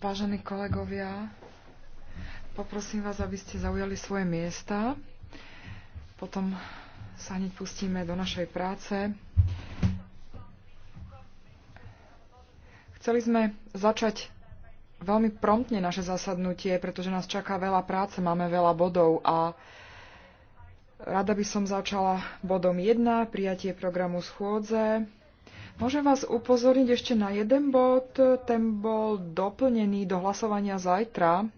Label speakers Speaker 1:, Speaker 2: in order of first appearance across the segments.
Speaker 1: Vážení kolegovia, poprosím vás, aby ste zaujali svoje miesta. Potom sa hneď pustíme do našej práce. Chceli sme začať veľmi promptne naše zasadnutie, pretože nás čaká veľa práce, máme veľa bodov a rada by som začala bodom 1, prijatie programu schôdze. Môžem vás upozorniť ešte na jeden bod. Ten bol doplnený do hlasovania zajtra.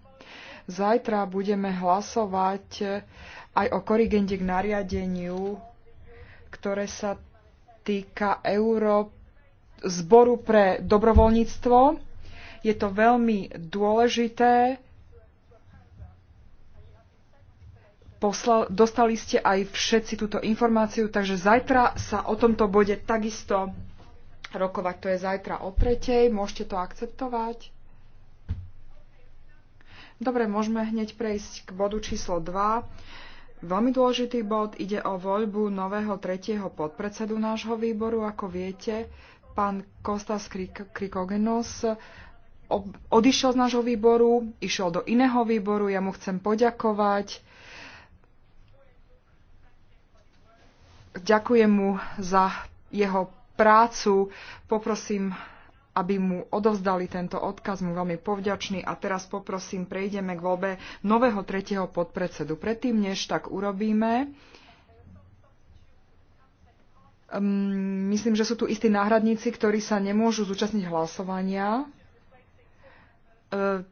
Speaker 1: Zajtra budeme hlasovať aj o korigende k nariadeniu, ktoré sa týka Euró- zboru pre dobrovoľníctvo. Je to veľmi dôležité. Poslal, dostali ste aj všetci túto informáciu, takže zajtra sa o tomto bode takisto rokovať, to je zajtra o tretej, môžete to akceptovať? Dobre, môžeme hneď prejsť k bodu číslo 2. Veľmi dôležitý bod ide o voľbu nového tretieho podpredsedu nášho výboru. Ako viete, pán Kostas Krikogenos odišiel z nášho výboru, išiel do iného výboru. Ja mu chcem poďakovať. Ďakujem mu za jeho prácu. Poprosím, aby mu odovzdali tento odkaz, mu veľmi povďačný. A teraz poprosím, prejdeme k voľbe nového tretieho podpredsedu. Predtým, než tak urobíme, um, myslím, že sú tu istí náhradníci, ktorí sa nemôžu zúčastniť hlasovania. Uh,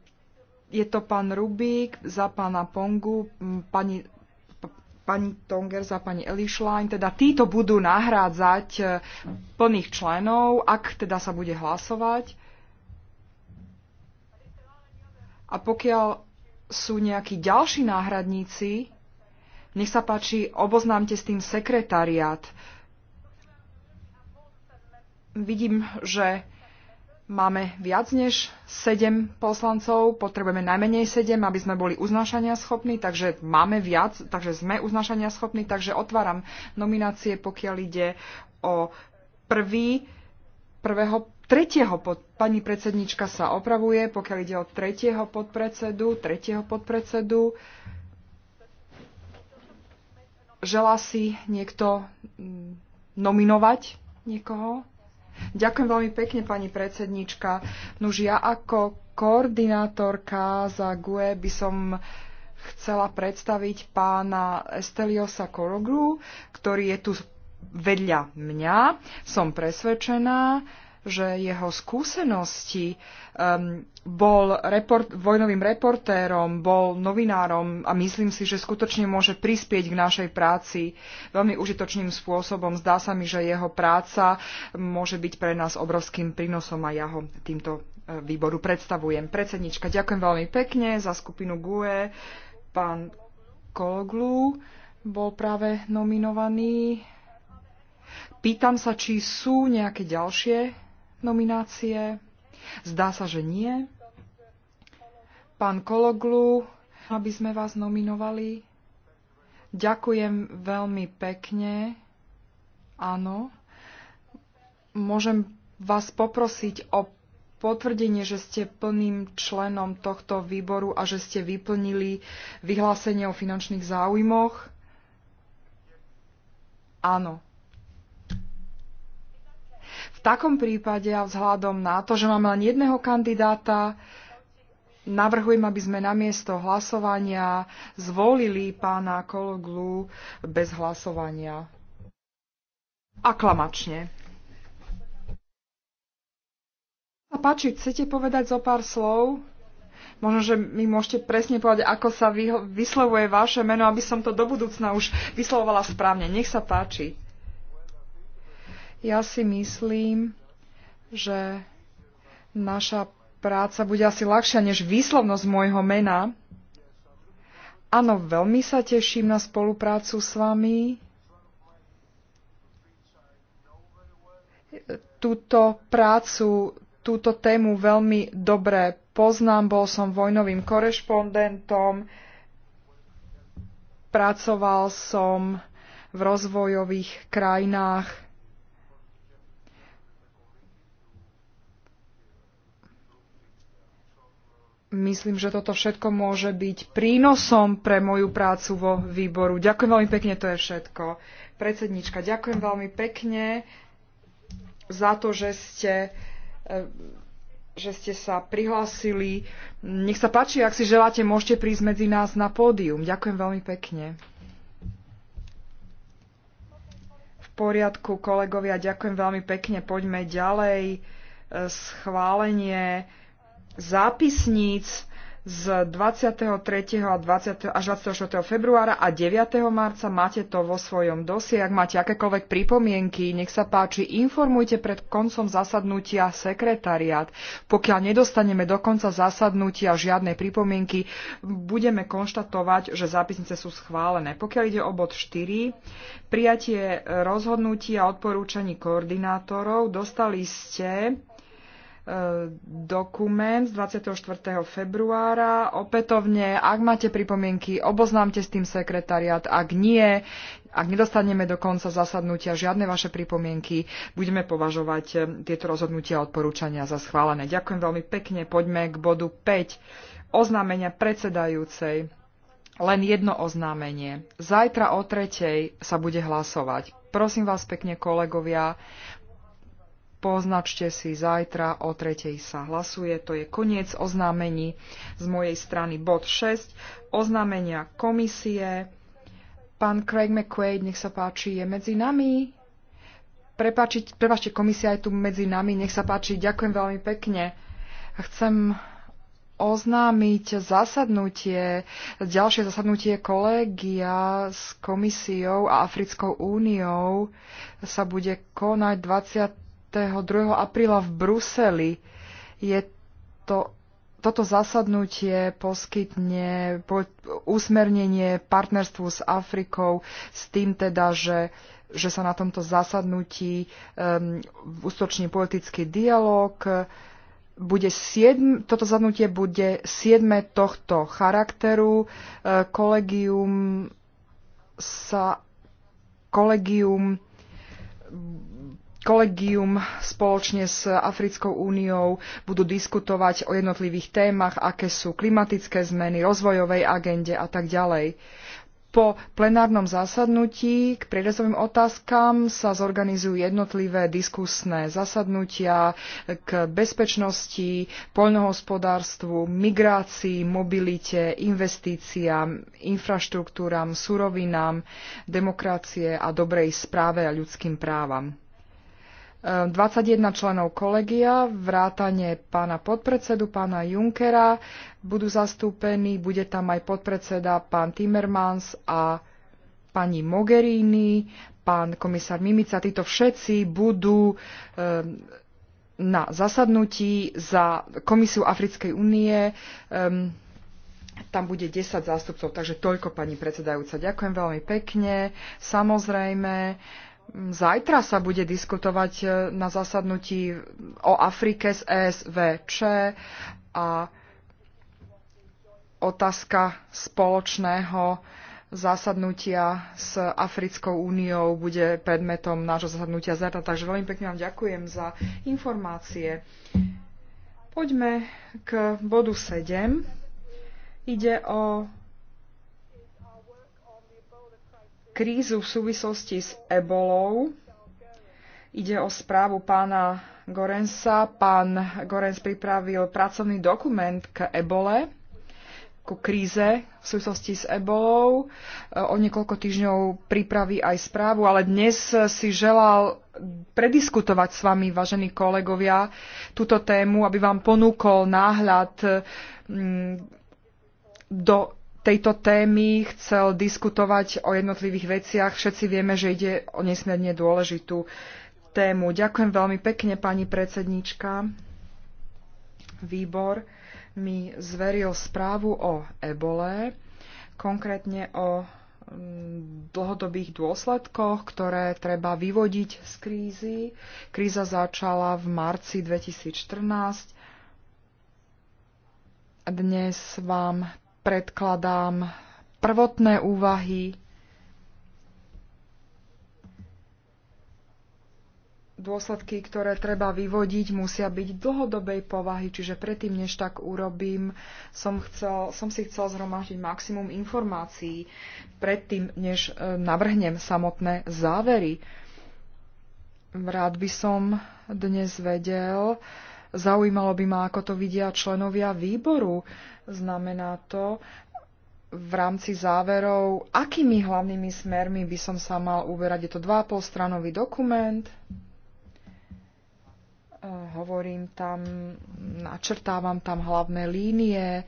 Speaker 1: je to pán Rubík za pána Pongu, pani pani Tongers a pani Elišlein, teda títo budú nahrádzať e, plných členov, ak teda sa bude hlasovať. A pokiaľ sú nejakí ďalší náhradníci, nech sa páči, oboznámte s tým sekretariat. Vidím, že máme viac než 7 poslancov, potrebujeme najmenej 7, aby sme boli uznášania schopní, takže máme viac, takže sme uznášania schopní, takže otváram nominácie, pokiaľ ide o prvý, prvého, tretieho, pod, pani predsednička sa opravuje, pokiaľ ide o tretieho podpredsedu, tretieho podpredsedu. Želá si niekto mm, nominovať niekoho? Ďakujem veľmi pekne, pani predsednička. Nuž ja ako koordinátorka za GUE by som chcela predstaviť pána Esteliosa Koroglu, ktorý je tu vedľa mňa. Som presvedčená, že jeho skúsenosti um, bol report, vojnovým reportérom, bol novinárom a myslím si, že skutočne môže prispieť k našej práci veľmi užitočným spôsobom. Zdá sa mi, že jeho práca môže byť pre nás obrovským prínosom a ja ho týmto e, výboru predstavujem. Predsednička, ďakujem veľmi pekne za skupinu GUE. Pán Kologlu bol práve nominovaný. Pýtam sa, či sú nejaké ďalšie nominácie? Zdá sa, že nie. Pán Kologlu, aby sme vás nominovali. Ďakujem veľmi pekne. Áno. Môžem vás poprosiť o potvrdenie, že ste plným členom tohto výboru a že ste vyplnili vyhlásenie o finančných záujmoch? Áno, takom prípade a vzhľadom na to, že máme len jedného kandidáta, navrhujem, aby sme namiesto hlasovania zvolili pána Kologlu bez hlasovania. Aklamačne. A páči, chcete povedať zo pár slov? Možno, že mi môžete presne povedať, ako sa vyslovuje vaše meno, aby som to do budúcna už vyslovovala správne. Nech sa páči. Ja si myslím, že naša práca bude asi ľahšia než výslovnosť môjho mena. Áno, veľmi sa teším na spoluprácu s vami. Túto prácu, túto tému veľmi dobre poznám. Bol som vojnovým korešpondentom, pracoval som v rozvojových krajinách myslím, že toto všetko môže byť prínosom pre moju prácu vo výboru. Ďakujem veľmi pekne, to je všetko. Predsednička, ďakujem veľmi pekne za to, že ste, eh, že ste sa prihlásili. Nech sa páči, ak si želáte, môžete prísť medzi nás na pódium. Ďakujem veľmi pekne. V poriadku, kolegovia, ďakujem veľmi pekne. Poďme ďalej. Eh, schválenie zápisníc z 23. a 20. až 24. februára a 9. marca. Máte to vo svojom dosie. Ak máte akékoľvek pripomienky, nech sa páči, informujte pred koncom zasadnutia sekretariat. Pokiaľ nedostaneme do konca zasadnutia žiadnej pripomienky, budeme konštatovať, že zápisnice sú schválené. Pokiaľ ide o bod 4, prijatie rozhodnutia a odporúčaní koordinátorov, dostali ste E, dokument z 24. februára. Opätovne, ak máte pripomienky, oboznámte s tým sekretariat. Ak nie, ak nedostaneme do konca zasadnutia žiadne vaše pripomienky, budeme považovať e, tieto rozhodnutia a odporúčania za schválené. Ďakujem veľmi pekne. Poďme k bodu 5. Oznámenia predsedajúcej. Len jedno oznámenie. Zajtra o tretej sa bude hlasovať. Prosím vás pekne, kolegovia, Poznačte si zajtra o tretej sa hlasuje. To je koniec oznámení z mojej strany bod 6. Oznámenia komisie. Pán Craig McQuaid, nech sa páči, je medzi nami. prepačte, komisia je tu medzi nami. Nech sa páči, ďakujem veľmi pekne. Chcem oznámiť zasadnutie, ďalšie zasadnutie kolegia s komisiou a Africkou úniou sa bude konať 20 22. apríla v Bruseli. Je to, toto zasadnutie poskytne po, usmernenie partnerstvu s Afrikou s tým teda, že že sa na tomto zasadnutí um, ustoční politický dialog, bude siedm, toto zadnutie bude siedme tohto charakteru. E, kolegium sa kolegium kolegium spoločne s Africkou úniou budú diskutovať o jednotlivých témach, aké sú klimatické zmeny, rozvojovej agende a tak ďalej. Po plenárnom zásadnutí k prierezovým otázkam sa zorganizujú jednotlivé diskusné zasadnutia k bezpečnosti, poľnohospodárstvu, migrácii, mobilite, investíciám, infraštruktúram, surovinám, demokracie a dobrej správe a ľudským právam. 21 členov kolegia, vrátane pána podpredsedu, pána Junkera, budú zastúpení, bude tam aj podpredseda pán Timmermans a pani Mogherini, pán komisár Mimica, títo všetci budú ehm, na zasadnutí za Komisiu Africkej únie. Ehm, tam bude 10 zástupcov, takže toľko pani predsedajúca. Ďakujem veľmi pekne. Samozrejme, Zajtra sa bude diskutovať e, na zasadnutí o Afrike z ESVČ a otázka spoločného zasadnutia s Africkou úniou bude predmetom nášho zasadnutia zajtra. Takže veľmi pekne vám ďakujem za informácie. Poďme k bodu 7. Ide o krízu v súvislosti s ebolou. Ide o správu pána Gorensa. Pán Gorens pripravil pracovný dokument k ebole, ku kríze v súvislosti s ebolou. O niekoľko týždňov pripraví aj správu, ale dnes si želal prediskutovať s vami, vážení kolegovia, túto tému, aby vám ponúkol náhľad mm, do tejto témy, chcel diskutovať o jednotlivých veciach. Všetci vieme, že ide o nesmierne dôležitú tému. Ďakujem veľmi pekne, pani predsedníčka. Výbor mi zveril správu o ebole, konkrétne o mm, dlhodobých dôsledkoch, ktoré treba vyvodiť z krízy. Kríza začala v marci 2014 dnes vám predkladám prvotné úvahy dôsledky, ktoré treba vyvodiť, musia byť dlhodobej povahy, čiže predtým, než tak urobím, som, chcel, som si chcel zhromaždiť maximum informácií predtým, než e, navrhnem samotné závery. Rád by som dnes vedel, Zaujímalo by ma, ako to vidia členovia výboru. Znamená to v rámci záverov, akými hlavnými smermi by som sa mal uberať. Je to 2,5 stranový dokument. Hovorím tam, načrtávam tam hlavné línie,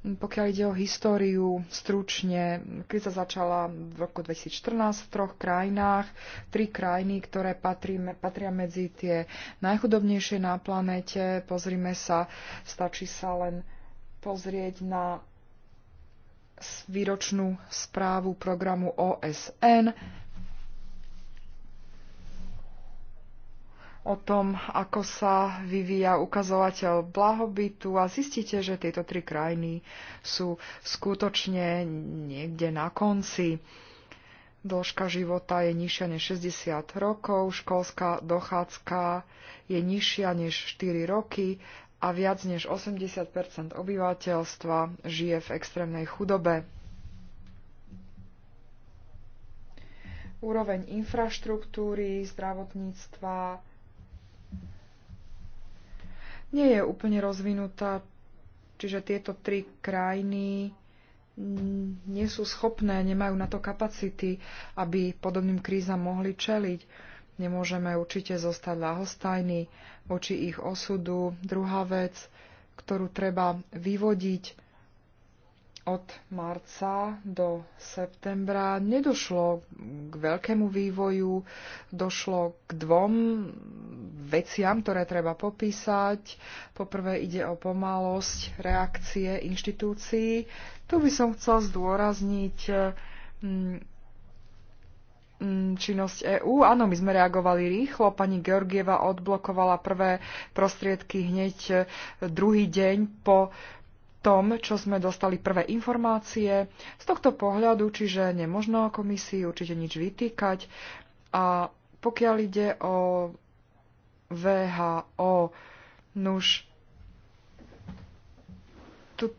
Speaker 1: pokiaľ ide o históriu, stručne, kríza začala v roku 2014 v troch krajinách. Tri krajiny, ktoré patrí, patria medzi tie najchudobnejšie na planete. Pozrime sa, stačí sa len pozrieť na výročnú správu programu OSN o tom, ako sa vyvíja ukazovateľ blahobytu a zistíte, že tieto tri krajiny sú skutočne niekde na konci. Dĺžka života je nižšia než 60 rokov, školská dochádzka je nižšia než 4 roky a viac než 80 obyvateľstva žije v extrémnej chudobe. Úroveň infraštruktúry, zdravotníctva, nie je úplne rozvinutá, čiže tieto tri krajiny nie sú schopné, nemajú na to kapacity, aby podobným krízam mohli čeliť. Nemôžeme určite zostať ľahostajní voči ich osudu. Druhá vec, ktorú treba vyvodiť od marca do septembra nedošlo k veľkému vývoju, došlo k dvom veciam, ktoré treba popísať. Poprvé ide o pomalosť reakcie inštitúcií. Tu by som chcel zdôrazniť mm, mm, činnosť EÚ. Áno, my sme reagovali rýchlo. Pani Georgieva odblokovala prvé prostriedky hneď e, druhý deň po tom, čo sme dostali prvé informácie. Z tohto pohľadu, čiže nemožno komisii určite nič vytýkať. A pokiaľ ide o VHO. Nuž, tu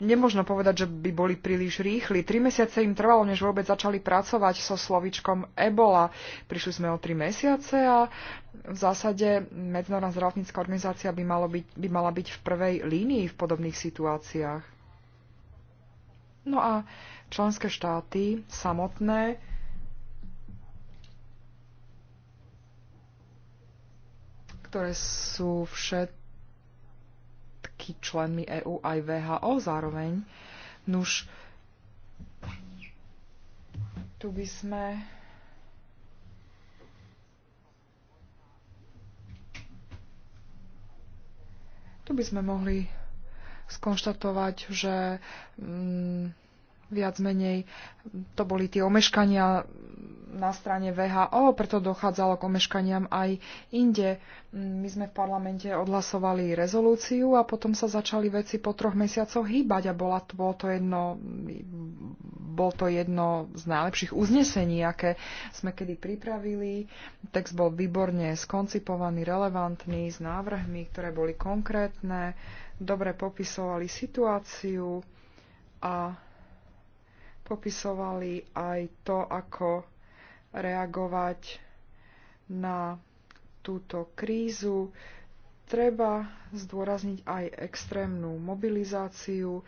Speaker 1: nemôžno povedať, že by boli príliš rýchli. Tri mesiace im trvalo, než vôbec začali pracovať so slovičkom Ebola. Prišli sme o tri mesiace a v zásade Medzinárodná zdravotnícká organizácia by, malo byť, by mala byť v prvej línii v podobných situáciách. No a členské štáty samotné ktoré sú všetky členmi EÚ aj VHO zároveň. Nuž, tu by sme tu by sme mohli skonštatovať, že mm, viac menej to boli tie omeškania na strane VHO, preto dochádzalo k omeškaniam aj inde. My sme v parlamente odhlasovali rezolúciu a potom sa začali veci po troch mesiacoch hýbať a bola, bolo to jedno, bol to jedno z najlepších uznesení, aké sme kedy pripravili. Text bol výborne skoncipovaný, relevantný, s návrhmi, ktoré boli konkrétne, dobre popisovali situáciu a popisovali aj to, ako reagovať na túto krízu. Treba zdôrazniť aj extrémnu mobilizáciu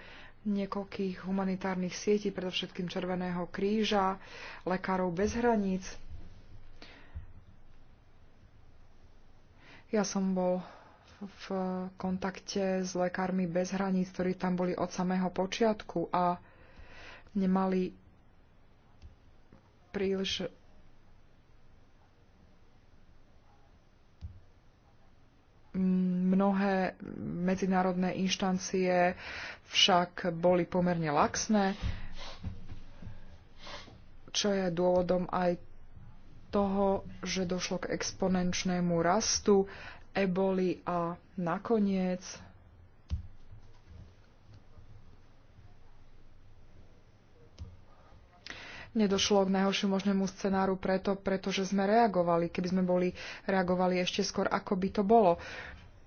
Speaker 1: niekoľkých humanitárnych sietí, predovšetkým Červeného kríža, Lekárov bez hraníc. Ja som bol v kontakte s lekármi bez hraníc, ktorí tam boli od samého počiatku a nemali príliš mnohé medzinárodné inštancie však boli pomerne laxné, čo je dôvodom aj toho, že došlo k exponenčnému rastu eboli a nakoniec nedošlo k najhoršiu možnému scenáru preto, pretože sme reagovali. Keby sme boli reagovali ešte skôr, ako by to bolo.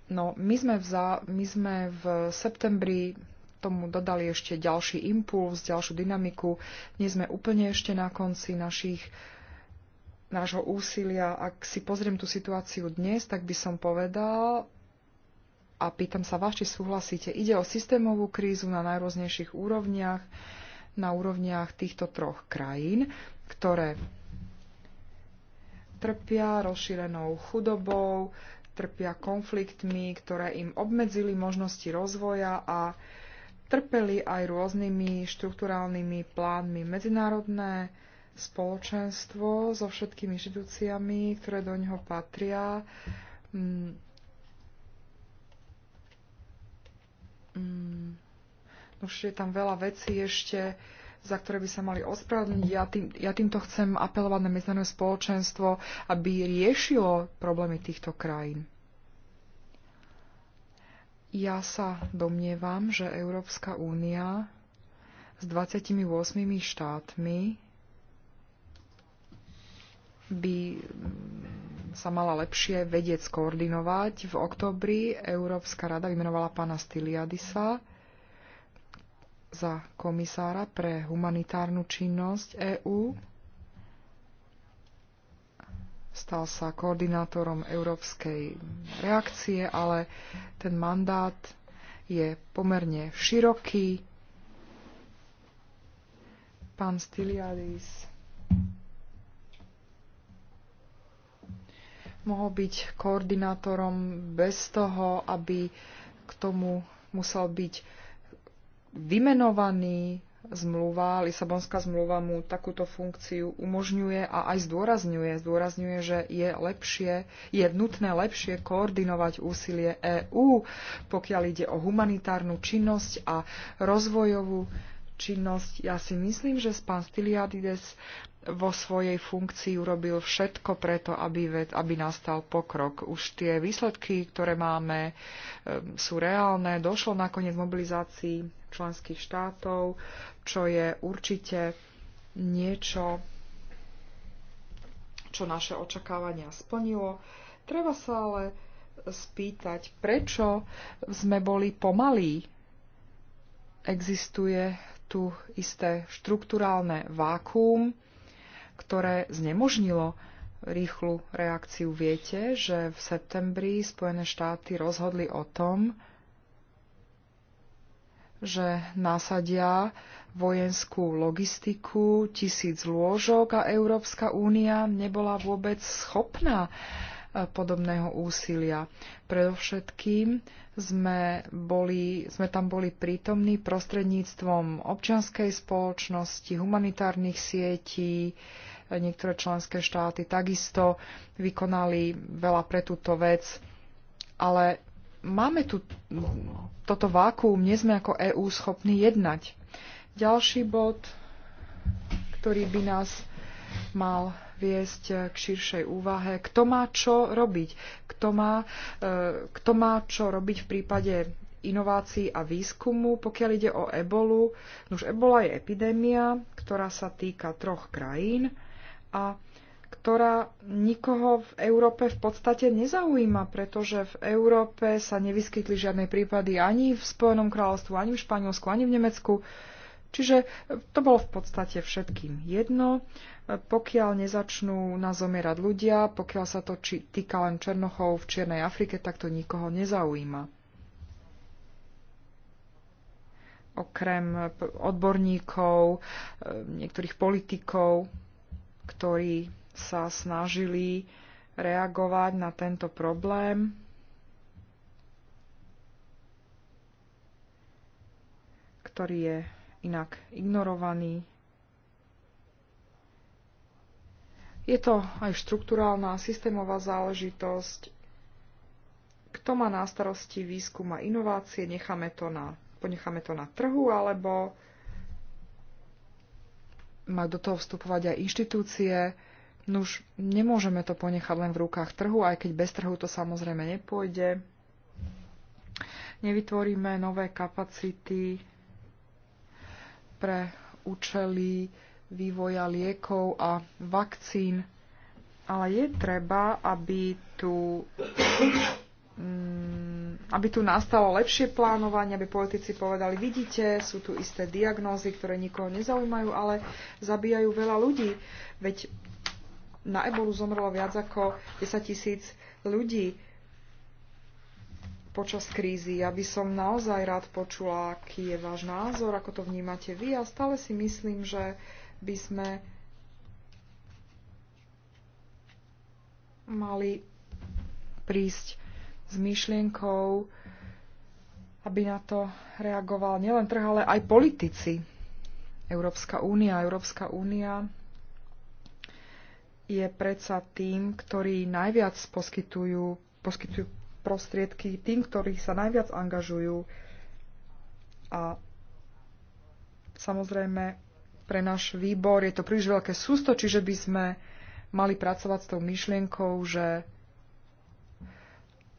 Speaker 1: No, my sme v, za, my sme v septembri tomu dodali ešte ďalší impuls, ďalšiu dynamiku. Nie sme úplne ešte na konci našich nášho úsilia. Ak si pozriem tú situáciu dnes, tak by som povedal, a pýtam sa vás, či súhlasíte, ide o systémovú krízu na najrôznejších úrovniach, na úrovniach týchto troch krajín, ktoré trpia rozšírenou chudobou, trpia konfliktmi, ktoré im obmedzili možnosti rozvoja a trpeli aj rôznymi štruktúrálnymi plánmi. Medzinárodné spoločenstvo so všetkými inštitúciami, ktoré do neho patria, mm, mm, už je tam veľa vecí ešte, za ktoré by sa mali ospravedlniť. Ja, tým, ja týmto chcem apelovať na medzinárodné spoločenstvo, aby riešilo problémy týchto krajín. Ja sa domnievam, že Európska únia s 28 štátmi by sa mala lepšie vedieť skoordinovať. V oktobri Európska rada vymenovala pána Styliadisa za komisára pre humanitárnu činnosť EÚ. Stal sa koordinátorom európskej reakcie, ale ten mandát je pomerne široký. Pán Stiliadis mohol byť koordinátorom bez toho, aby k tomu musel byť vymenovaný zmluva, Lisabonská zmluva mu takúto funkciu umožňuje a aj zdôrazňuje. Zdôrazňuje, že je lepšie, je nutné lepšie koordinovať úsilie EÚ, pokiaľ ide o humanitárnu činnosť a rozvojovú činnosť. Ja si myslím, že pán Stiliadides vo svojej funkcii urobil všetko preto, aby, ved, aby nastal pokrok. Už tie výsledky, ktoré máme, sú reálne. Došlo nakoniec mobilizácii členských štátov, čo je určite niečo, čo naše očakávania splnilo. Treba sa ale spýtať, prečo sme boli pomalí. Existuje tu isté štruktúrálne vákuum, ktoré znemožnilo rýchlu reakciu. Viete, že v septembri Spojené štáty rozhodli o tom, že nasadia vojenskú logistiku, tisíc lôžok a Európska únia nebola vôbec schopná uh, podobného úsilia. Predovšetkým sme, boli, sme tam boli prítomní prostredníctvom občianskej spoločnosti, humanitárnych sietí, niektoré členské štáty takisto vykonali veľa pre túto vec, ale máme tu toto vákuum, nie sme ako EÚ schopní jednať. Ďalší bod, ktorý by nás mal viesť eh, k širšej úvahe, kto má čo robiť, kto má, eh, kto má čo robiť v prípade inovácií a výskumu. Pokiaľ ide o ebolu, už ebola je epidémia, ktorá sa týka troch krajín a ktorá nikoho v Európe v podstate nezaujíma, pretože v Európe sa nevyskytli žiadne prípady ani v Spojenom kráľovstvu, ani v Španielsku, ani v Nemecku. Čiže e, to bolo v podstate všetkým jedno. E, pokiaľ nezačnú na zomierať ľudia, pokiaľ sa to či, týka len Černochov v Čiernej Afrike, tak to nikoho nezaujíma. Okrem e, odborníkov, niektorých politikov, ktorí sa snažili reagovať na tento problém, ktorý je inak ignorovaní. Je to aj štruktúrálna systémová záležitosť. Kto má na starosti výskum a inovácie, necháme to na, ponecháme to na trhu, alebo má do toho vstupovať aj inštitúcie. už nemôžeme to ponechať len v rukách trhu, aj keď bez trhu to samozrejme nepôjde. Nevytvoríme nové kapacity pre účely vývoja liekov a vakcín, ale je treba, aby tu, mm, aby tu nastalo lepšie plánovanie, aby politici povedali, vidíte, sú tu isté diagnózy, ktoré nikoho nezaujímajú, ale zabíjajú veľa ľudí. Veď na ebolu zomrelo viac ako 10 tisíc ľudí počas krízy. Ja by som naozaj rád počula, aký je váš názor, ako to vnímate vy a stále si myslím, že by sme mali prísť s myšlienkou, aby na to reagoval nielen trh, ale aj politici. Európska únia, Európska únia je predsa tým, ktorí najviac poskytujú, poskytujú prostriedky tým, ktorí sa najviac angažujú. A samozrejme, pre náš výbor je to príliš veľké sústo, čiže by sme mali pracovať s tou myšlienkou, že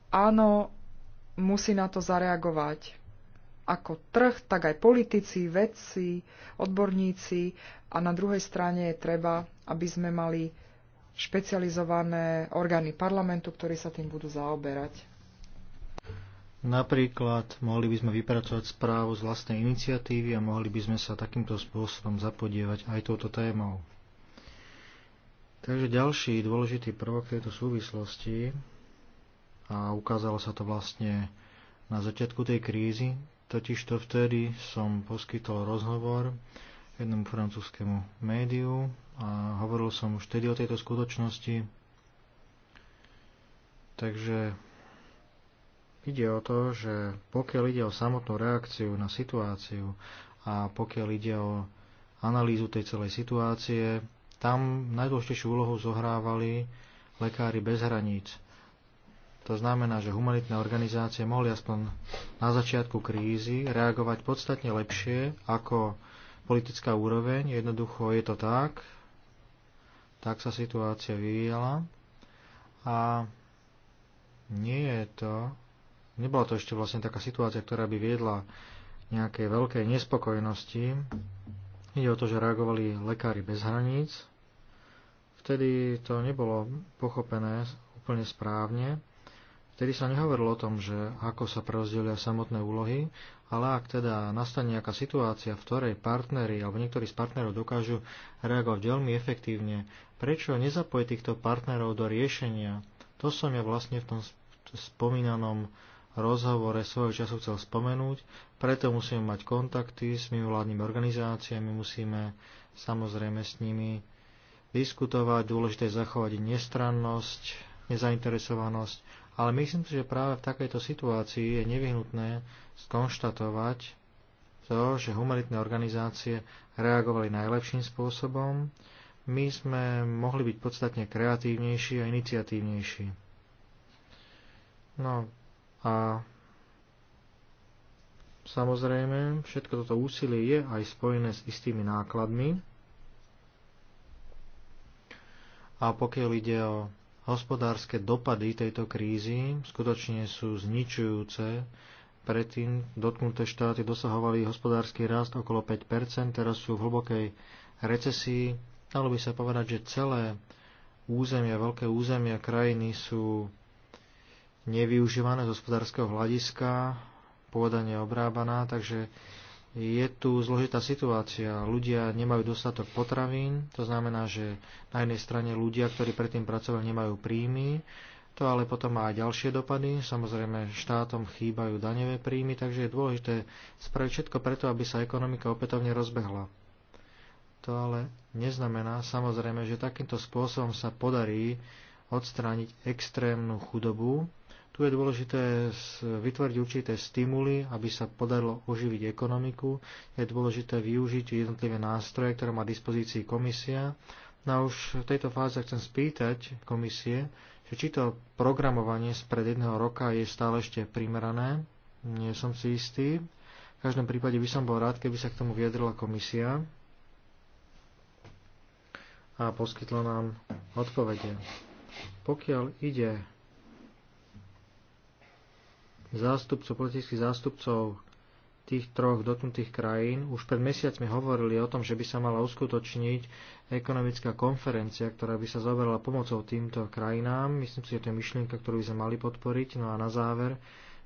Speaker 1: áno, musí na to zareagovať. Ako trh, tak aj politici, vedci, odborníci a na druhej strane je treba, aby sme mali špecializované orgány parlamentu, ktorí sa tým budú zaoberať.
Speaker 2: Napríklad mohli by sme vypracovať správu z vlastnej iniciatívy a mohli by sme sa takýmto spôsobom zapodievať aj touto témou. Takže ďalší dôležitý prvok tejto súvislosti, a ukázalo sa to vlastne na začiatku tej krízy, totiž to vtedy som poskytol rozhovor jednom francúzskému médiu a hovoril som už vtedy o tejto skutočnosti. Takže Ide o to, že pokiaľ ide o samotnú reakciu na situáciu a pokiaľ ide o analýzu tej celej situácie, tam najdôležitejšiu úlohu zohrávali lekári bez hraníc. To znamená, že humanitné organizácie mohli aspoň na začiatku krízy reagovať podstatne lepšie ako politická úroveň. Jednoducho je to tak. Tak sa situácia vyvíjala. A nie je to Nebola to ešte vlastne taká situácia, ktorá by viedla nejaké veľké nespokojnosti. Ide o to, že reagovali lekári bez hraníc. Vtedy to nebolo pochopené úplne správne. Vtedy sa nehovorilo o tom, že ako sa prerozdelia samotné úlohy, ale ak teda nastane nejaká situácia, v ktorej partnery alebo niektorí z partnerov dokážu reagovať veľmi efektívne, prečo nezapojiť týchto partnerov do riešenia? To som ja vlastne v tom spomínanom rozhovore svojho času chcel spomenúť, preto musíme mať kontakty s mimovládnymi organizáciami, musíme samozrejme s nimi diskutovať, dôležité je zachovať nestrannosť, nezainteresovanosť, ale myslím si, že práve v takejto situácii je nevyhnutné skonštatovať to, že humanitné organizácie reagovali najlepším spôsobom, my sme mohli byť podstatne kreatívnejší a iniciatívnejší. No, a samozrejme, všetko toto úsilie je aj spojené s istými nákladmi. A pokiaľ ide o hospodárske dopady tejto krízy, skutočne sú zničujúce. Predtým dotknuté štáty dosahovali hospodársky rast okolo 5%, teraz sú v hlbokej recesii. Dalo by sa povedať, že celé územia, veľké územia krajiny sú nevyužívané z hospodárskeho hľadiska, pôda neobrábaná, takže je tu zložitá situácia. Ľudia nemajú dostatok potravín, to znamená, že na jednej strane ľudia, ktorí predtým pracovali, nemajú príjmy, to ale potom má aj ďalšie dopady. Samozrejme, štátom chýbajú daňové príjmy, takže je dôležité spraviť všetko preto, aby sa ekonomika opätovne rozbehla. To ale neznamená samozrejme, že takýmto spôsobom sa podarí odstrániť extrémnu chudobu, tu je dôležité vytvoriť určité stimuly, aby sa podarilo oživiť ekonomiku. Je dôležité využiť jednotlivé nástroje, ktoré má dispozícii komisia. No už v tejto fáze chcem spýtať komisie, že či to programovanie spred jedného roka je stále ešte primerané. Nie som si istý. V každom prípade by som bol rád, keby sa k tomu vyjadrila komisia a poskytla nám odpovede. Pokiaľ ide zástupcov, politických zástupcov tých troch dotknutých krajín. Už pred mesiacmi hovorili o tom, že by sa mala uskutočniť ekonomická konferencia, ktorá by sa zaoberala pomocou týmto krajinám. Myslím si, že to je myšlienka, ktorú by sme mali podporiť. No a na záver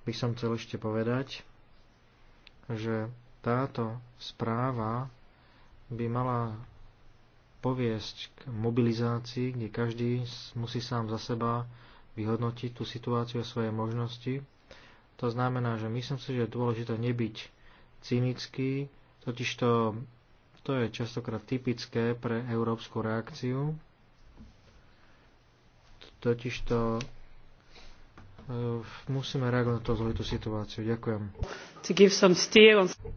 Speaker 2: by som chcel ešte povedať, že táto správa by mala poviesť k mobilizácii, kde každý musí sám za seba vyhodnotiť tú situáciu a svoje možnosti. To znamená, že myslím si, že je dôležité nebyť cynický, totiž to je častokrát typické pre európsku reakciu. Totiž uh, musíme reagovať na to zložitú situáciu. Ďakujem.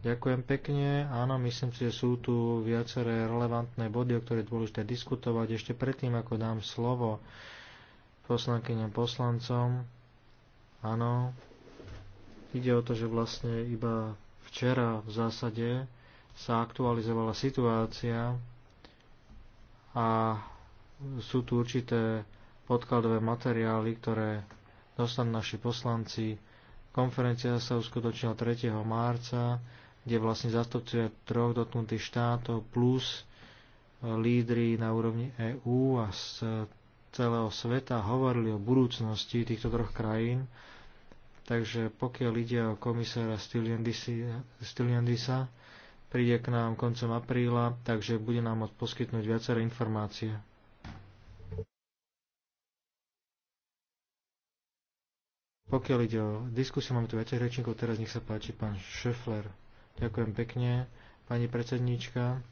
Speaker 2: Ďakujem pekne. Áno, myslím si, že sú tu viaceré relevantné body, o ktorých je dôležité diskutovať. Ešte predtým, ako dám slovo poslankyňam poslancom, áno, Ide o to, že vlastne iba včera v zásade sa aktualizovala situácia a sú tu určité podkladové materiály, ktoré dostanú naši poslanci. Konferencia sa uskutočnila 3. marca, kde vlastne zastupcovia troch dotknutých štátov plus e, lídry na úrovni EÚ a z e, celého sveta hovorili o budúcnosti týchto troch krajín Takže pokiaľ ide o komisára Stiliandisa, príde k nám koncom apríla, takže bude nám môcť poskytnúť viaceré informácie. Pokiaľ ide o diskusiu, máme tu viacej rečníkov, teraz nech sa páči pán Šefler. Ďakujem pekne, pani predsedníčka.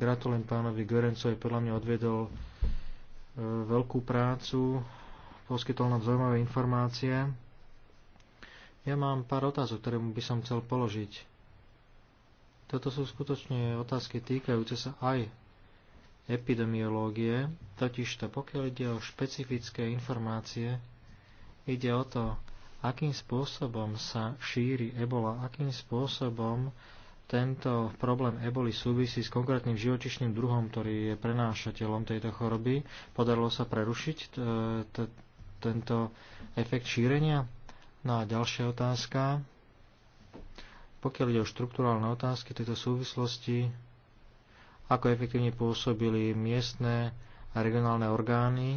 Speaker 2: Gratulujem pánovi Gorencovi, podľa mňa odvedol e, veľkú prácu poskytol nám zaujímavé informácie. Ja mám pár otázok, ktoré by som chcel položiť. Toto sú skutočne otázky týkajúce sa aj epidemiológie, totižto pokiaľ ide o špecifické informácie, ide o to, akým spôsobom sa šíri ebola, akým spôsobom tento problém eboli súvisí s konkrétnym živočišným druhom, ktorý je prenášateľom tejto choroby. Podarilo sa prerušiť e, tento efekt šírenia? No a ďalšia otázka. Pokiaľ ide o štruktúrálne otázky tejto súvislosti, ako efektívne pôsobili miestne a regionálne orgány,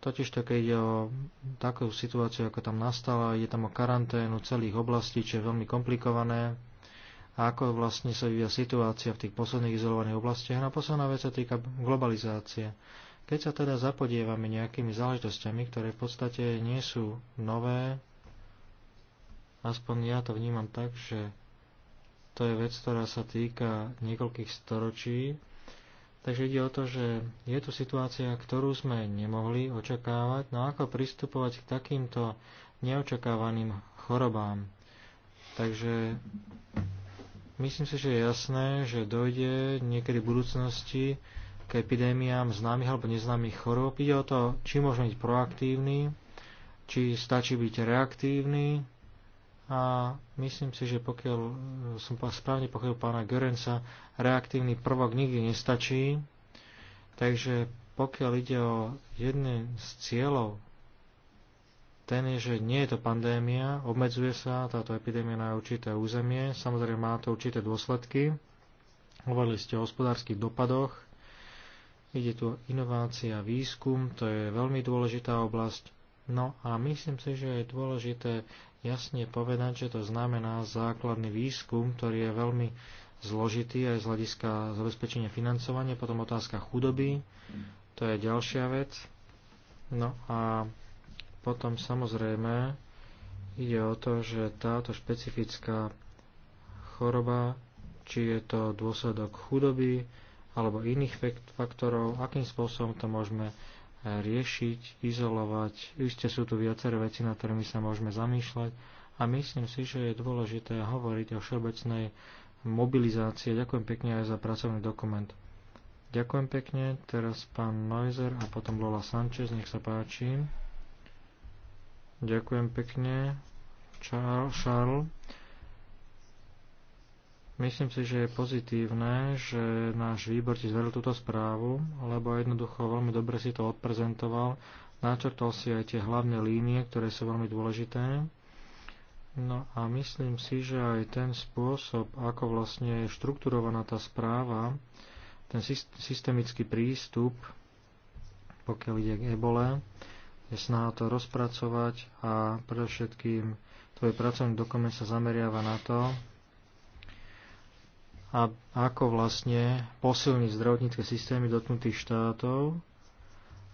Speaker 2: totiž to, keď ide o takú situáciu, ako tam nastala, ide tam o karanténu celých oblastí, čo je veľmi komplikované, a ako vlastne sa vyvíja situácia v tých posledných izolovaných oblastiach. No a posledná vec sa týka globalizácie. Keď sa teda zapodievame nejakými záležitosťami, ktoré v podstate nie sú nové, aspoň ja to vnímam tak, že to je vec, ktorá sa týka niekoľkých storočí, takže ide o to, že je tu situácia, ktorú sme nemohli očakávať, no ako pristupovať k takýmto neočakávaným chorobám. Takže myslím si, že je jasné, že dojde niekedy v budúcnosti k epidémiám známych alebo neznámych chorób. Ide o to, či môžeme byť proaktívni, či stačí byť reaktívny. A myslím si, že pokiaľ som správne pochopil pána Görensa, reaktívny prvok nikdy nestačí. Takže pokiaľ ide o jeden z cieľov, ten je, že nie je to pandémia, obmedzuje sa táto epidémia na určité územie, samozrejme má to určité dôsledky. Hovorili ste o hospodárskych dopadoch, Ide tu inovácia, výskum, to je veľmi dôležitá oblasť. No a myslím si, že je dôležité jasne povedať, že to znamená základný výskum, ktorý je veľmi zložitý aj z hľadiska zabezpečenia financovania, potom otázka chudoby, to je ďalšia vec. No a potom samozrejme ide o to, že táto špecifická choroba, či je to dôsledok chudoby, alebo iných faktorov, akým spôsobom to môžeme e, riešiť, izolovať. Isté sú tu viaceré veci, na ktorými sa môžeme zamýšľať a myslím si, že je dôležité hovoriť o všeobecnej mobilizácii. Ďakujem pekne aj za pracovný dokument. Ďakujem pekne, teraz pán Neuser a potom Lola Sanchez, nech sa páči. Ďakujem pekne, Charles. Myslím si, že je pozitívne, že náš výbor ti zveril túto správu, lebo jednoducho veľmi dobre si to odprezentoval, načrtol si aj tie hlavné línie, ktoré sú veľmi dôležité. No a myslím si, že aj ten spôsob, ako vlastne je štrukturovaná tá správa, ten systemický prístup, pokiaľ ide k ebole, je snaha to rozpracovať a predovšetkým tvoj pracovný dokument sa zameriava na to, a ako vlastne posilniť zdravotnícke systémy dotknutých štátov,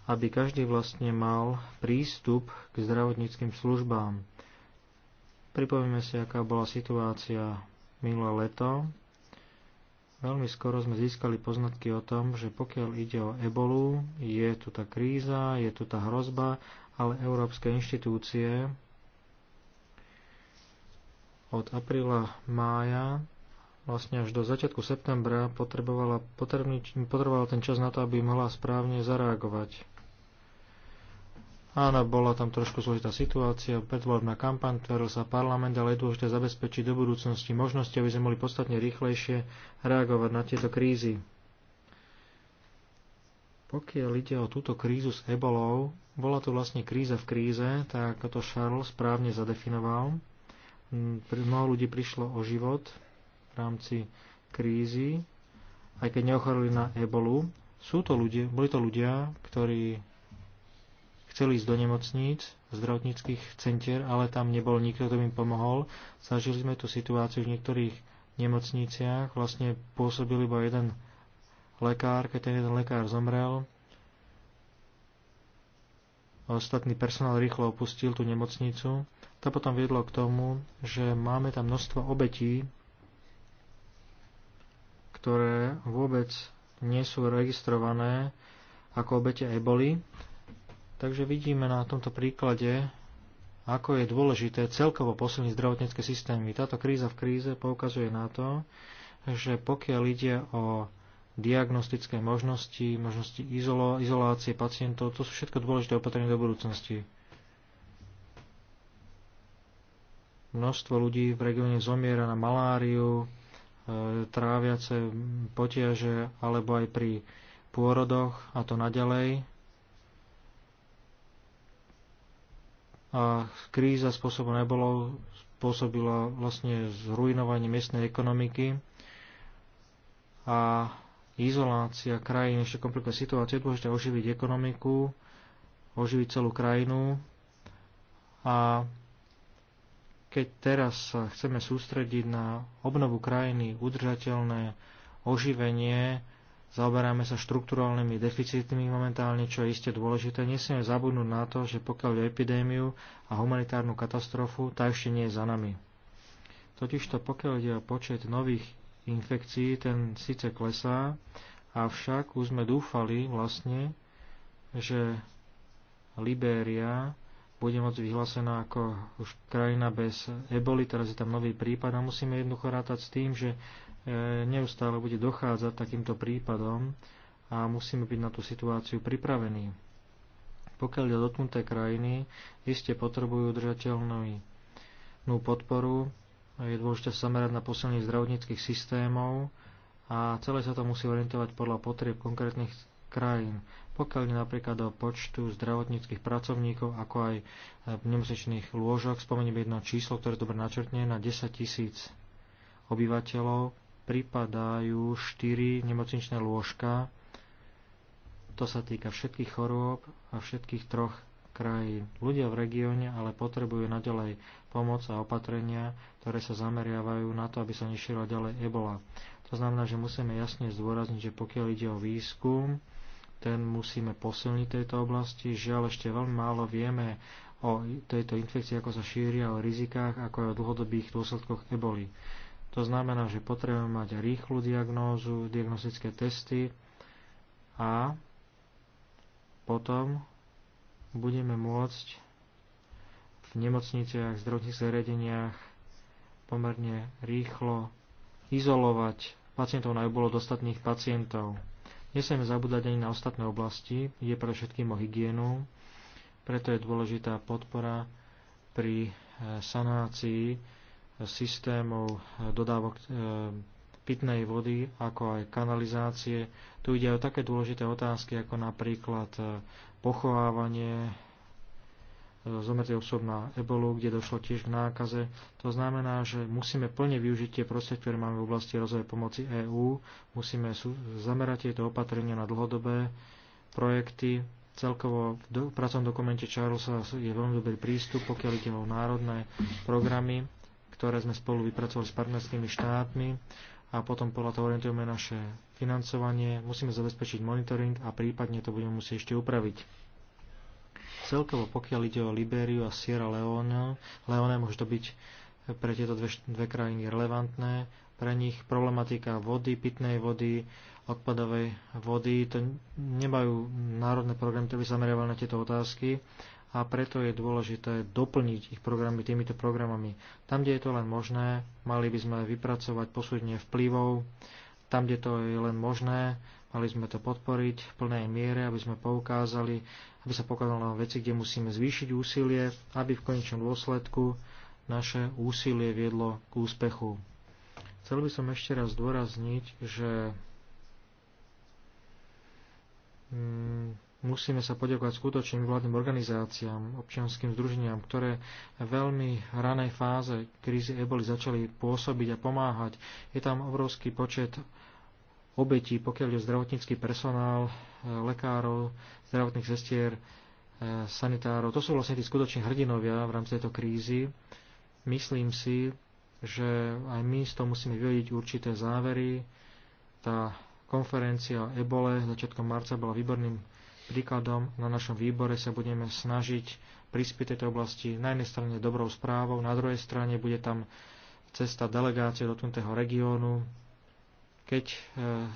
Speaker 2: aby každý vlastne mal prístup k zdravotníckým službám. Pripovieme si, aká bola situácia minulé leto. Veľmi skoro sme získali poznatky o tom, že pokiaľ ide o ebolu, je tu tá kríza, je tu tá hrozba, ale európske inštitúcie od apríla mája vlastne až do začiatku septembra potrebovala, potrebný, potrebovala ten čas na to, aby mohla správne zareagovať. Áno, bola tam trošku zložitá situácia, predvolebná kampaň, ktorú sa parlament, ale je dôležité zabezpečiť do budúcnosti možnosti, aby sme mohli podstatne rýchlejšie reagovať na tieto krízy. Pokiaľ ide o túto krízu s ebolou, bola to vlastne kríza v kríze, tak to Charles správne zadefinoval. Mnoho ľudí prišlo o život, rámci krízy, aj keď neochorili na ebolu, sú to ľudia, boli to ľudia, ktorí chceli ísť do nemocníc, zdravotníckých centier, ale tam nebol nikto, kto im pomohol. Zažili sme tú situáciu v niektorých nemocniciach, vlastne pôsobil iba jeden lekár, keď ten jeden lekár zomrel, ostatný personál rýchlo opustil tú nemocnicu. To potom viedlo k tomu, že máme tam množstvo obetí ktoré vôbec nie sú registrované ako obete eboli. Takže vidíme na tomto príklade, ako je dôležité celkovo posilniť zdravotnícke systémy. Táto kríza v kríze poukazuje na to, že pokiaľ ide o diagnostické možnosti, možnosti izolo, izolácie pacientov, to sú všetko dôležité opatrenia do budúcnosti. Množstvo ľudí v regióne zomiera na maláriu, tráviace potiaže alebo aj pri pôrodoch a to naďalej. A kríza spôsobom nebolo, spôsobila vlastne zrujnovanie miestnej ekonomiky a izolácia krajín, ešte komplikovaná situácia, dôležité oživiť ekonomiku, oživiť celú krajinu a keď teraz sa chceme sústrediť na obnovu krajiny, udržateľné oživenie, zaoberáme sa štruktúralnými deficitmi momentálne, čo je iste dôležité, nesmieme zabudnúť na to, že pokiaľ je epidémiu a humanitárnu katastrofu, tá ešte nie je za nami. Totižto pokiaľ ide o počet nových infekcií, ten síce klesá, avšak už sme dúfali vlastne, že Libéria bude môcť vyhlásená ako už krajina bez eboli, teraz je tam nový prípad a musíme jednoducho rátať s tým, že e, neustále bude dochádzať takýmto prípadom a musíme byť na tú situáciu pripravení. Pokiaľ je dotknuté krajiny, iste potrebujú udržateľnú podporu, je dôležité zamerať na posilnenie zdravotníckých systémov a celé sa to musí orientovať podľa potrieb konkrétnych krajín pokiaľ napríklad o počtu zdravotníckých pracovníkov, ako aj e, nemocničných lôžok. Spomeniem jedno číslo, ktoré dobre načrtne, na 10 tisíc obyvateľov pripadajú 4 nemocničné lôžka. To sa týka všetkých chorôb a všetkých troch krajín. Ľudia v regióne ale potrebujú naďalej pomoc a opatrenia, ktoré sa zameriavajú na to, aby sa nešírila ďalej ebola. To znamená, že musíme jasne zdôrazniť, že pokiaľ ide o výskum, ten musíme posilniť tejto oblasti. Žiaľ, ešte veľmi málo vieme o tejto infekcii, ako sa šíria, o rizikách, ako aj o dlhodobých dôsledkoch eboli. To znamená, že potrebujeme mať rýchlu diagnózu, diagnostické testy a potom budeme môcť v nemocniciach, zdravotných zariadeniach pomerne rýchlo izolovať pacientov na ebolo dostatných pacientov. Nesmieme zabúdať ani na ostatné oblasti, je pre všetkým o hygienu, preto je dôležitá podpora pri e, sanácii e, systémov e, dodávok pitnej vody, ako aj kanalizácie. Tu ide o také dôležité otázky, ako napríklad pochovávanie zomrtie osob na ebolu, kde došlo tiež k nákaze. To znamená, že musíme plne využiť tie prostriedky, ktoré máme v oblasti rozvoja pomoci EÚ. Musíme zamerať tieto opatrenia na dlhodobé projekty. Celkovo v pracovnom dokumente Charlesa je veľmi dobrý prístup, pokiaľ ide o národné programy, ktoré sme spolu vypracovali s partnerskými štátmi a potom podľa toho orientujeme naše financovanie. Musíme zabezpečiť monitoring a prípadne to budeme musieť ešte upraviť. Celkovo, pokiaľ ide o Libériu a Sierra Leone, Leone môže to byť pre tieto dve, dve krajiny relevantné. Pre nich problematika vody, pitnej vody, odpadovej vody, to nemajú národné programy, ktoré by zameriavali na tieto otázky a preto je dôležité doplniť ich programy týmito programami. Tam, kde je to len možné, mali by sme vypracovať posúdenie vplyvov, tam, kde to je len možné, Mali sme to podporiť v plnej miere, aby sme poukázali, aby sa pokázalo na veci, kde musíme zvýšiť úsilie, aby v konečnom dôsledku naše úsilie viedlo k úspechu. Chcel by som ešte raz zdôrazniť, že mm, musíme sa poďakovať skutočným vládnym organizáciám, občianským združeniam, ktoré v veľmi ranej fáze krízy eboli začali pôsobiť a pomáhať. Je tam obrovský počet obetí, pokiaľ je zdravotnícky personál, e, lekárov, zdravotných sestier, e, sanitárov. To sú vlastne tí skutoční hrdinovia v rámci tejto krízy. Myslím si, že aj my z toho musíme vyvodiť určité závery. Tá konferencia o ebole začiatkom marca bola výborným príkladom. Na našom výbore sa budeme snažiť prispieť tejto oblasti na jednej strane dobrou správou, na druhej strane bude tam cesta delegácie do tuntého regiónu, keď e,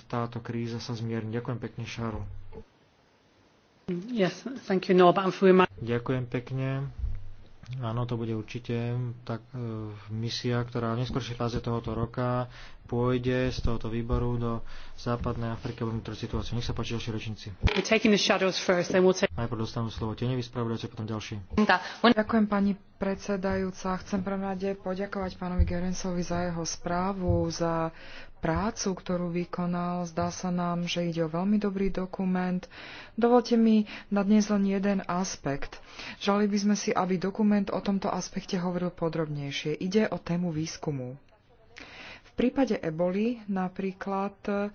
Speaker 2: táto kríza sa zmierni. Ďakujem pekne, Šáru. Yes, thank you, Norbert, my... Ďakujem pekne. Áno, to bude určite tak e, misia, ktorá v neskôršej fáze tohoto roka pôjde z tohoto výboru do Západnej Afriky, budeme teda mať situáciu. Nech sa páči ďalší rečníci. Najprv dostanú slovo tie nevyspravodajúce, potom ďalší.
Speaker 1: Ďakujem pani predsedajúca. Chcem prvom rade poďakovať pánovi Gerensovi za jeho správu, za prácu, ktorú vykonal. Zdá sa nám, že ide o veľmi dobrý dokument. Dovolte mi na dnes len jeden aspekt. Žali by sme si, aby dokument o tomto aspekte hovoril podrobnejšie. Ide o tému výskumu. V prípade eboli napríklad e,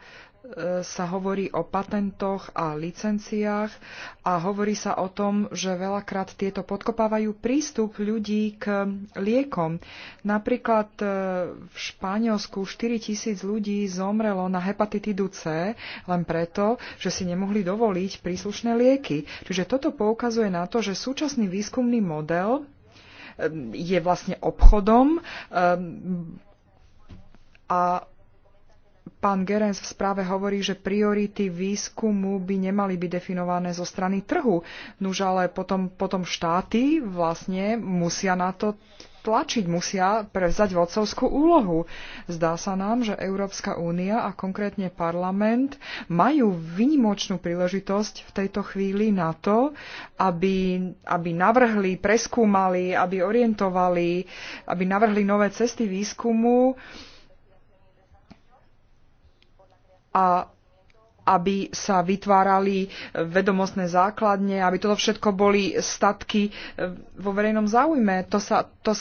Speaker 1: sa hovorí o patentoch a licenciách a hovorí sa o tom, že veľakrát tieto podkopávajú prístup ľudí k liekom. Napríklad e, v Španielsku 4 tisíc ľudí zomrelo na hepatitidu C len preto, že si nemohli dovoliť príslušné lieky. Čiže toto poukazuje na to, že súčasný výskumný model e, je vlastne obchodom, a pán Gerens v správe hovorí, že priority výskumu by nemali byť definované zo strany trhu. Nuž ale potom, potom štáty vlastne musia na to tlačiť, musia prevzať vodcovskú úlohu. Zdá sa nám, že Európska únia a konkrétne parlament majú výnimočnú príležitosť v tejto chvíli na to, aby, aby navrhli, preskúmali, aby orientovali, aby navrhli nové cesty výskumu, a aby sa vytvárali e, vedomostné základne, aby toto všetko boli statky e, vo verejnom záujme. To sa, to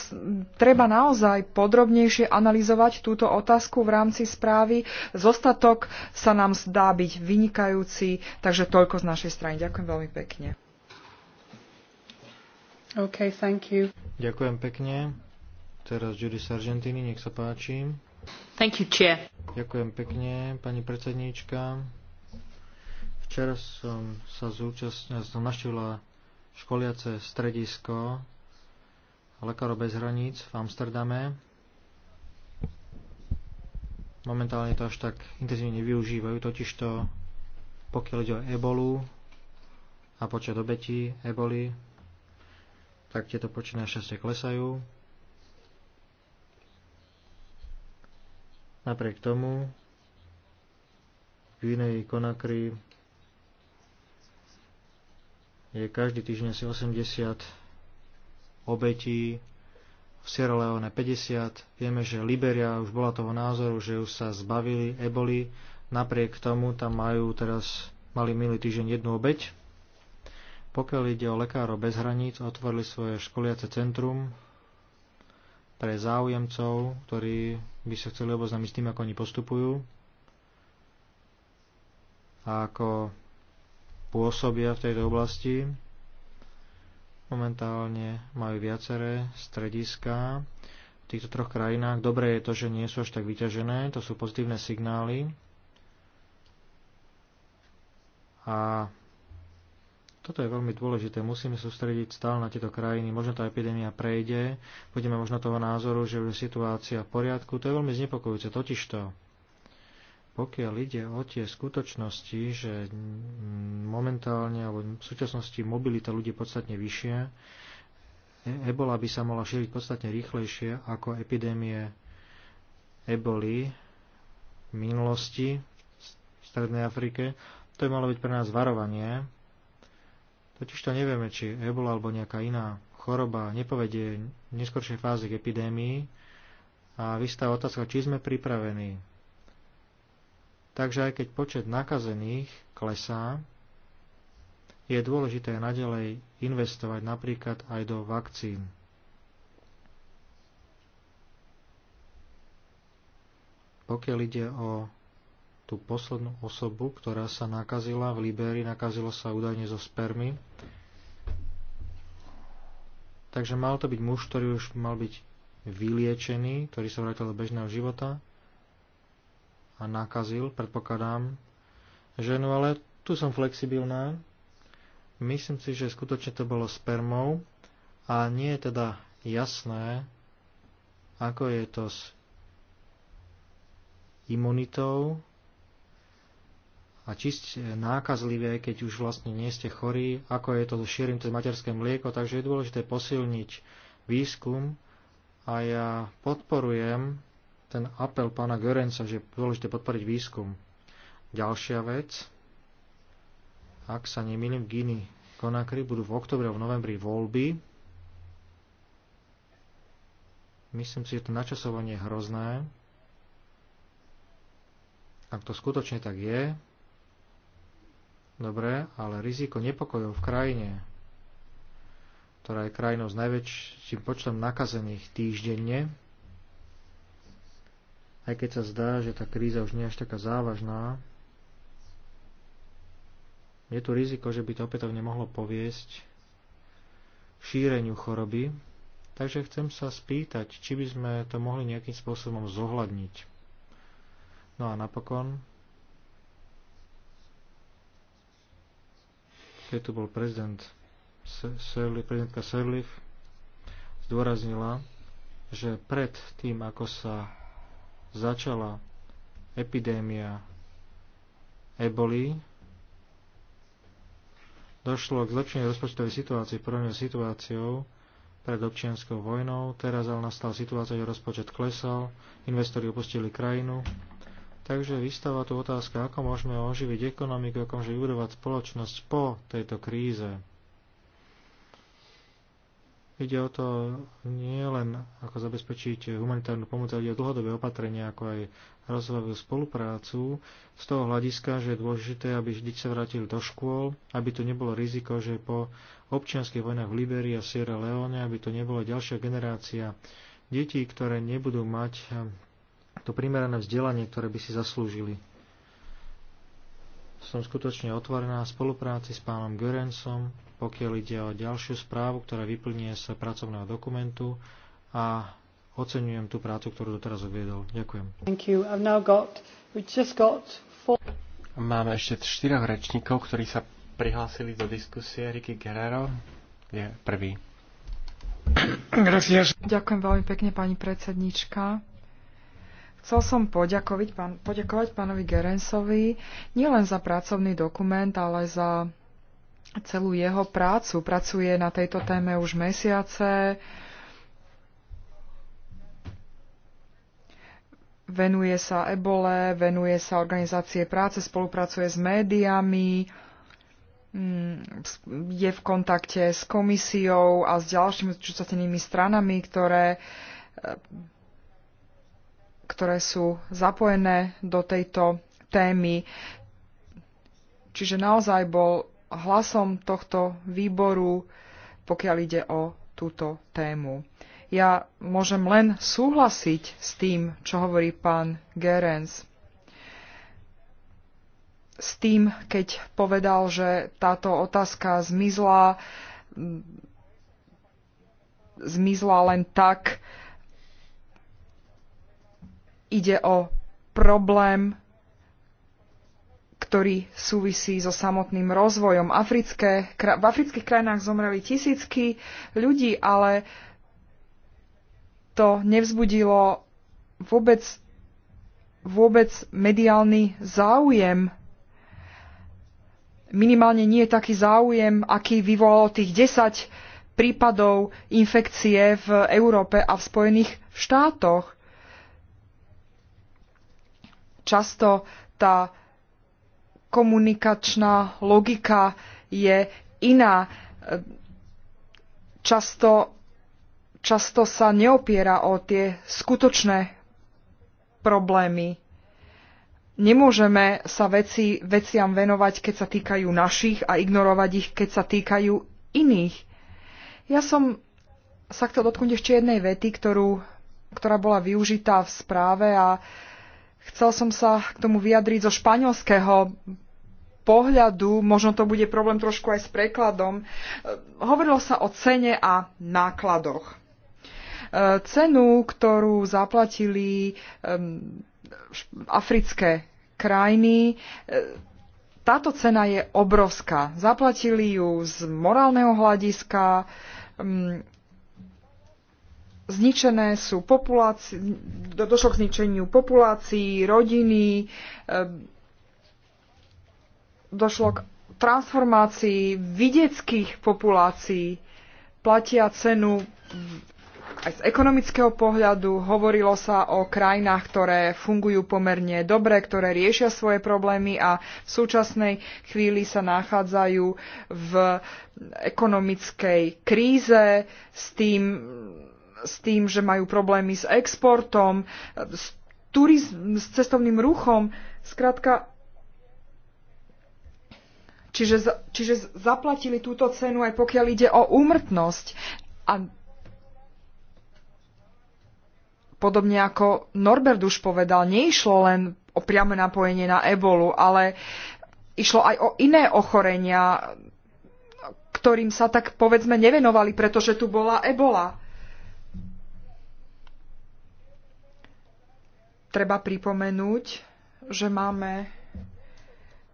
Speaker 1: treba naozaj podrobnejšie analyzovať túto otázku v rámci správy. Zostatok sa nám zdá byť vynikajúci, takže toľko z našej strany. Ďakujem veľmi pekne. Okay, thank you.
Speaker 2: Ďakujem pekne. Teraz Judy Sargentini, nech sa páči. Thank you, chair. Ďakujem pekne, pani predsedníčka. Včera som sa zúčastnila, som naštívila školiace stredisko Lekárov bez hraníc v Amsterdame. Momentálne to až tak intenzívne nevyužívajú, totižto pokiaľ ide o ebolu a počet obetí eboli, tak tieto počty našťastie klesajú. Napriek tomu v inej Konakry je každý týždeň asi 80 obetí, v Sierra Leone 50. Vieme, že Liberia už bola toho názoru, že už sa zbavili eboli. Napriek tomu tam majú teraz, mali minulý týždeň jednu obeť. Pokiaľ ide o lekárov bez hraníc, otvorili svoje školiace centrum pre záujemcov, ktorí by sa chceli oboznámiť s tým, ako oni postupujú a ako pôsobia v tejto oblasti. Momentálne majú viaceré strediska v týchto troch krajinách. Dobré je to, že nie sú až tak vyťažené, to sú pozitívne signály. A toto je veľmi dôležité. Musíme sústrediť stále na tieto krajiny. Možno tá epidémia prejde. Budeme možno toho názoru, že je situácia v poriadku. To je veľmi znepokojúce. Totižto, pokiaľ ide o tie skutočnosti, že momentálne alebo v súčasnosti mobilita ľudí je podstatne vyššia, e, ebola by sa mohla šíriť podstatne rýchlejšie ako epidémie eboli v minulosti v Strednej Afrike. To je malo byť pre nás varovanie, Totiž to nevieme, či ebola alebo nejaká iná choroba nepovedie v neskoršej fáze k epidémii a vystáva otázka, či sme pripravení. Takže aj keď počet nakazených klesá, je dôležité nadalej investovať napríklad aj do vakcín. Pokiaľ ide o tú poslednú osobu, ktorá sa nakazila v Libérii, nakazilo sa údajne zo spermy. Takže mal to byť muž, ktorý už mal byť vyliečený, ktorý sa vrátil do bežného života a nakazil, predpokladám, ženu, ale tu som flexibilná. Myslím si, že skutočne to bolo spermou a nie je teda jasné, ako je to s imunitou a či e, nákazlivé, keď už vlastne nie ste chorí, ako je to šírim cez materské mlieko, takže je dôležité posilniť výskum a ja podporujem ten apel pána Görenca, že je dôležité podporiť výskum. Ďalšia vec, ak sa nemýlim, v Gini Konakry budú v oktobre a v novembri voľby. Myslím si, že to načasovanie je hrozné. Ak to skutočne tak je, Dobre, ale riziko nepokojov v krajine, ktorá je krajinou s najväčším počtom nakazených týždenne, aj keď sa zdá, že tá kríza už nie je až taká závažná, je tu riziko, že by to opätovne mohlo poviesť šíreniu choroby, takže chcem sa spýtať, či by sme to mohli nejakým spôsobom zohľadniť. No a napokon, keď tu bol prezident Serli, prezidentka Serliv, zdôraznila, že pred tým, ako sa začala epidémia eboli, došlo k zlepšeniu rozpočtovej situácie prvnou situáciou pred občianskou vojnou. Teraz ale nastala situácia, že rozpočet klesal, investori opustili krajinu Takže vystáva tu otázka, ako môžeme oživiť ekonomiku, ako môžeme vybudovať spoločnosť po tejto kríze. Ide o to nie len ako zabezpečiť humanitárnu pomoc, ale ide o dlhodobé opatrenia, ako aj rozvojovú spoluprácu, z toho hľadiska, že je dôležité, aby vždy sa vrátili do škôl, aby tu nebolo riziko, že po občianských vojnách v Liberii a Sierra Leone, aby to nebola ďalšia generácia detí, ktoré nebudú mať to primerané vzdelanie, ktoré by si zaslúžili. Som skutočne otvorená v spolupráci s pánom Görensom, pokiaľ ide o ďalšiu správu, ktorá vyplnie z pracovného dokumentu a
Speaker 3: oceňujem tú prácu, ktorú doteraz uviedol. Ďakujem.
Speaker 1: Got, four...
Speaker 3: Máme ešte štyroch rečníkov, ktorí sa prihlásili do diskusie. Ricky Guerrero je prvý.
Speaker 1: Ďakujem veľmi pekne, pani predsednička. Chcel som poďakovať, pán, poďakovať pánovi Gerensovi nielen za pracovný dokument, ale za celú jeho prácu. Pracuje na tejto téme už mesiace. Venuje sa ebole, venuje sa organizácie práce, spolupracuje s médiami, mm, je v kontakte s komisiou a s ďalšími zúčastnenými stranami, ktoré ktoré sú zapojené do tejto témy. Čiže naozaj bol hlasom tohto výboru, pokiaľ ide o túto tému. Ja môžem len súhlasiť s tým, čo hovorí pán Gerens. S tým, keď povedal, že táto otázka zmizla, mm, zmizla len tak, uh, ide o problém, ktorý súvisí so samotným rozvojom. Africké, v afrických krajinách zomreli tisícky ľudí, ale to nevzbudilo vôbec, vôbec mediálny záujem. Minimálne nie je taký záujem, aký vyvolalo tých 10 prípadov infekcie v Európe a v Spojených štátoch často tá komunikačná logika je iná. Často, často sa neopiera o tie skutočné problémy. Nemôžeme sa veci, veciam venovať, keď sa týkajú našich a ignorovať ich, keď sa týkajú iných. Ja som sa chcel dotknúť ešte jednej vety, ktorú, ktorá bola využitá v správe a uh, Chcel som sa k tomu vyjadriť zo španielského pohľadu, možno to bude problém trošku aj s prekladom, hovorilo sa o cene a nákladoch. E, cenu, ktorú zaplatili africké krajiny, e, táto cena je obrovská. Zaplatili ju z morálneho hľadiska, zničené sú populácie, došlo k zničeniu populácií, rodiny, eh, došlo k transformácii vidieckých populácií, platia cenu aj z ekonomického pohľadu. Hovorilo sa o krajinách, ktoré fungujú pomerne dobre, ktoré riešia svoje problémy a v súčasnej chvíli sa nachádzajú v ekonomickej kríze s tým, s tým, že majú problémy s exportom, s, turizm, s cestovným ruchom. Skrátka, čiže, čiže zaplatili túto cenu aj pokiaľ ide o úmrtnosť. A podobne ako Norbert už povedal, neišlo len o priame napojenie na ebolu, ale išlo aj o iné ochorenia, ktorým sa tak povedzme nevenovali, pretože tu bola ebola. treba pripomenúť, že máme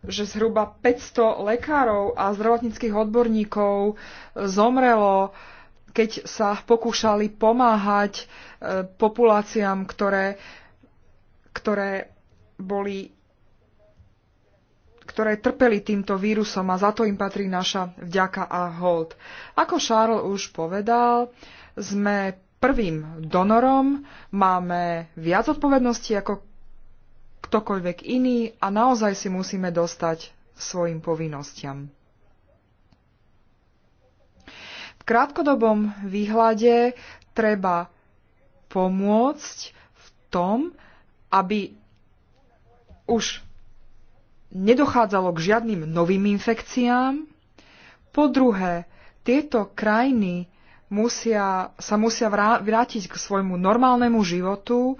Speaker 1: že zhruba 500 lekárov a zdravotníckých odborníkov zomrelo, keď sa pokúšali pomáhať e, populáciám, ktoré, ktoré boli ktoré trpeli týmto vírusom a za to im patrí naša vďaka a hold. Ako Charles už povedal, sme prvým donorom, máme viac odpovedností ako ktokoľvek iný a naozaj si musíme dostať svojim povinnostiam. V krátkodobom výhľade treba pomôcť v tom, aby už nedochádzalo k žiadnym novým infekciám. Po druhé, tieto krajiny musia, sa musia vrátiť k svojmu normálnemu životu.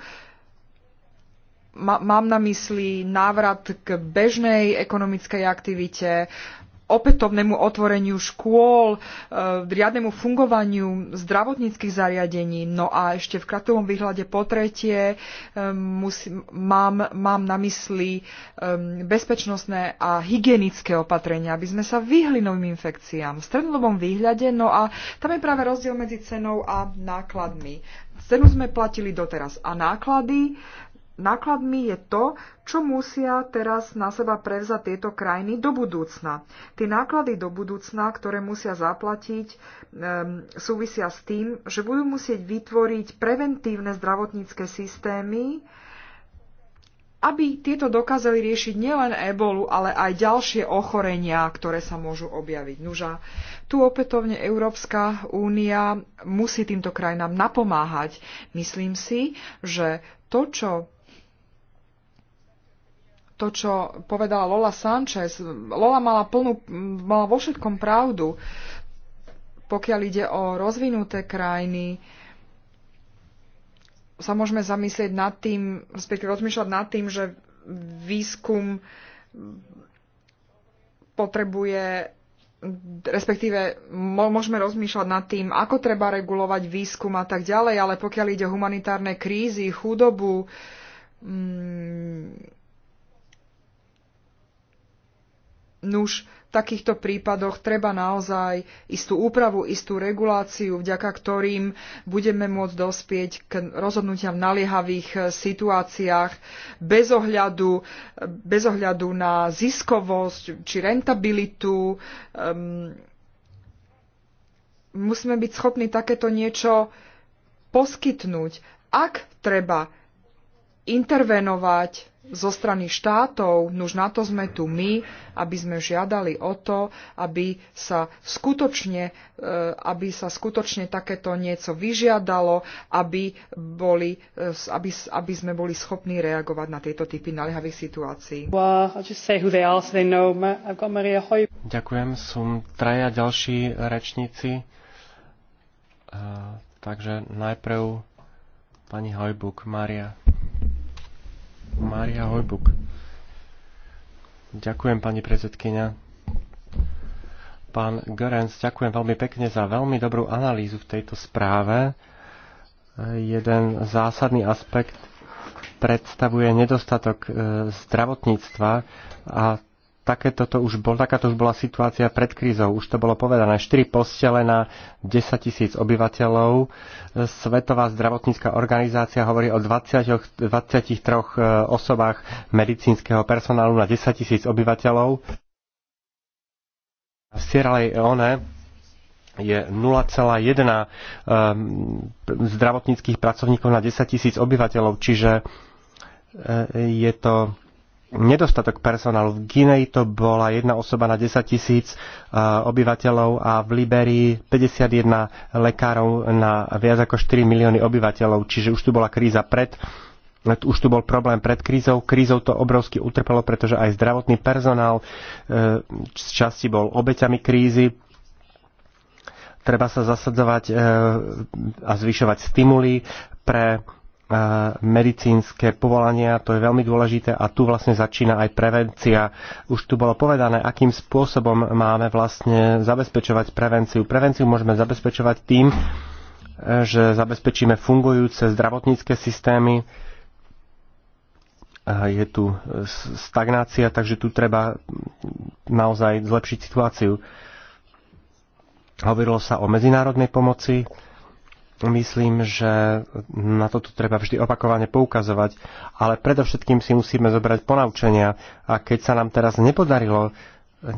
Speaker 1: Mám na mysli návrat k bežnej ekonomickej aktivite, opätovnému otvoreniu škôl, e, riadnemu fungovaniu zdravotníckých zariadení. No a ešte v kratovom výhľade po tretie e, musím, mám, mám na mysli e, bezpečnostné a hygienické opatrenia, aby sme sa vyhli novým infekciám v strednodobom výhľade. No a tam je práve rozdiel medzi cenou a nákladmi. Cenu sme platili doteraz a náklady nákladmi je to, čo musia teraz na seba prevzať tieto krajiny do budúcna. Tie náklady do budúcna, ktoré musia zaplatiť, súvisia s tým, že budú musieť vytvoriť preventívne zdravotnícke systémy, aby tieto dokázali riešiť nielen ebolu, ale aj ďalšie ochorenia, ktoré sa môžu objaviť. Nuža, tu opätovne Európska únia musí týmto krajinám napomáhať. Myslím si, že to, čo to, čo povedala Lola Sanchez. Lola mala, plnú, mala vo všetkom pravdu, pokiaľ ide o rozvinuté krajiny, sa môžeme zamyslieť nad tým, respektíve rozmýšľať nad tým, že výskum potrebuje respektíve môžeme rozmýšľať nad tým, ako treba regulovať výskum a tak ďalej, ale pokiaľ ide o humanitárne krízy, chudobu, mm, Nuž, v takýchto prípadoch treba naozaj istú úpravu, istú reguláciu, vďaka ktorým budeme môcť dospieť k rozhodnutiam v naliehavých eh, situáciách bez ohľadu, eh, bez ohľadu na ziskovosť či rentabilitu. Um, musíme byť schopní takéto niečo poskytnúť. Ak treba intervenovať zo strany štátov, nuž na to sme tu my, aby sme žiadali o to, aby sa skutočne, e, aby sa skutočne takéto niečo vyžiadalo, aby, boli, e, aby, aby sme boli schopní reagovať na tieto typy naliehavých situácií.
Speaker 3: Ďakujem, som traja ďalší rečníci. E, takže najprv pani Hojbuk, Maria. Mária Hojbuk. Ďakujem, pani predsedkynia. Pán Görens, ďakujem veľmi pekne za veľmi dobrú analýzu v tejto správe. Jeden zásadný aspekt predstavuje nedostatok e, zdravotníctva a takéto to už bol, takáto už bola situácia pred krízou. Už to bolo povedané. 4 postele na 10 tisíc obyvateľov. Svetová zdravotnícká organizácia hovorí o 20, 23 e, osobách medicínskeho personálu na 10 tisíc obyvateľov. V Sierra Leone je 0,1 e, zdravotníckých pracovníkov na 10 tisíc obyvateľov, čiže e, je to nedostatok personálu. V Ginei to bola jedna osoba na 10 tisíc eh, obyvateľov a v Liberii 51 lekárov na viac ako 4 milióny obyvateľov. Čiže už tu bola kríza pred eh, už tu bol problém pred krízou. Krízou to obrovsky utrpelo, pretože aj zdravotný personál eh, z časti bol obeťami krízy. Treba sa zasadzovať a zvyšovať stimuly pre medicínske povolania, to je veľmi dôležité a tu vlastne začína aj prevencia. Už tu bolo povedané, akým spôsobom máme vlastne zabezpečovať prevenciu. Prevenciu môžeme zabezpečovať tým, e, že zabezpečíme fungujúce zdravotnícke systémy. Je tu stagnácia, takže tu treba naozaj zlepšiť situáciu. Hovorilo sa o medzinárodnej pomoci Myslím, že na toto treba vždy opakovane poukazovať, ale predovšetkým si musíme zobrať ponaučenia a keď sa nám teraz nepodarilo eh,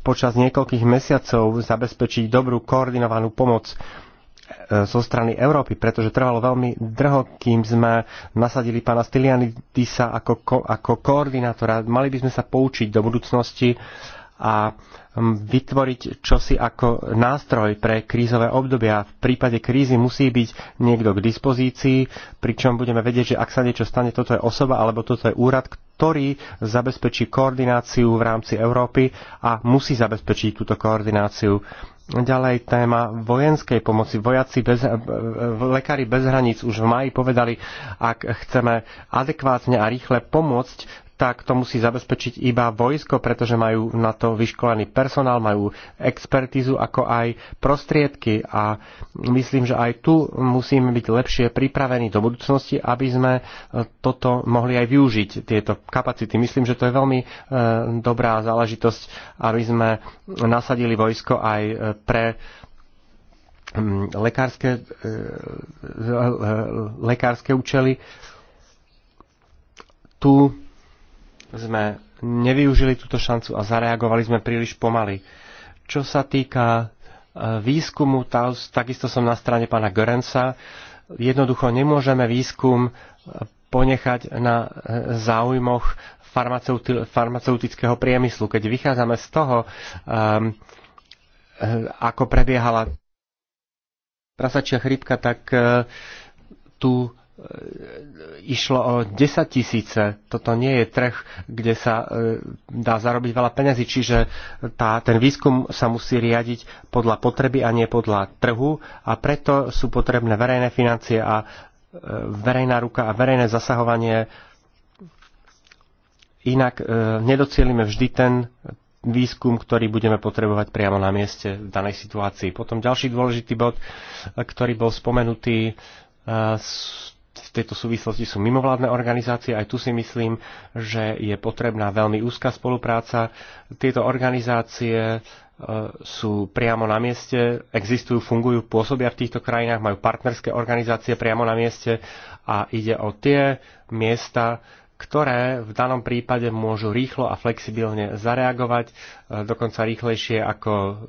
Speaker 3: počas niekoľkých mesiacov zabezpečiť dobrú koordinovanú pomoc eh, zo strany Európy, pretože trvalo veľmi drho, kým sme nasadili pána Stylianidisa ako, ko, ako koordinátora. Mali by sme sa poučiť do budúcnosti a vytvoriť čosi ako nástroj pre krízové obdobia. V prípade krízy musí byť niekto k dispozícii, pričom budeme vedieť, že ak sa niečo stane, toto je osoba alebo toto je úrad, ktorý zabezpečí koordináciu v rámci Európy a musí zabezpečiť túto koordináciu. Ďalej téma vojenskej pomoci. Vojaci bez, e, e, lekári bez hraníc už v maji povedali, ak chceme adekvátne a rýchle pomôcť, tak to musí zabezpečiť iba vojsko, pretože majú na to vyškolený personál, majú expertizu ako aj prostriedky a myslím, že aj tu musíme byť lepšie pripravení do budúcnosti, aby sme e, toto mohli aj využiť, tieto kapacity. Myslím, že to je veľmi e, dobrá záležitosť, aby sme nasadili vojsko aj e, pre lekárske, lekárske účely. Tu sme nevyužili túto šancu a zareagovali sme príliš pomaly. Čo sa týka e, výskumu, takisto som na strane pána Görensa, jednoducho nemôžeme výskum e, ponechať na e, záujmoch farmaceutického priemyslu. Keď vychádzame z toho, um, ako prebiehala prasačia chrypka, tak uh, tu išlo o 10 tisíce. Toto nie je trh, kde sa e, dá zarobiť veľa peňazí, čiže tá, ten výskum sa musí riadiť podľa potreby a nie podľa trhu a preto sú potrebné verejné financie a e, verejná ruka a verejné zasahovanie. Inak e, nedocielime vždy ten výskum, ktorý budeme potrebovať priamo na mieste v danej situácii. Potom ďalší dôležitý bod, ktorý bol spomenutý, v tejto súvislosti sú mimovládne organizácie. Aj tu si myslím, že je potrebná veľmi úzka spolupráca. Tieto organizácie e, sú priamo na mieste, existujú, fungujú, pôsobia v týchto krajinách, majú partnerské organizácie priamo na mieste a ide o tie miesta, ktoré v danom prípade môžu rýchlo a flexibilne zareagovať, e, dokonca rýchlejšie ako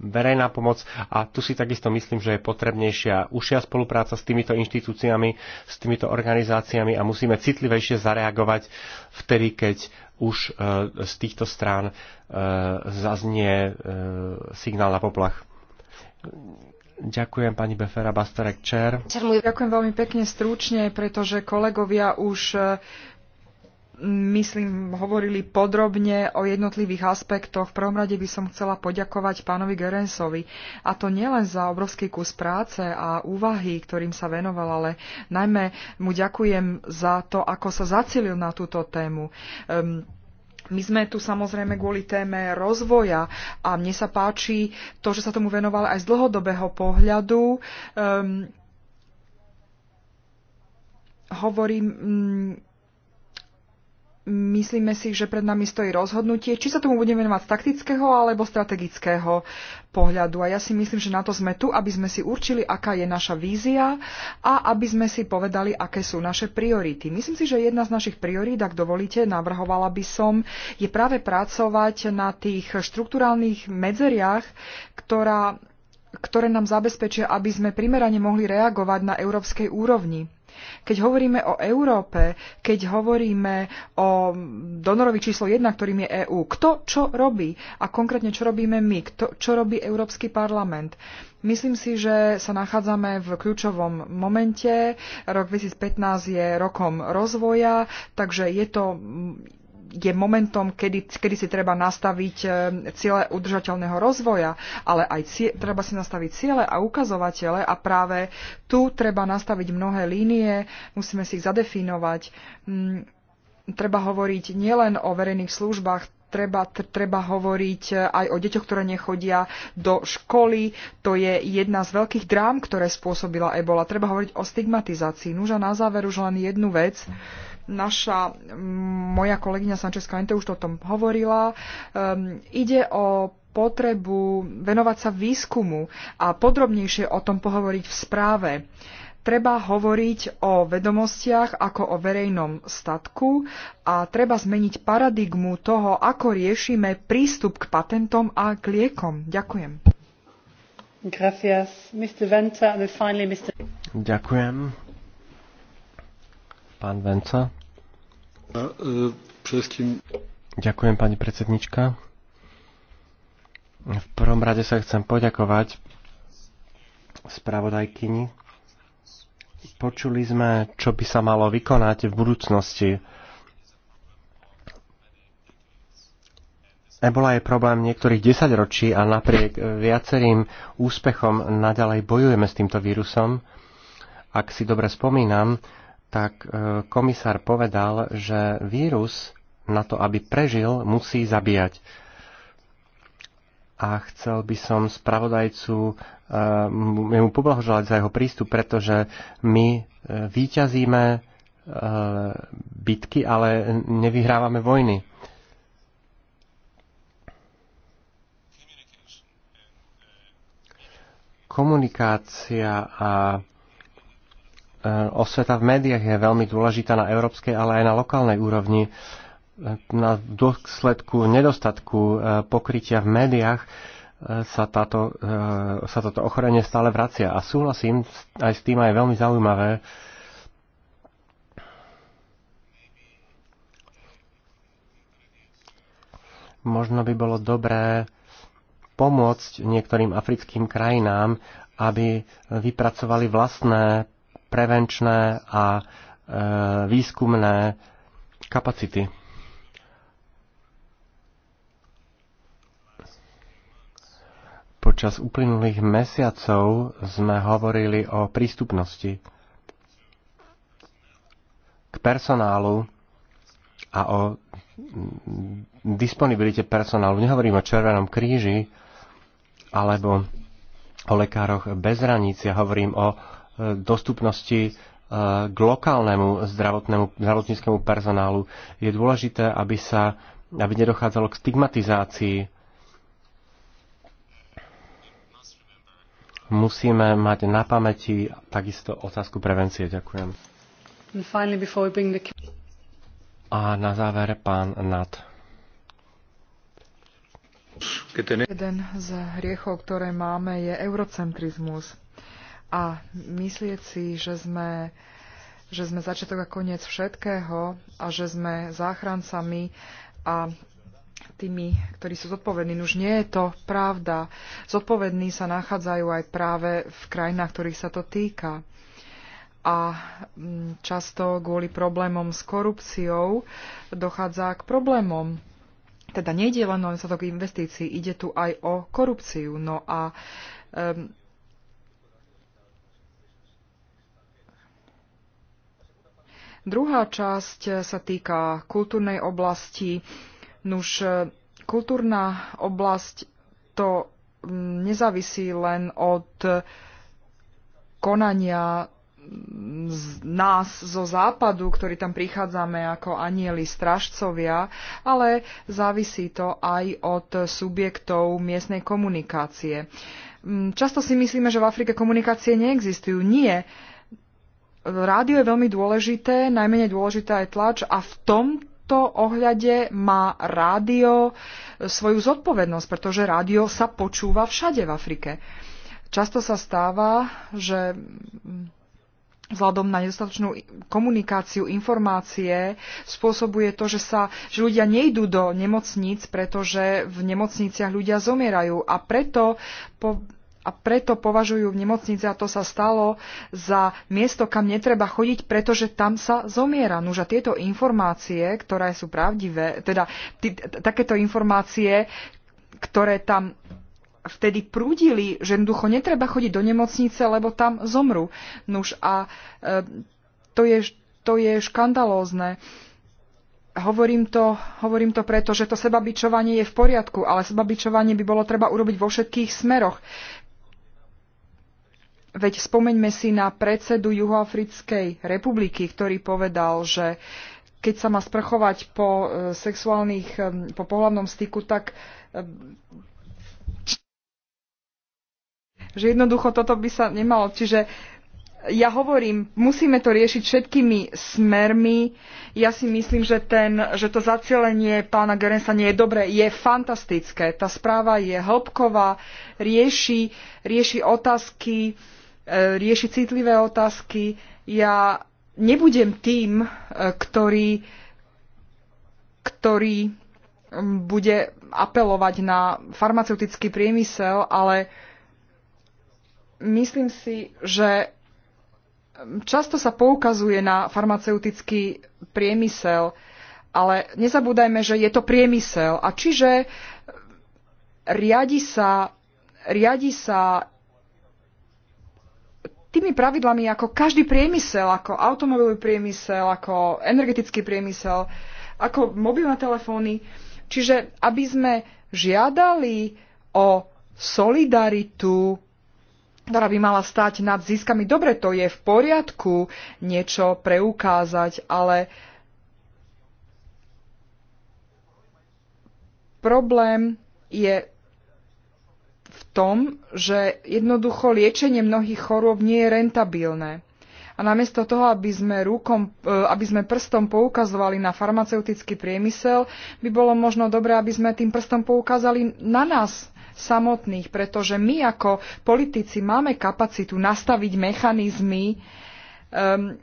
Speaker 3: verejná pomoc. A tu si takisto myslím, že je potrebnejšia užšia spolupráca s týmito inštitúciami, s týmito organizáciami a musíme citlivejšie zareagovať vtedy, keď už e, z týchto strán e, zaznie signál na poplach. Ďakujem pani Befera Bastarek Čer.
Speaker 1: Ďakujem veľmi pekne stručne, pretože kolegovia už myslím, hovorili podrobne o jednotlivých aspektoch. V prvom rade by som chcela poďakovať pánovi Gerensovi. A to nielen za obrovský kus práce a úvahy, ktorým sa venoval, ale najmä mu ďakujem za to, ako sa zacilil na túto tému. Um, my sme tu samozrejme kvôli téme rozvoja a mne sa páči to, že sa tomu venoval aj z dlhodobého pohľadu. Um, hovorím, um, myslíme si, že pred nami stojí rozhodnutie, či sa tomu budeme venovať z taktického alebo strategického pohľadu. A ja si myslím, že na to sme tu, aby sme si určili, aká je naša vízia a aby sme si povedali, aké sú naše priority. Myslím si, že jedna z našich priorít, ak dovolíte, navrhovala by som, je práve pracovať na tých štruktúrálnych medzeriach, ktorá ktoré nám zabezpečia, aby sme primerane mohli reagovať na európskej úrovni. Keď hovoríme o Európe, keď hovoríme o donorovi číslo 1, ktorým je EÚ, kto čo robí a konkrétne čo robíme my, kto, čo robí Európsky parlament. Myslím si, že sa nachádzame v kľúčovom momente. Rok 2015 je rokom rozvoja, takže je to je momentom, kedy, kedy si treba nastaviť e, ciele udržateľného rozvoja, ale aj cie, treba si nastaviť ciele a ukazovatele a práve tu treba nastaviť mnohé línie, musíme si ich zadefinovať. Mm, treba hovoriť nielen o verejných službách, treba, treba hovoriť e, aj o deťoch, ktoré nechodia do školy. To je jedna z veľkých drám, ktoré spôsobila ebola. Treba hovoriť o stigmatizácii. Nuža na záver už len jednu vec. Mm Naša, moja kolegyňa Sanchez Cante už o tom hovorila. Um, ide o potrebu venovať sa výskumu a podrobnejšie o tom pohovoriť v správe. Treba hovoriť o vedomostiach ako o verejnom statku a treba zmeniť paradigmu toho, ako riešime prístup k patentom a k liekom. Ďakujem. Gracias, Mr. Venter, and finally Mr.
Speaker 3: Ďakujem, Pán Venca.
Speaker 2: E,
Speaker 3: Ďakujem, pani predsednička. V prvom rade sa chcem poďakovať spravodajkyni. Počuli sme, čo by sa malo vykonať v budúcnosti. Ebola je problém niektorých desaťročí a napriek viacerým úspechom naďalej bojujeme s týmto vírusom. Ak si dobre spomínam, tak e, komisár povedal, že vírus na to, aby prežil, musí zabíjať. A chcel by som spravodajcu e, mu poblahoželať za jeho prístup, pretože my e, výťazíme bitky, ale nevyhrávame vojny. Komunikácia a E, osveta v médiách je veľmi dôležitá na európskej, ale aj na lokálnej úrovni. E, na dôsledku nedostatku e, pokrytia v médiách sa, táto, sa toto ochorenie stále vracia. A súhlasím, aj s tým aj veľmi zaujímavé, možno by bolo dobré pomôcť niektorým africkým krajinám, aby vypracovali vlastné prevenčné a e, výskumné kapacity. Počas uplynulých mesiacov sme hovorili o prístupnosti k personálu a o disponibilite personálu. Nehovorím o Červenom kríži alebo o lekároch bez hraníc, ja hovorím o dostupnosti eh, k lokálnemu zdravotnému, zdravotníckému personálu. Je dôležité, aby, sa, aby nedochádzalo k stigmatizácii. Musíme mať na pamäti takisto otázku prevencie. Ďakujem. A na záver pán Nat.
Speaker 1: Jeden z hriechov, ktoré máme, je eurocentrizmus a myslieť si, že sme, že sme začiatok a koniec všetkého a že sme záchrancami a tými, ktorí sú zodpovední. Už nie je to pravda. Zodpovední sa nachádzajú aj práve v krajinách, ktorých sa to týka. A mm, často kvôli problémom s korupciou dochádza k problémom teda nejde len o nedostatok investícií, ide tu aj o korupciu. No a um, Druhá časť sa týka kultúrnej oblasti. Nuž, kultúrna oblasť to nezávisí len od konania z nás zo západu, ktorí tam prichádzame ako anieli stražcovia, ale závisí to aj od subjektov miestnej komunikácie. Často si myslíme, že v Afrike komunikácie neexistujú. Nie, Rádio je veľmi dôležité, najmenej dôležitá je tlač a v tomto ohľade má rádio e, svoju zodpovednosť, pretože rádio sa počúva všade v Afrike. Často sa stáva, že mm, vzhľadom na nedostatočnú komunikáciu, informácie, spôsobuje to, že, sa, že ľudia nejdú do nemocníc, pretože v nemocniciach ľudia zomierajú. A preto po, a preto považujú v nemocnice, a to sa stalo, za miesto, kam netreba chodiť, pretože tam sa zomiera. Nuž a tieto informácie, ktoré sú pravdivé, teda t- takéto informácie, ktoré tam vtedy prúdili, že jednoducho netreba chodiť do nemocnice, lebo tam zomru. Nuž a e, to, je, to je škandalózne. Hovorím to, hovorím to preto, že to sebabičovanie je v poriadku, ale sebabičovanie by bolo treba urobiť vo všetkých smeroch. E, Veď spomeňme si na predsedu Juhoafrickej republiky, ktorý povedal, že keď sa má sprchovať po e, sexuálnych, e, po pohľavnom styku, tak e, že jednoducho toto by sa nemalo. Čiže ja hovorím, musíme to riešiť všetkými smermi. Ja si myslím, že, ten, že to zacielenie pána Gerensa nie je dobré. Je fantastické. Tá správa je hĺbková, rieši, rieši otázky, E, rieši citlivé otázky. Ja nebudem tým, e, ktorý, ktorý bude apelovať na farmaceutický priemysel, ale myslím si, že často sa poukazuje na farmaceutický priemysel, ale nezabúdajme, že je to priemysel a čiže riadi sa, riadi sa tými pravidlami, ako každý priemysel, ako automobilový priemysel, ako energetický priemysel, ako mobilné telefóny. Čiže aby sme žiadali o solidaritu, ktorá by mala stať nad získami. Dobre, to je v poriadku niečo preukázať, ale problém je tom, že jednoducho liečenie mnohých chorôb nie je rentabilné. A namiesto toho, aby sme, rukom, e, aby sme prstom poukazovali na farmaceutický priemysel, by bolo možno dobré, aby sme tým prstom poukázali na nás samotných, pretože my ako politici máme kapacitu nastaviť mechanizmy, um,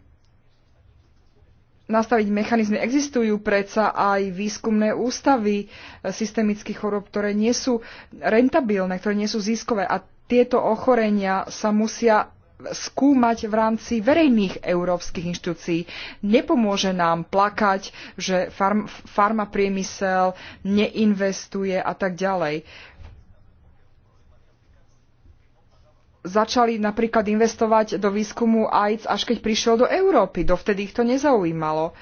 Speaker 1: nastaviť mechanizmy. Existujú predsa aj výskumné ústavy e, systemických chorób, ktoré nie sú rentabilné, ktoré nie sú ziskové a tieto ochorenia sa musia skúmať v rámci verejných európskych inštitúcií. Nepomôže nám plakať, že farm, farmapriemysel neinvestuje a tak ďalej. Uh, začali napríklad investovať do výskumu AIDS, až keď prišiel do Európy. Dovtedy ich to nezaujímalo.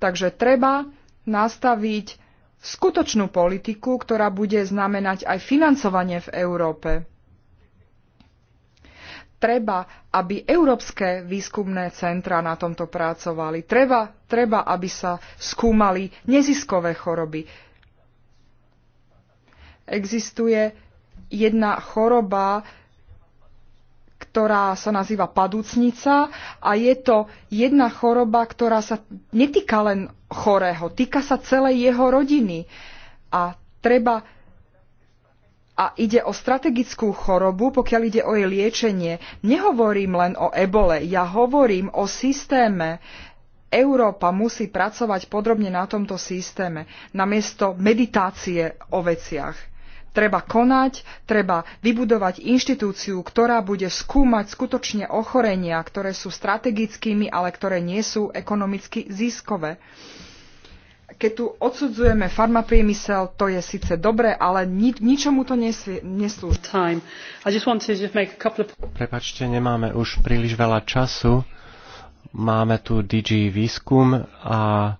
Speaker 1: Takže treba nastaviť skutočnú politiku, ktorá bude znamenať aj financovanie v Európe. Treba, aby európske výskumné centra na tomto pracovali. Treba, treba aby sa skúmali neziskové choroby. Existuje jedna choroba, ktorá sa nazýva padúcnica a je to jedna choroba, ktorá sa netýka len chorého, týka sa celej jeho rodiny. A treba a ide o strategickú chorobu, pokiaľ ide o jej liečenie. Nehovorím len o ebole, ja hovorím o systéme. Európa musí pracovať podrobne na tomto systéme, namiesto meditácie o veciach Treba konať, treba vybudovať inštitúciu, ktorá bude skúmať skutočne ochorenia, ktoré sú strategickými, ale ktoré nie sú ekonomicky ziskové. Keď tu odsudzujeme farmapriemysel, to je síce dobre, ale ni- ničomu to neslúži.
Speaker 3: Prepačte, nemáme už príliš veľa času. Máme tu DG výskum a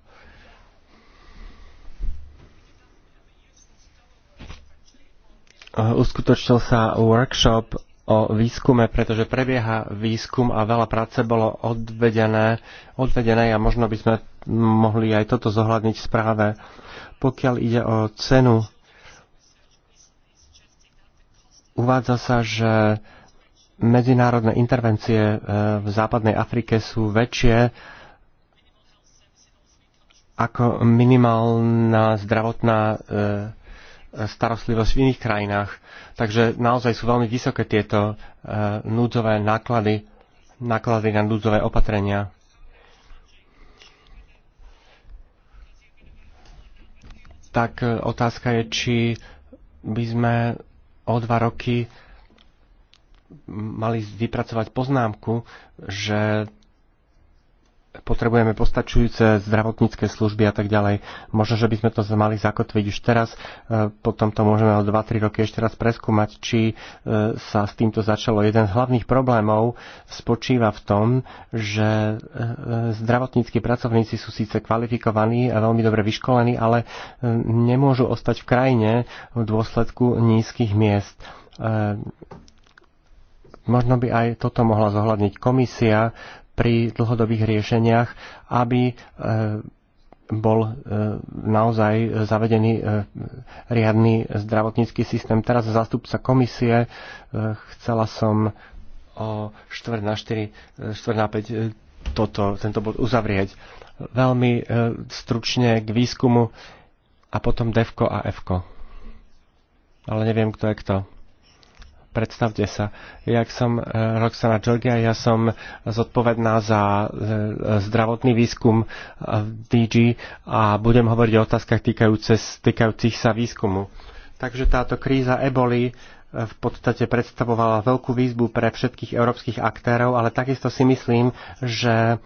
Speaker 3: Eh, uskutočnil sa workshop o výskume, pretože prebieha výskum a veľa práce bolo odvedené, odvedené a možno by sme mohli aj toto zohľadniť v správe. Pokiaľ ide o cenu, uvádza sa, že medzinárodné intervencie eh, v západnej Afrike sú väčšie ako minimálna zdravotná eh, starostlivosť v iných krajinách. Takže naozaj sú veľmi vysoké tieto e, núdzové náklady, náklady na núdzové opatrenia. Tak e, otázka je, či by sme o dva roky mali vypracovať poznámku, že potrebujeme postačujúce zdravotnícke služby a tak ďalej. Možno, že by sme to mali zakotviť už teraz, e, potom to môžeme o 2-3 roky ešte raz preskúmať, či e, sa s týmto začalo. Jeden z hlavných problémov spočíva v tom, že e, zdravotníckí pracovníci sú síce kvalifikovaní a veľmi dobre vyškolení, ale nemôžu ostať v krajine v dôsledku nízkych miest možno by aj toto mohla zohľadniť komisia pri dlhodobých riešeniach, aby e, bol e, naozaj zavedený e, riadny zdravotnícky systém. Teraz zastupca komisie, chcela som o 4 na 4, 4 na 5 toto, tento bod uzavrieť. Veľmi stručne k výskumu a potom DEVKO a EFKO. Ale neviem, kto je kto. Predstavte sa, ja som eh, Roxana Georgia, ja som zodpovedná za eh, zdravotný výskum eh, v DG a budem hovoriť o otázkach týkajúcich sa výskumu. Takže táto kríza eboli v podstate predstavovala veľkú výzbu pre všetkých európskych aktérov, ale takisto si myslím, že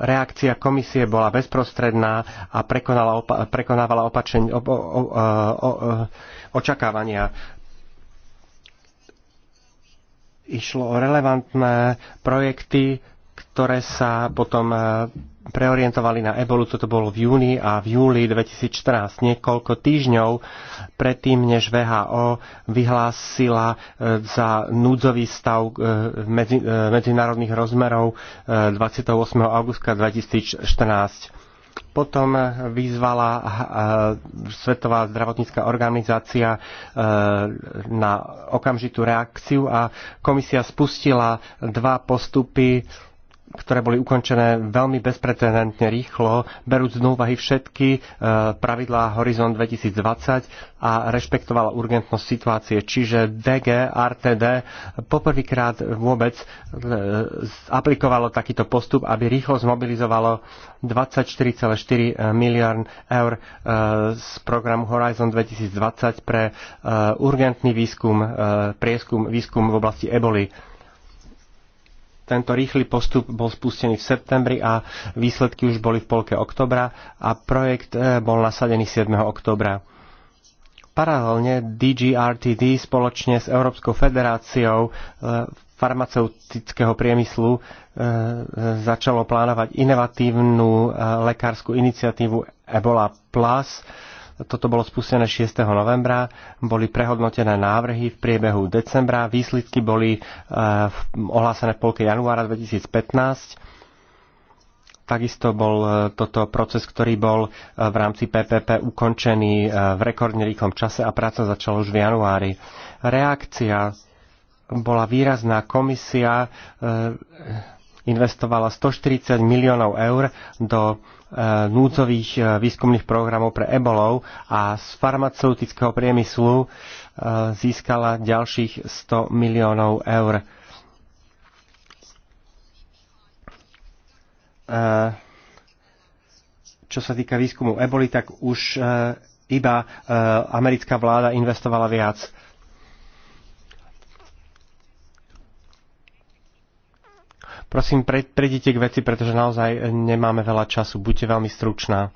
Speaker 3: reakcia komisie bola bezprostredná a prekonala opa- prekonávala opačenie o- o- o- o- očakávania išlo o relevantné projekty, ktoré sa potom e, preorientovali na Ebolu, toto bolo v júni a v júli 2014, niekoľko týždňov predtým, než VHO vyhlásila e, za núdzový stav e, medzi, medzinárodných rozmerov 28. augusta 2014. Potom eh, vyzvala eh, Svetová zdravotnícká organizácia eh, na okamžitú reakciu a komisia spustila dva postupy ktoré boli ukončené veľmi bezprecedentne rýchlo, berúc do úvahy všetky e, pravidlá Horizon 2020 a rešpektovala urgentnosť situácie. Čiže DG, RTD poprvýkrát vôbec e, aplikovalo takýto postup, aby rýchlo zmobilizovalo 24,4 e, miliard eur z programu Horizon 2020 pre urgentný výskum, prieskum, výskum v oblasti eboli tento rýchly postup bol spustený v septembri a výsledky už boli v polke oktobra a projekt eh, bol nasadený 7. oktobra. Paralelne DGRTD spoločne s Európskou federáciou eh, farmaceutického priemyslu eh, začalo plánovať inovatívnu lekárskú iniciatívu Ebola Plus, toto bolo spustené 6. novembra, boli prehodnotené návrhy v priebehu decembra, výsledky boli e, ohlásené v polke januára 2015. Takisto bol e, toto proces, ktorý bol e, v rámci PPP ukončený v rekordne rýchlom čase a práca začala už v januári. Reakcia bola výrazná. Komisia investovala 140 miliónov eur do E, núdzových e, výskumných programov pre ebolov a z farmaceutického priemyslu e, získala ďalších 100 miliónov eur. Čo sa týka výskumu eboli, tak už iba americká vláda investovala viac. Prosím, pre, prejdite k veci, pretože naozaj nemáme veľa času. Buďte veľmi stručná.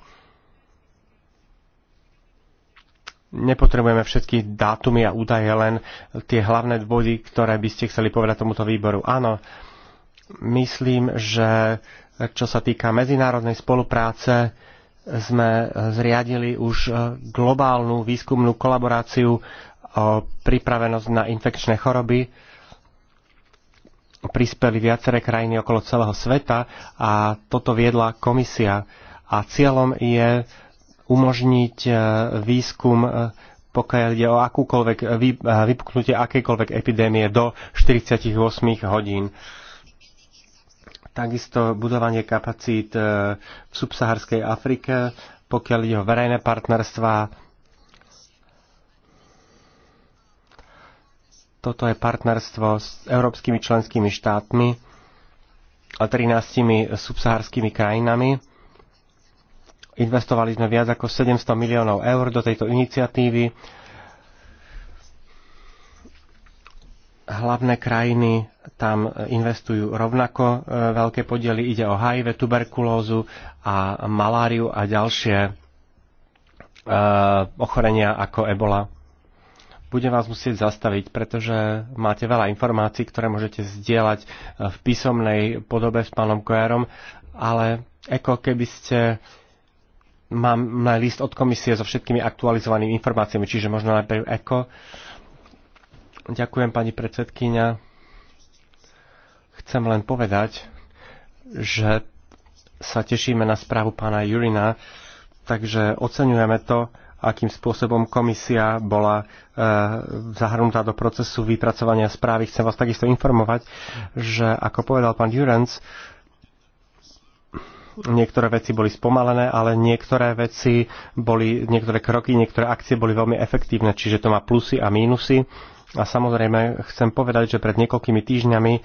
Speaker 3: Nepotrebujeme všetky dátumy a údaje, len tie hlavné dôvody, ktoré by ste chceli povedať tomuto výboru. Áno, myslím, že čo sa týka medzinárodnej spolupráce, sme zriadili už e, globálnu výskumnú kolaboráciu o e, pripravenosť na infekčné choroby prispeli viaceré krajiny okolo celého sveta a toto viedla komisia. A cieľom je umožniť e, výskum e, pokiaľ ide o akúkoľvek e, vypuknutie akejkoľvek epidémie do 48 hodín. Takisto budovanie kapacít v subsaharskej Afrike, pokiaľ ide o verejné partnerstva, Toto je partnerstvo s európskymi členskými štátmi a 13 subsahárskymi krajinami. Investovali sme viac ako 700 miliónov eur do tejto iniciatívy. Hlavné krajiny tam investujú rovnako e, veľké podiely. Ide o HIV, tuberkulózu a maláriu a ďalšie e, ochorenia ako ebola budem vás musieť zastaviť, pretože máte veľa informácií, ktoré môžete zdieľať eh, v písomnej podobe s pánom Kojarom, ale ako keby ste mám list od komisie so všetkými aktualizovanými informáciami, čiže možno najprv ECO. Ďakujem, pani predsedkynia. Chcem len povedať, že sa tešíme na správu pána Jurina, takže oceňujeme to, akým spôsobom komisia bola e, zahrnutá do procesu vypracovania správy. Chcem vás takisto informovať, že ako povedal pán Durens, niektoré veci boli spomalené, ale niektoré veci boli, niektoré kroky, niektoré akcie boli veľmi efektívne, čiže to má plusy a mínusy. A samozrejme chcem povedať, že pred niekoľkými týždňami e,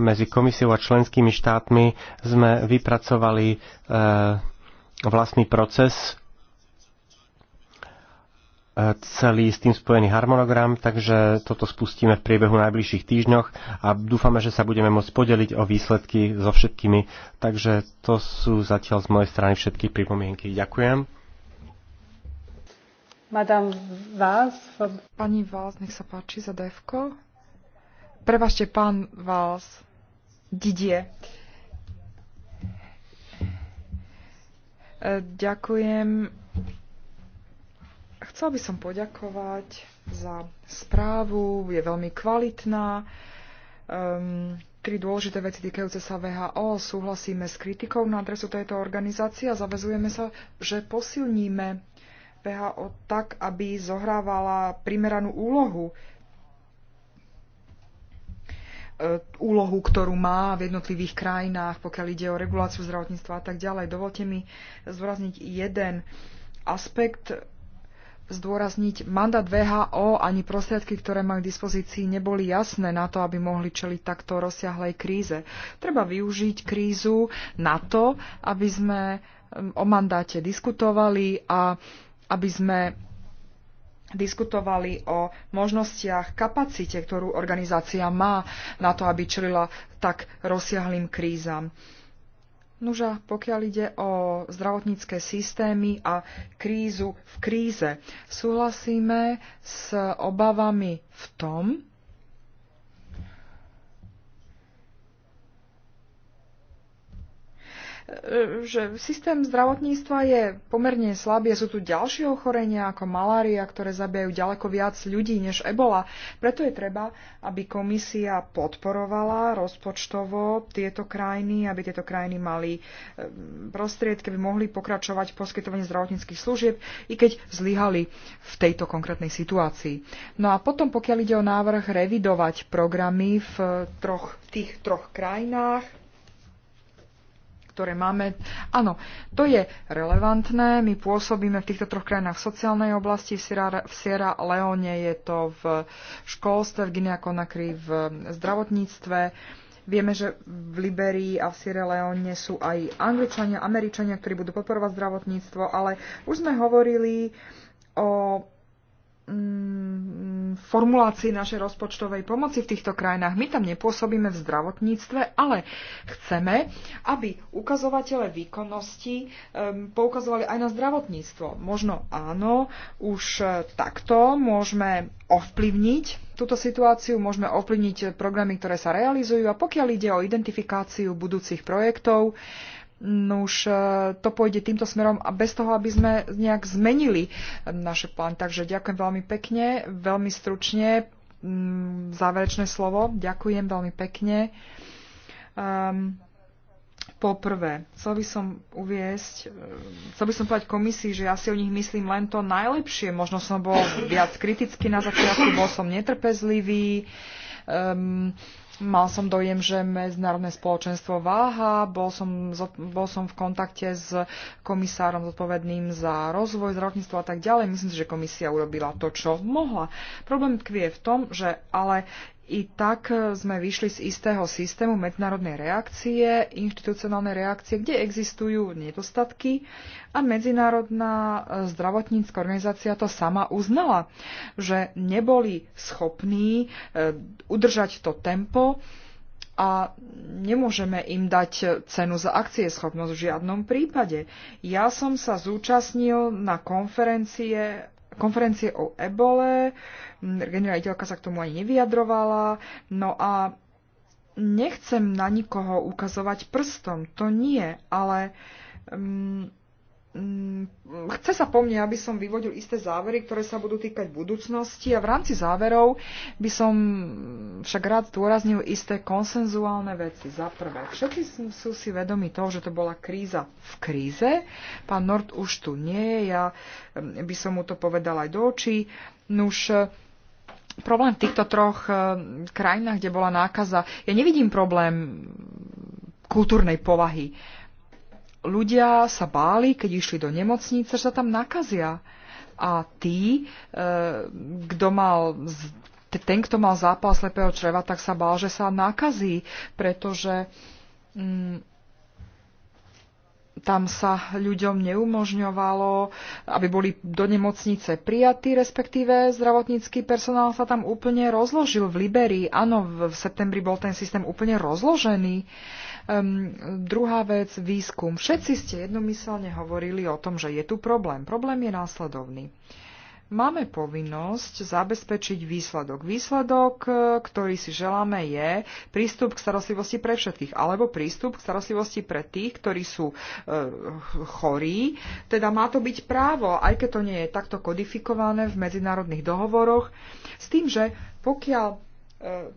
Speaker 3: medzi komisiou a členskými štátmi sme vypracovali e, vlastný proces celý s tým spojený harmonogram, takže toto spustíme v priebehu najbližších týždňoch a dúfame, že sa budeme môcť podeliť o výsledky so všetkými. Takže to sú zatiaľ z mojej strany všetky pripomienky. Ďakujem.
Speaker 1: Madame Vás. Pani Vás, nech sa páči za devko. Prepašte, pán Vás. Didie. E, ďakujem Chcel by som poďakovať za správu, je veľmi kvalitná. Um, tri dôležité veci týkajúce sa VHO. Súhlasíme s kritikou na adresu tejto organizácie a zavezujeme sa, že posilníme VHO tak, aby zohrávala primeranú úlohu e, úlohu, ktorú má v jednotlivých krajinách, pokiaľ ide o reguláciu zdravotníctva a tak ďalej. Dovolte mi zdôrazniť jeden aspekt zdôrazniť, mandát VHO ani prostriedky, ktoré majú k dispozícii, neboli jasné na to, aby mohli čeliť takto rozsiahlej kríze. Treba využiť krízu na to, aby sme um, o mandáte diskutovali a aby sme diskutovali o možnostiach, kapacite, ktorú organizácia má na to, aby čelila tak rozsiahlým krízam. Nuža, pokiaľ ide o zdravotnícke systémy a krízu v kríze, súhlasíme s obavami v tom, že systém zdravotníctva je pomerne slabý. Sú tu ďalšie ochorenia ako malária, ktoré zabijajú ďaleko viac ľudí než ebola. Preto je treba, aby komisia podporovala rozpočtovo tieto krajiny, aby tieto krajiny mali e, prostriedky, aby mohli pokračovať v poskytovaní zdravotníckých služieb, i keď zlyhali v tejto konkrétnej situácii. No a potom, pokiaľ ide o návrh revidovať programy v troch, tých troch krajinách, ktoré máme. Áno, to je relevantné. My pôsobíme v týchto troch krajinách v sociálnej oblasti. V Sierra, v Sierra Leone je to v školstve, v Guinea Conakry v zdravotníctve. Vieme, že v Liberii a v Sierra Leone sú aj Angličania, Američania, ktorí budú podporovať zdravotníctvo, ale už sme hovorili o Mm, formulácii našej rozpočtovej pomoci v týchto krajinách. My tam nepôsobíme v zdravotníctve, ale chceme, aby ukazovatele výkonnosti poukazovali aj na zdravotníctvo. Možno áno, už e, takto môžeme ovplyvniť túto situáciu, môžeme ovplyvniť programy, ktoré sa realizujú a pokiaľ ide o identifikáciu budúcich projektov, No už e, to pôjde týmto smerom a bez toho, aby sme nejak zmenili naše plán. Takže ďakujem veľmi pekne, veľmi stručne, mm, záverečné slovo. Ďakujem veľmi pekne. Um, Poprvé, chcel by som uviesť, e, chcel by som povedať komisii, že ja si o nich myslím len to najlepšie. Možno som bol viac kritický na začiatku, bol som netrpezlivý. Um, Mal som dojem, že medzinárodné spoločenstvo váha, bol som, bol som v kontakte s komisárom zodpovedným za rozvoj zdravotníctva a tak ďalej. Myslím si, že komisia urobila to, čo mohla. Problém tkvie v tom, že ale i tak e, sme vyšli z istého systému medzinárodnej reakcie, inštitucionálnej reakcie, kde existujú nedostatky a Medzinárodná e, zdravotnícka organizácia to sama uznala, že neboli schopní e, udržať to tempo a nemôžeme im dať cenu za schopnosť v žiadnom prípade. Ja som sa zúčastnil na konferencie konferencie o ebole, mm, generáliteľka sa k tomu ani nevyjadrovala, no a nechcem na nikoho ukazovať prstom, to nie, ale um, Mm, chce sa po mne, aby som vyvodil isté závery, ktoré sa budú týkať budúcnosti a v rámci záverov by som však rád zdôraznil isté konsenzuálne veci. Za prvé, všetci sú si vedomi toho, že to bola kríza v kríze. Pán Nord už tu nie je, ja mm, by som mu to povedal aj do očí. Nuž, e, problém v týchto troch e, krajinách, kde bola nákaza, ja nevidím problém kultúrnej povahy ľudia sa báli, keď išli do nemocnice, že sa tam nakazia. A tí, e, kto mal, ten, kto mal zápal slepého čreva, tak sa bál, že sa nakazí, pretože mm, tam sa ľuďom neumožňovalo, aby boli do nemocnice prijatí, respektíve zdravotnícky personál sa tam úplne rozložil v Liberii. Áno, v septembri bol ten systém úplne rozložený. Um, druhá vec, výskum. Všetci ste jednomyselne hovorili o tom, že je tu problém. Problém je následovný. Máme povinnosť zabezpečiť výsledok. Výsledok, e, ktorý si želáme, je prístup k starostlivosti pre všetkých, alebo prístup k starostlivosti pre tých, ktorí sú e, chorí. Teda má to byť právo, aj keď to nie je takto kodifikované v medzinárodných dohovoroch, s tým, že pokiaľ e,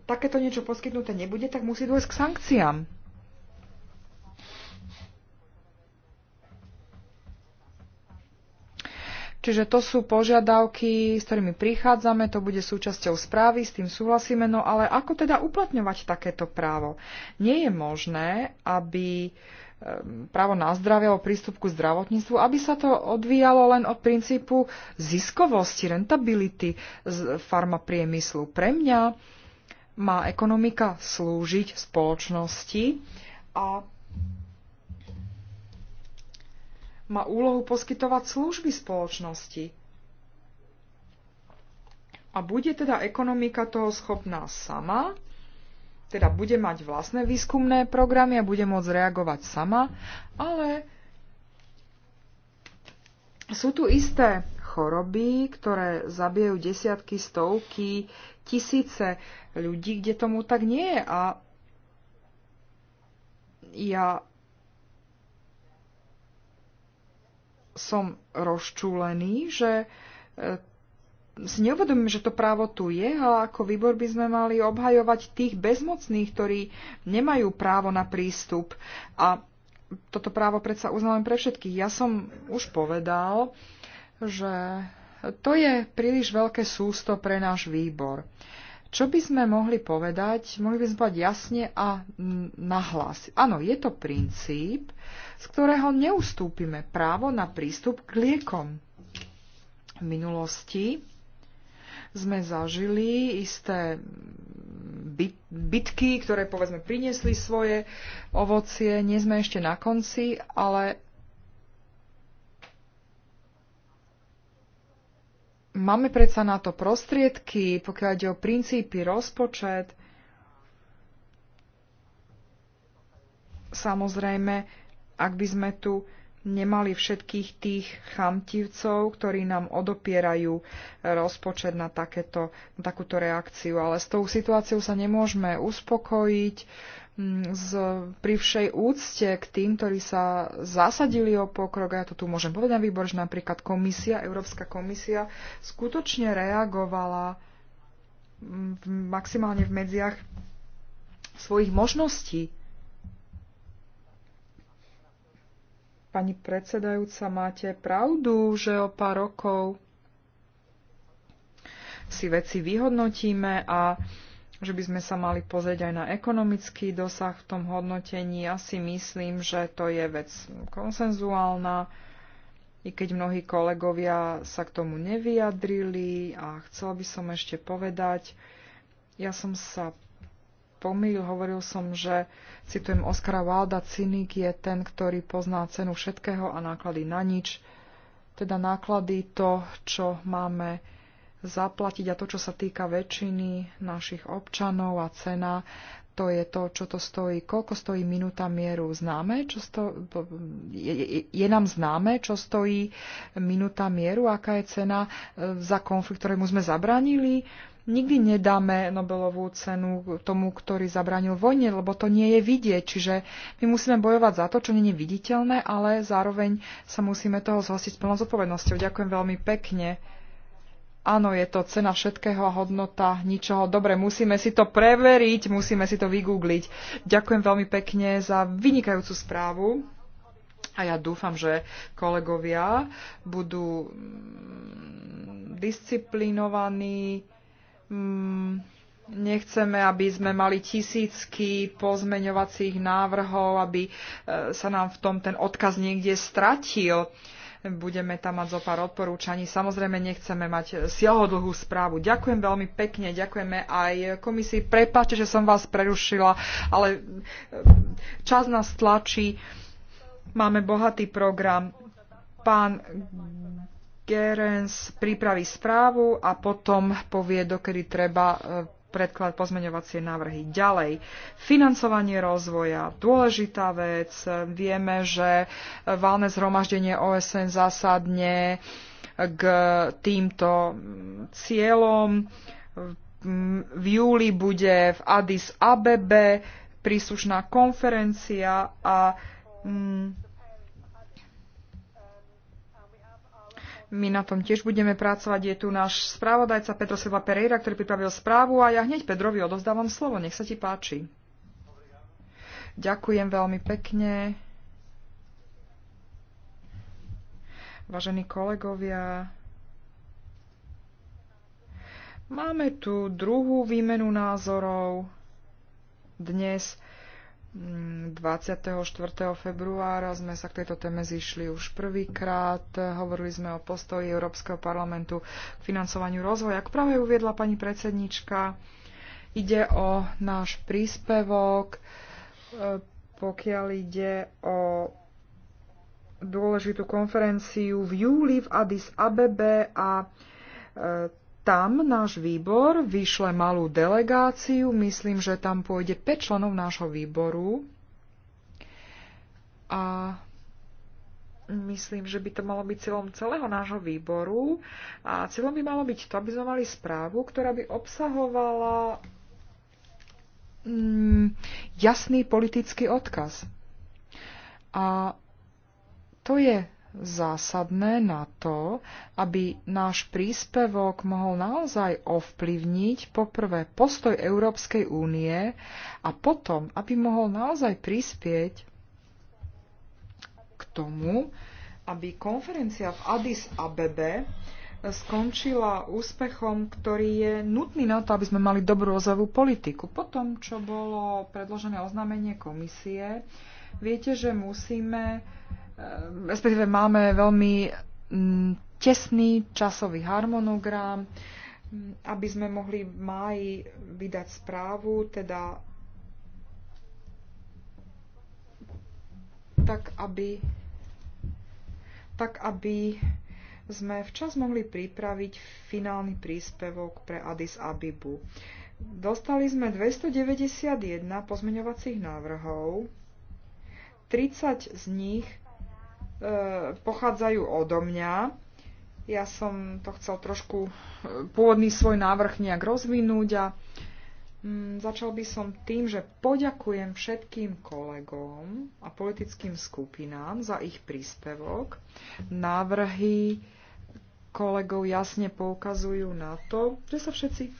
Speaker 1: takéto niečo poskytnuté nebude, tak musí dôjsť k sankciám. Čiže to sú požiadavky, s ktorými prichádzame, to bude súčasťou správy, s tým súhlasíme, no ale ako teda uplatňovať takéto právo? Nie je možné, aby ehm, právo na zdravie alebo prístup k zdravotníctvu, aby sa to odvíjalo len od princípu ziskovosti, rentability farmapriemyslu. Pre mňa má ekonomika slúžiť spoločnosti a má úlohu poskytovať služby spoločnosti. A bude teda ekonomika toho schopná sama, teda bude mať vlastné výskumné programy a bude môcť reagovať sama, ale sú tu isté choroby, ktoré zabijajú desiatky, stovky, tisíce ľudí, kde tomu tak nie je. A ja som rozčúlený, že e, si neuvedomím, že to právo tu je, ale ako výbor by sme mali obhajovať tých bezmocných, ktorí nemajú právo na prístup. A toto právo predsa uznávam pre všetkých. Ja som už povedal, že to je príliš veľké sústo pre náš výbor. Uh, čo by sme mohli povedať? Mohli by sme povedať jasne a nahlas. Áno, je to princíp, z ktorého neustúpime právo na prístup k liekom. V minulosti sme zažili isté bitky, ktoré povedzme priniesli svoje ovocie. Nie sme ešte na konci, ale máme predsa na to prostriedky, pokiaľ ide o princípy, rozpočet. Samozrejme, ak by sme tu nemali všetkých tých chamtivcov, ktorí nám odopierajú eh, rozpočet na, takéto, na takúto reakciu. Ale s tou situáciou sa nemôžeme uspokojiť. Mm, z, pri všej úcte k tým, ktorí sa zasadili o pokrok, ja to tu môžem povedať výbor, že napríklad komisia, Európska komisia skutočne reagovala mm, v, maximálne v medziach svojich možností. Pani predsedajúca, máte pravdu, že o pár rokov si veci vyhodnotíme a že by sme sa mali pozrieť aj na ekonomický dosah v tom hodnotení. Ja si myslím, že to je vec konsenzuálna, i keď mnohí kolegovia sa k tomu nevyjadrili a chcela by som ešte povedať, ja som sa pomýlil, hovoril som, že citujem Oskara Wilda, cynik je ten, ktorý pozná cenu všetkého a náklady na nič, teda náklady to, čo máme zaplatiť a to, čo sa týka väčšiny našich občanov a cena, to je to, čo to stojí, koľko stojí minúta mieru známe, čo sto, je, je, nám známe, čo stojí minúta mieru, aká je cena e, za konflikt, ktorému sme zabranili, Nikdy nedáme Nobelovú cenu tomu, ktorý zabranil vojne, lebo to nie je vidieť. Čiže my musíme bojovať za to, čo nie je viditeľné, ale zároveň sa musíme toho zhostiť s plnou zodpovednosťou. Ďakujem veľmi pekne áno, je to cena všetkého a hodnota ničoho. Dobre, musíme si to preveriť, musíme si to vygoogliť. Ďakujem veľmi pekne za vynikajúcu správu. A ja dúfam, že kolegovia budú mm, disciplinovaní. Mm, nechceme, aby sme mali tisícky pozmeňovacích návrhov, aby e, sa nám v tom ten odkaz niekde stratil budeme tam mať zo pár odporúčaní. Samozrejme, nechceme mať eh, siahodlhú správu. Ďakujem veľmi pekne, ďakujeme aj komisii. Prepáčte, že som vás prerušila, ale eh, čas nás tlačí. Máme bohatý program. Pán Gerens pripraví správu a potom povie, dokedy treba eh, predklad pozmeňovacie návrhy. Ďalej, financovanie rozvoja, dôležitá vec. Vieme, že valné zhromaždenie OSN zásadne k týmto cieľom. V júli bude v Addis Abebe príslušná konferencia a mm, My na tom tiež budeme pracovať. Je tu náš správodajca Petro Silva Pereira, ktorý pripravil správu a ja hneď Pedrovi odovzdávam slovo. Nech sa ti páči. Ďakujem veľmi pekne. Vážení kolegovia, máme tu druhú výmenu názorov dnes 24. Mm, februára sme sa k tejto téme zišli už prvýkrát. Hovorili sme o postoji Európskeho parlamentu k financovaniu rozvoja. Ako práve uviedla pani predsednička, ide o náš príspevok, e, pokiaľ ide o dôležitú konferenciu v júli v Addis Abebe a e, tam náš výbor vyšle malú delegáciu, myslím, že tam pôjde 5 členov nášho výboru a myslím, že by to malo byť cieľom celého nášho výboru a cieľom by malo byť to, aby sme mali správu, ktorá by obsahovala mm, jasný politický odkaz. A to je zásadné na to, aby náš príspevok mohol naozaj ovplyvniť poprvé postoj Európskej únie a potom, aby mohol naozaj prispieť k tomu, aby konferencia v Addis Abebe skončila úspechom, ktorý je nutný na to, aby sme mali dobrú ozavú politiku. Po tom, čo bolo predložené oznámenie komisie, viete, že musíme Ehm, respektíve máme veľmi mm, tesný časový harmonogram, mm, aby sme mohli v máji vydať správu, teda tak, aby tak, aby sme včas mohli pripraviť finálny príspevok pre Addis Abibu. Dostali sme 291 pozmeňovacích návrhov, 30 z nich E, pochádzajú odo mňa. Ja som to chcel trošku e, pôvodný svoj návrh nejak rozvinúť a Mm, začal by som tým, že poďakujem všetkým kolegom a politickým skupinám za ich príspevok. Návrhy kolegov jasne poukazujú na to, že sa všetci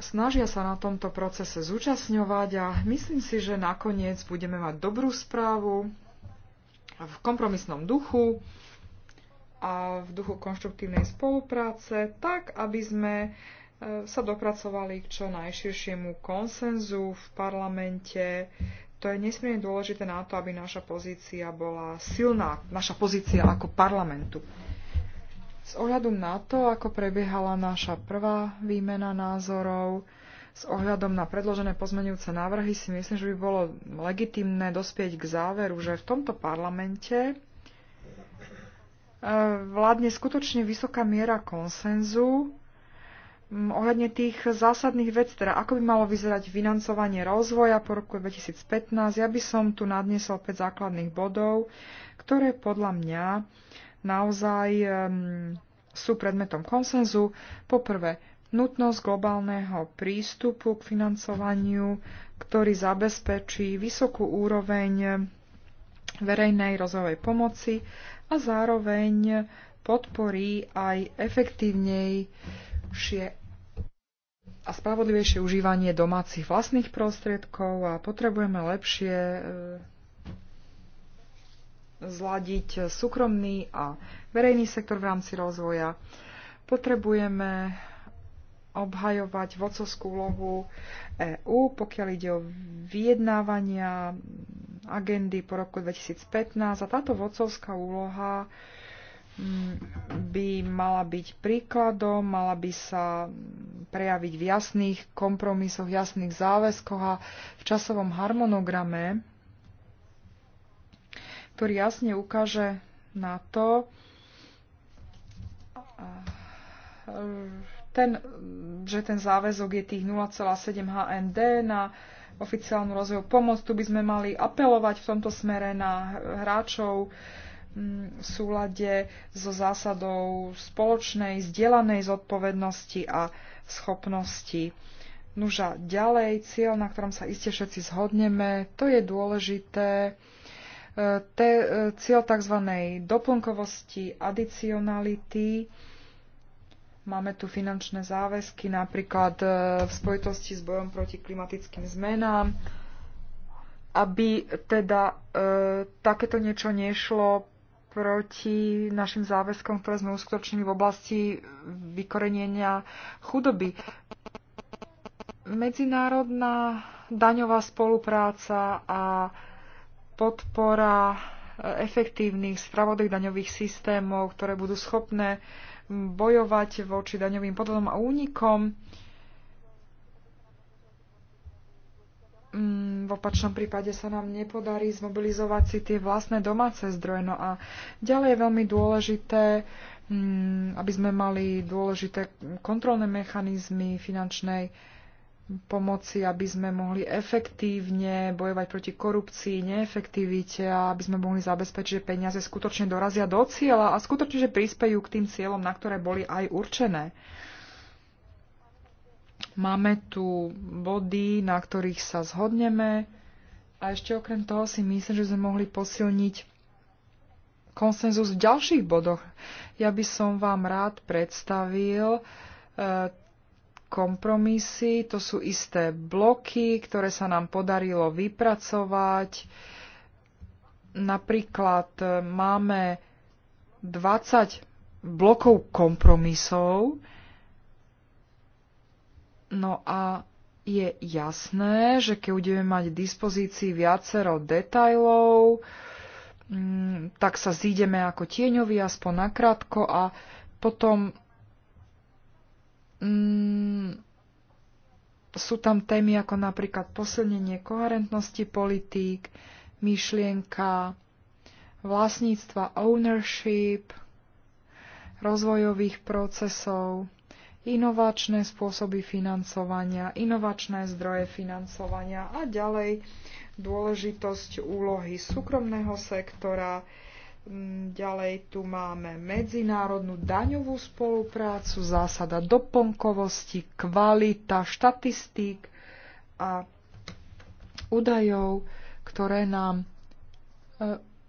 Speaker 1: snažia sa na tomto procese zúčastňovať a myslím si, že nakoniec budeme mať dobrú správu, v kompromisnom duchu a v duchu konštruktívnej spolupráce, tak aby sme e, sa dopracovali k čo najširšiemu konsenzu v parlamente. To je nesmierne dôležité na to, aby naša pozícia bola silná, naša pozícia ako parlamentu. S ohľadom na to, ako prebiehala naša prvá výmena názorov, s ohľadom na predložené pozmenujúce návrhy si myslím, že by bolo legitimné dospieť k záveru, že v tomto parlamente e, vládne skutočne vysoká miera konsenzu ohľadne tých zásadných vec, teda ako by malo vyzerať financovanie rozvoja po roku 2015. Ja by som tu nadnesol 5 základných bodov, ktoré podľa mňa naozaj sú predmetom konsenzu. Poprvé, nutnosť globálneho prístupu k financovaniu, ktorý zabezpečí vysokú úroveň verejnej rozvojovej pomoci a zároveň podporí aj efektívnejšie a spravodlivejšie užívanie domácich vlastných prostriedkov a potrebujeme lepšie e, zladiť súkromný a verejný sektor v rámci rozvoja. Potrebujeme obhajovať vocovskú úlohu EÚ, pokiaľ ide o vyjednávania agendy po roku 2015. A táto vocovská úloha mm, by mala byť príkladom, mala by sa prejaviť v jasných kompromisoch, jasných záväzkoch a v časovom harmonograme, ktorý jasne ukáže na to, a ten, že ten záväzok je tých 0,7 HND na oficiálnu rozvojovú pomoc. Tu by sme mali apelovať v tomto smere na hráčov mm, v súlade so zásadou spoločnej, zdieľanej zodpovednosti a schopnosti. Nuža ďalej, cieľ, na ktorom sa iste všetci zhodneme, to je dôležité. E, te, e, cieľ tzv. doplnkovosti, adicionality, Máme tu finančné záväzky napríklad e, v spojitosti s bojom proti klimatickým zmenám, aby teda e, takéto niečo nešlo proti našim záväzkom, ktoré sme uskutočnili v oblasti vykorenenia chudoby. Medzinárodná daňová spolupráca a podpora e, efektívnych, spravodlivých daňových systémov, ktoré budú schopné bojovať voči daňovým podvodom a únikom. Mm, v opačnom prípade sa nám nepodarí zmobilizovať si tie vlastné domáce zdroje. No a ďalej je veľmi dôležité, mm, aby sme mali dôležité kontrolné mechanizmy finančnej pomoci, aby sme mohli efektívne bojovať proti korupcii, neefektivite a aby sme mohli zabezpečiť, že peniaze skutočne dorazia do cieľa a skutočne, že prispejú k tým cieľom, na ktoré boli aj určené. Máme tu body, na ktorých sa zhodneme a ešte okrem toho si myslím, že sme mohli posilniť konsenzus v ďalších bodoch. Ja by som vám rád predstavil e, kompromisy, to sú isté bloky, ktoré sa nám podarilo vypracovať. Napríklad e, máme 20 blokov kompromisov. No a je jasné, že keď budeme mať v dispozícii viacero detajlov, mm, tak sa zídeme ako tieňovi aspoň nakrátko a potom Mm, sú tam témy ako napríklad posilnenie koherentnosti politík, myšlienka vlastníctva ownership, rozvojových procesov, inovačné spôsoby financovania, inovačné zdroje financovania a ďalej dôležitosť úlohy súkromného sektora, Mm, ďalej tu máme medzinárodnú daňovú spoluprácu, zásada doplnkovosti, kvalita štatistík a údajov, ktoré nám e,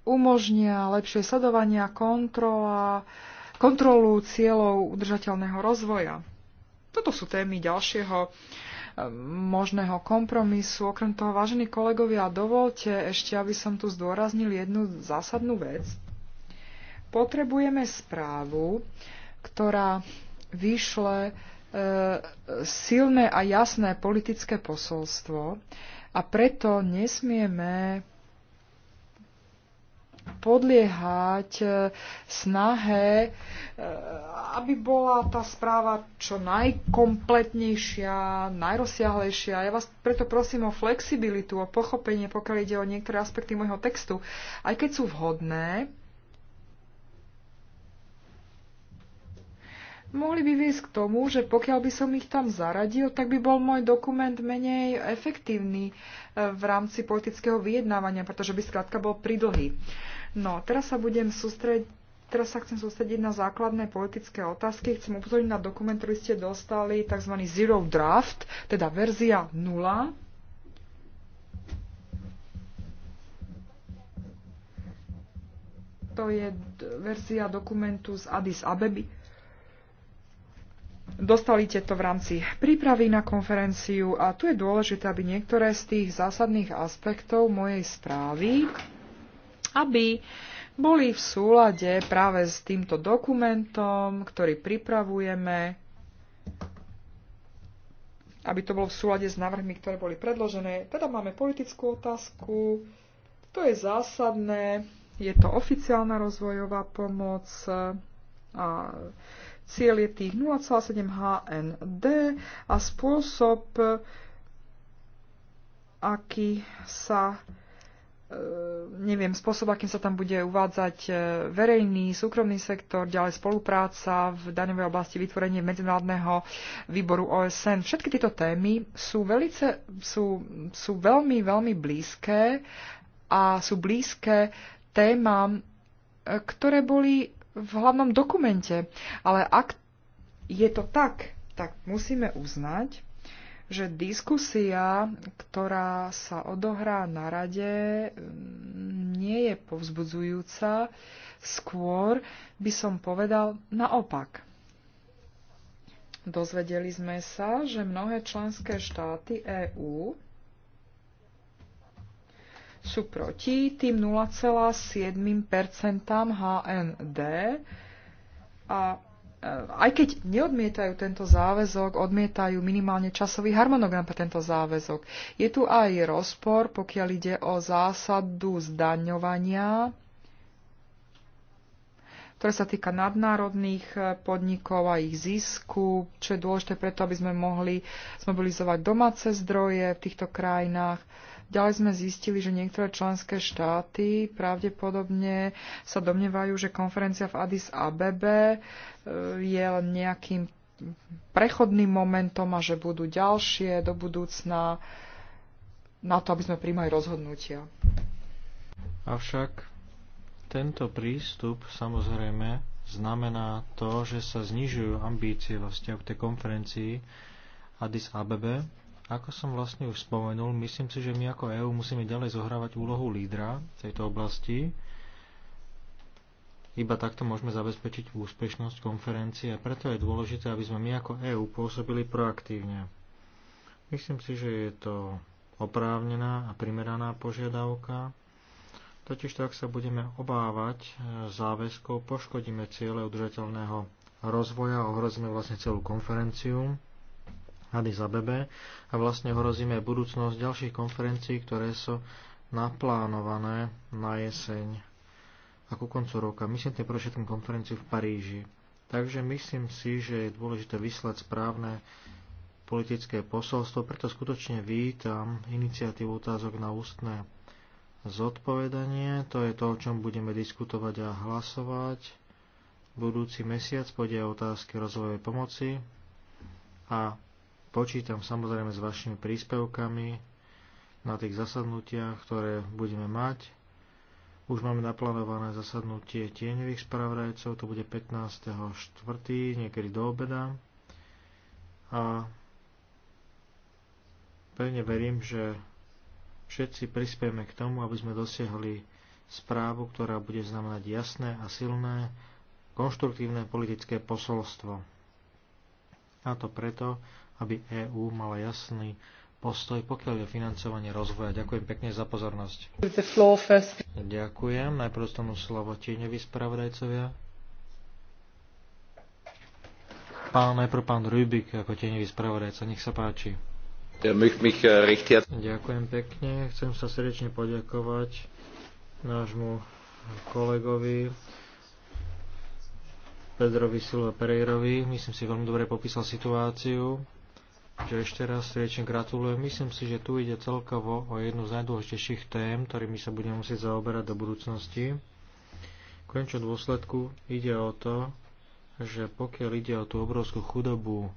Speaker 1: umožnia lepšie sledovania kontrola, kontrolu cieľov udržateľného rozvoja. Toto sú témy ďalšieho e, možného kompromisu. Okrem toho, vážení kolegovia, dovolte ešte, aby som tu zdôraznil jednu zásadnú vec. Potrebujeme správu, ktorá vyšle e, silné a jasné politické posolstvo a preto nesmieme podliehať e, snahe, e, aby bola tá správa čo najkompletnejšia, najrozsiahlejšia. Ja vás preto prosím o flexibilitu, o pochopenie, pokiaľ ide o niektoré aspekty môjho textu, aj keď sú vhodné, mohli by viesť k tomu, že pokiaľ by som ich tam zaradil, tak by bol môj dokument menej efektívny e, v rámci politického vyjednávania, pretože by skrátka bol pridlhý. No, teraz sa budem sústrediť Teraz sa chcem sústrediť na základné politické otázky. Chcem upozorniť na dokument, ktorý ste dostali, tzv. Zero Draft, teda verzia 0. To je verzia dokumentu z Addis Abeby Dostali ste to v rámci prípravy na konferenciu a tu je dôležité, aby niektoré z tých zásadných aspektov mojej správy, aby boli v súlade práve s týmto dokumentom, ktorý pripravujeme, aby to bolo v súlade s návrhmi, ktoré boli predložené. Teda máme politickú otázku, to je zásadné, je to oficiálna rozvojová pomoc a Cieľ je tých 0,7 HND a spôsob, e, aký sa e, neviem, spôsob, akým sa tam bude uvádzať e, verejný, súkromný sektor, ďalej spolupráca v daňovej oblasti, vytvorenie medzinárodného výboru OSN. Všetky tieto témy sú, velice, sú, sú veľmi, veľmi blízke a sú blízke témam, ktoré boli v hlavnom dokumente. Ale ak je to tak, tak musíme uznať, že diskusia, ktorá sa odohrá na rade, mm, nie je povzbudzujúca. Skôr by som povedal naopak. Dozvedeli sme sa, že mnohé členské štáty EÚ sú proti tým 0,7% HND a eh, aj keď neodmietajú tento záväzok, odmietajú minimálne časový harmonogram pre tento záväzok. Je tu aj rozpor, pokiaľ ide o zásadu zdaňovania, ktoré sa týka nadnárodných eh, podnikov a ich zisku, čo je dôležité preto, aby sme mohli zmobilizovať domáce zdroje v týchto krajinách. Ďalej sme zistili, že niektoré členské štáty pravdepodobne sa domnievajú, že konferencia v Addis Abebe e, je len nejakým prechodným momentom a že budú ďalšie do budúcna na to, aby sme príjmali rozhodnutia.
Speaker 2: Avšak tento prístup samozrejme znamená to, že sa znižujú ambície vo vzťahu k tej konferencii Addis Abebe ako som vlastne už spomenul, myslím si, že my ako EÚ musíme ďalej zohrávať úlohu lídra v tejto oblasti. Iba takto môžeme zabezpečiť úspešnosť konferencie a preto je dôležité, aby sme my ako EÚ pôsobili proaktívne. Myslím si, že je to oprávnená a primeraná požiadavka. Totiž tak sa budeme obávať záväzkov, poškodíme ciele udržateľného rozvoja, a ohrozíme vlastne celú konferenciu. Addis Abebe a vlastne hrozíme budúcnosť ďalších konferencií, ktoré sú naplánované na jeseň a ku koncu roka. Myslím tým pre konferenciu v Paríži. Takže myslím si, že je dôležité vyslať správne politické posolstvo, preto skutočne vítam iniciatívu otázok na ústne zodpovedanie. To je to, o čom budeme diskutovať a hlasovať. Budúci mesiac pôjde otázky rozvojovej pomoci a Počítam samozrejme s vašimi príspevkami na tých zasadnutiach, ktoré budeme mať. Už máme naplánované zasadnutie tieňových spravodajcov, to bude 15.4. niekedy do obeda. A pevne verím, že všetci prispieme k tomu, aby sme dosiahli správu, ktorá bude znamenať jasné a silné konštruktívne politické posolstvo. A to preto, aby EÚ mala jasný postoj, pokiaľ je financovanie rozvoja. Ďakujem pekne za pozornosť. Ďakujem. Najprv dostanú slovo tieňoví spravodajcovia. Pán, najprv pán Rubik ako tieňový spravodajca. Nech sa páči.
Speaker 3: Eh, Ďakujem
Speaker 2: pekne. Chcem sa srdečne poďakovať nášmu kolegovi Pedrovi Silva Pereirovi. Myslím si, veľmi dobre popísal situáciu Takže ešte raz srdečne gratulujem. Myslím si, že tu ide celkovo o jednu z najdôležitejších tém, ktorými sa budeme musieť zaoberať do budúcnosti. V končnom dôsledku ide o to, že pokiaľ ide o tú obrovskú chudobu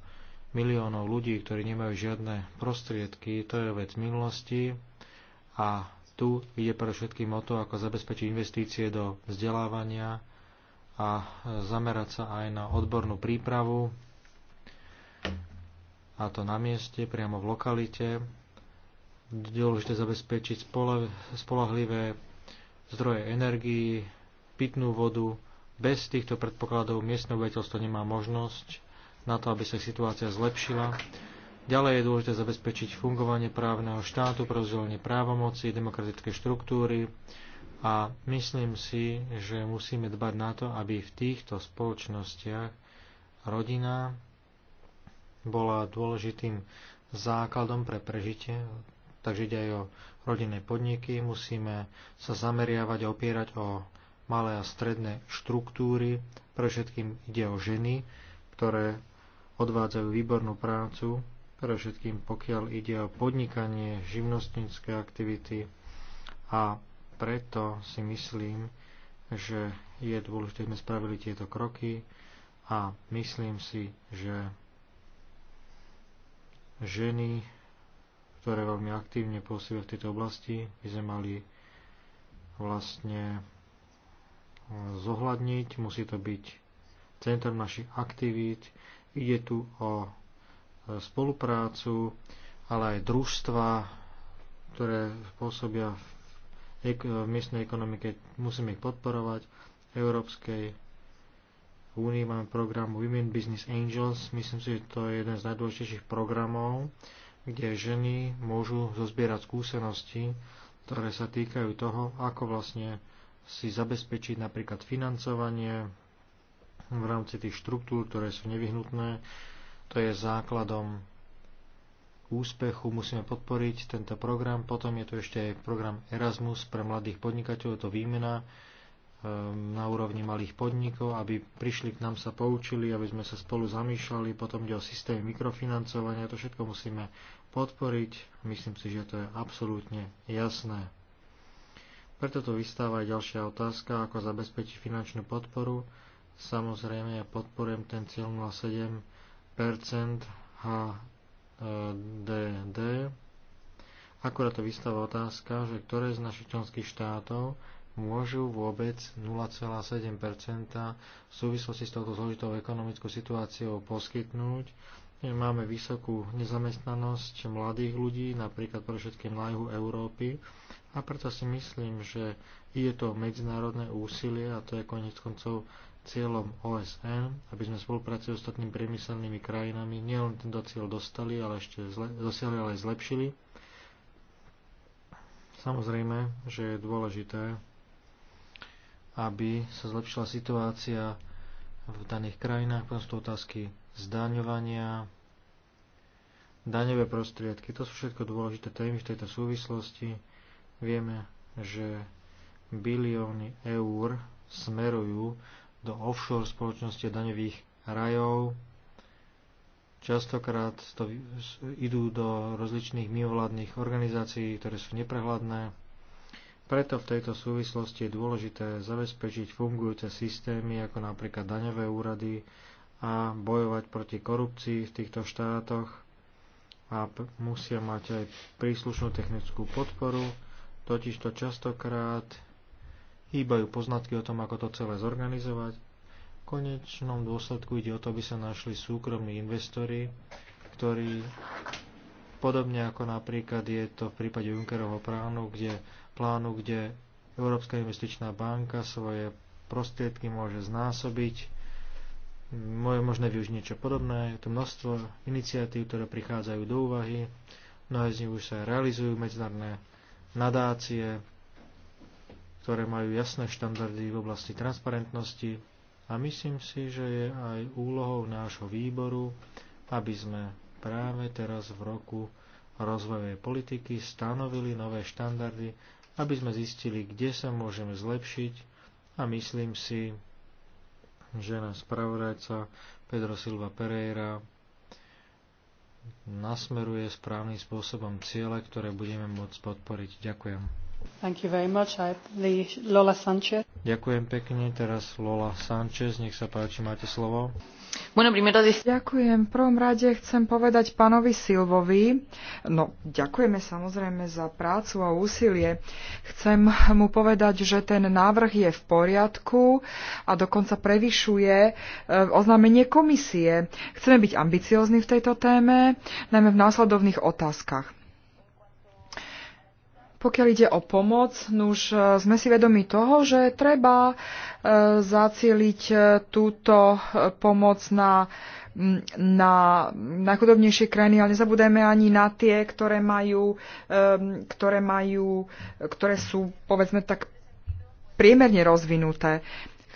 Speaker 2: miliónov ľudí, ktorí nemajú žiadne prostriedky, to je vec minulosti a tu ide pre všetkým o to, ako zabezpečiť investície do vzdelávania a zamerať sa aj na odbornú prípravu a to na mieste, priamo v lokalite. Dôležité zabezpečiť spolahlivé zdroje energii, pitnú vodu. Bez týchto predpokladov miestne obyvateľstvo nemá možnosť na to, aby sa situácia zlepšila. Ďalej je dôležité zabezpečiť fungovanie právneho štátu, prozdelenie právomoci, demokratické štruktúry a myslím si, že musíme dbať na to, aby v týchto spoločnostiach rodina bola dôležitým základom pre prežitie, takže ide aj o rodinné podniky, musíme sa zameriavať a opierať o malé a stredné štruktúry, pre všetkým ide o ženy, ktoré odvádzajú výbornú prácu, pre všetkým pokiaľ ide o podnikanie, živnostnícke aktivity a preto si myslím, že je dôležité, že sme spravili tieto kroky a myslím si, že ženy, ktoré veľmi aktívne pôsobia v tejto oblasti, by sme mali vlastne zohľadniť, musí to byť centrum našich aktivít. Ide tu o spoluprácu, ale aj družstva, ktoré pôsobia v miestnej ekonomike, musíme ich podporovať, európskej v únii máme program Women Business Angels. Myslím si, že to je jeden z najdôležitejších programov, kde ženy môžu zozbierať skúsenosti, ktoré sa týkajú toho, ako vlastne si zabezpečiť napríklad financovanie v rámci tých štruktúr, ktoré sú nevyhnutné. To je základom úspechu. Musíme podporiť tento program. Potom je tu ešte program Erasmus pre mladých podnikateľov, je to výmena na úrovni malých podnikov, aby prišli k nám sa poučili, aby sme sa spolu zamýšľali, potom ide o systém mikrofinancovania, to všetko musíme podporiť, myslím si, že to je absolútne jasné. Preto tu vystáva aj ďalšia otázka, ako zabezpečiť finančnú podporu. Samozrejme, ja podporujem ten cieľ 0,7 HDD. Akurát to vystáva otázka, že ktoré z našich členských štátov môžu vôbec 0,7 v súvislosti s touto zložitou ekonomickou situáciou poskytnúť. Máme vysokú nezamestnanosť mladých ľudí, napríklad pre všetkým na juhu Európy. A preto si myslím, že je to medzinárodné úsilie a to je konec koncov cieľom OSN, aby sme spolupráci s ostatnými priemyselnými krajinami nielen tento cieľ dostali, ale ešte zle, ale aj zlepšili. Samozrejme, že je dôležité aby sa zlepšila situácia v daných krajinách, potom sú to otázky zdaňovania, daňové prostriedky. To sú všetko dôležité témy v tejto súvislosti. Vieme, že bilióny eur smerujú do offshore spoločnosti daňových rajov. Častokrát to idú do rozličných mimovládnych organizácií, ktoré sú neprehľadné. Preto v tejto súvislosti je dôležité zabezpečiť fungujúce systémy, ako napríklad daňové úrady, a bojovať proti korupcii v týchto štátoch a musia mať aj príslušnú technickú podporu, totiž to častokrát hýbajú poznatky o tom, ako to celé zorganizovať. V konečnom dôsledku ide o to, aby sa našli súkromní investori, ktorí podobne ako napríklad je to v prípade Junckerovho plánu, kde plánu, kde Európska investičná banka svoje prostriedky môže znásobiť. Moje možné využiť niečo podobné. Je to množstvo iniciatív, ktoré prichádzajú do úvahy. Mnohé z nich už sa realizujú medzinárodné nadácie, ktoré majú jasné štandardy v oblasti transparentnosti a myslím si, že je aj úlohou nášho výboru, aby sme práve teraz v roku rozvojovej politiky stanovili nové štandardy aby sme zistili, kde sa môžeme zlepšiť a myslím si, že nás spravodajca Pedro Silva Pereira nasmeruje správnym spôsobom ciele, ktoré budeme môcť podporiť. Ďakujem.
Speaker 1: Thank you very much. I Lola Sanchez.
Speaker 2: Ďakujem pekne. Teraz Lola Sanchez, nech sa páči, máte slovo.
Speaker 1: Ďakujem. V prvom rade chcem povedať pánovi Silvovi, no ďakujeme samozrejme za prácu a úsilie. Chcem mu povedať, že ten návrh je v poriadku a dokonca prevyšuje e, oznámenie komisie. Chceme byť ambiciozni v tejto téme, najmä v následovných otázkach. Pokiaľ ide o pomoc, už e, sme si vedomi toho, že treba e, zacieliť e, túto pomoc na, na najchudobnejšie krajiny, ale nezabudeme ani na tie, ktoré majú, ktoré majú, ktoré sú, povedzme tak, priemerne rozvinuté.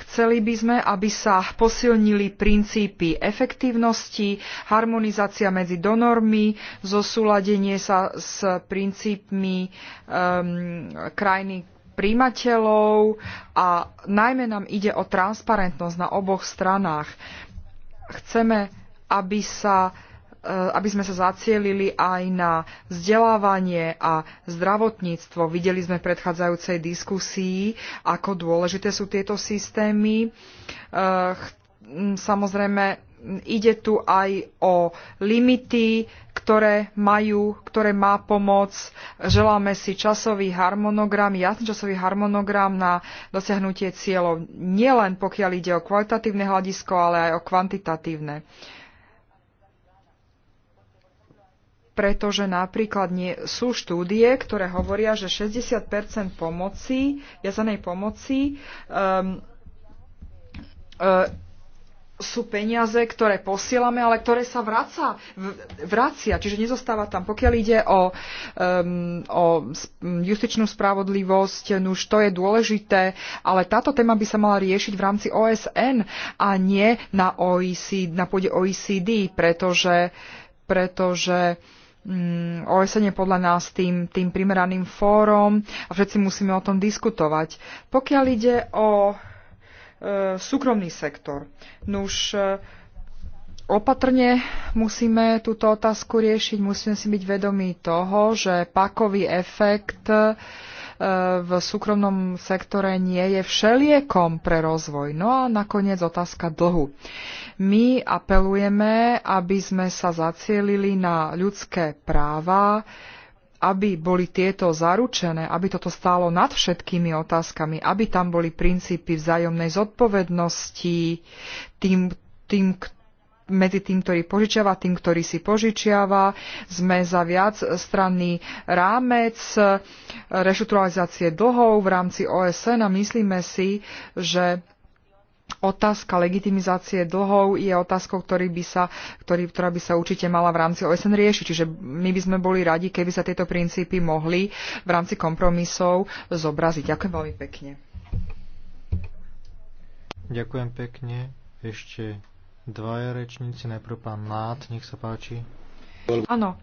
Speaker 1: Chceli by sme, aby sa posilnili princípy efektívnosti, harmonizácia medzi donormi, zosúladenie sa s princípmi um, krajiny príjimateľov a najmä nám ide o transparentnosť na oboch stranách. Chceme, aby sa Eh, aby sme sa zacielili aj na vzdelávanie a zdravotníctvo. Videli sme v predchádzajúcej diskusii, ako dôležité sú tieto systémy. Eh, samozrejme, ide tu aj o limity, ktoré, majú, ktoré má pomoc. Želáme si časový harmonogram, jasný časový harmonogram na dosiahnutie cieľov, nielen pokiaľ ide o kvalitatívne hľadisko, ale aj o kvantitatívne. Uh, pretože napríklad nie, sú štúdie, ktoré hovoria, že 60 pomoci, jazanej pomoci um, uh, sú peniaze, ktoré posielame, ale ktoré sa vraca, vracia, čiže nezostáva tam. Pokiaľ ide o, um, o justičnú spravodlivosť, už to je dôležité, ale táto téma by sa mala riešiť v rámci OSN a nie na, OECD, na pôde OECD, pretože, pretože uh, Mm, OSN je podľa nás tým, tým primeraným fórom a všetci musíme o tom diskutovať. Pokiaľ ide o e, súkromný sektor, nuž e, opatrne musíme túto otázku riešiť, musíme si byť vedomí toho, že pakový efekt e, v súkromnom sektore nie je všeliekom pre rozvoj. No a nakoniec otázka dlhu. My apelujeme, aby sme sa zacielili na ľudské práva, aby boli tieto zaručené, aby toto stálo nad všetkými otázkami, aby tam boli princípy vzájomnej zodpovednosti tým, tým, medzi tým, ktorý požičiava, tým, ktorý si požičiava. Sme za viac stranný rámec reštrukturalizácie dlhov v rámci OSN a myslíme si, že otázka legitimizácie dlhov je otázkou, ktorý by sa, ktorý, ktorá by sa určite mala v rámci OSN riešiť. Čiže my by sme boli radi, keby sa tieto princípy mohli v rámci kompromisov zobraziť. Ďakujem veľmi pekne.
Speaker 2: Ďakujem pekne. Ešte dvaja rečníci, najprv pán Nát, nech sa páči.
Speaker 1: Áno.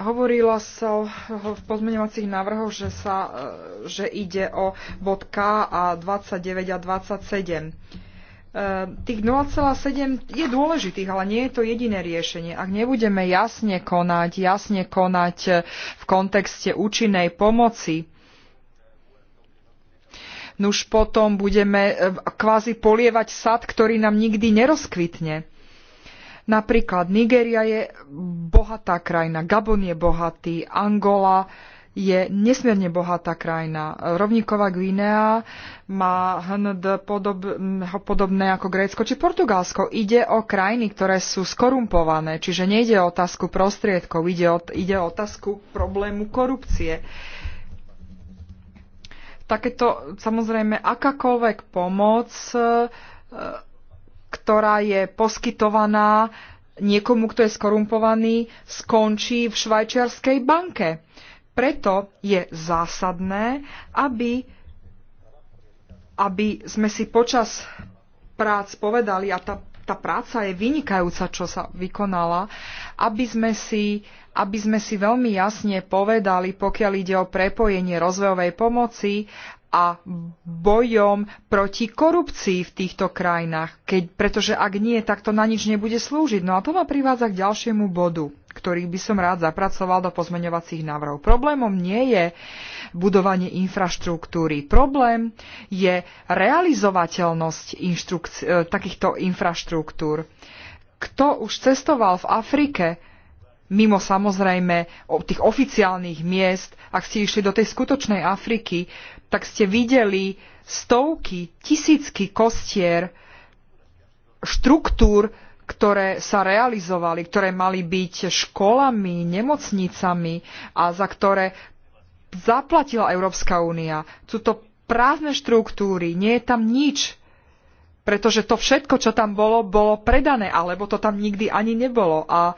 Speaker 1: Hovorilo sa v pozmeňovacích návrhoch, že, sa, e, že ide o bod K a 29 a 27. E, tých 0,7 je dôležitých, ale nie je to jediné riešenie. Ak nebudeme jasne konať, jasne konať v kontexte účinnej pomoci, nuž potom budeme e, kvázi polievať sad, ktorý nám nikdy nerozkvitne. Napríklad Nigéria je bohatá krajina, Gabon je bohatý, Angola je nesmierne bohatá krajina. Rovníková Guinea má HND podob, podobné ako Grécko či Portugalsko. Ide o krajiny, ktoré sú skorumpované, čiže nejde o otázku prostriedkov, ide o, ide o otázku problému korupcie takéto, samozrejme, akákoľvek pomoc, e, ktorá je poskytovaná niekomu, kto je skorumpovaný, skončí v švajčiarskej banke. Preto je zásadné, aby, aby sme si počas prác povedali, a tá tá práca je vynikajúca, čo sa vykonala, aby sme si aby sme si veľmi jasne povedali, pokiaľ ide o prepojenie rozvojovej pomoci a bojom proti korupcii v týchto krajinách, keď, pretože ak nie, tak to na nič nebude slúžiť. No a to ma privádza k ďalšiemu bodu ktorých by som rád zapracoval do pozmeňovacích návrhov. Problémom nie je budovanie infraštruktúry. Problém je realizovateľnosť e, takýchto infraštruktúr. Kto už cestoval v Afrike, mimo samozrejme tých oficiálnych miest, ak ste išli do tej skutočnej Afriky, tak ste videli stovky, tisícky kostier, štruktúr, ktoré sa realizovali, ktoré mali byť školami, nemocnicami a za ktoré zaplatila Európska únia. Sú to prázdne štruktúry, nie je tam nič, pretože to všetko, čo tam bolo, bolo predané, alebo to tam nikdy ani nebolo. A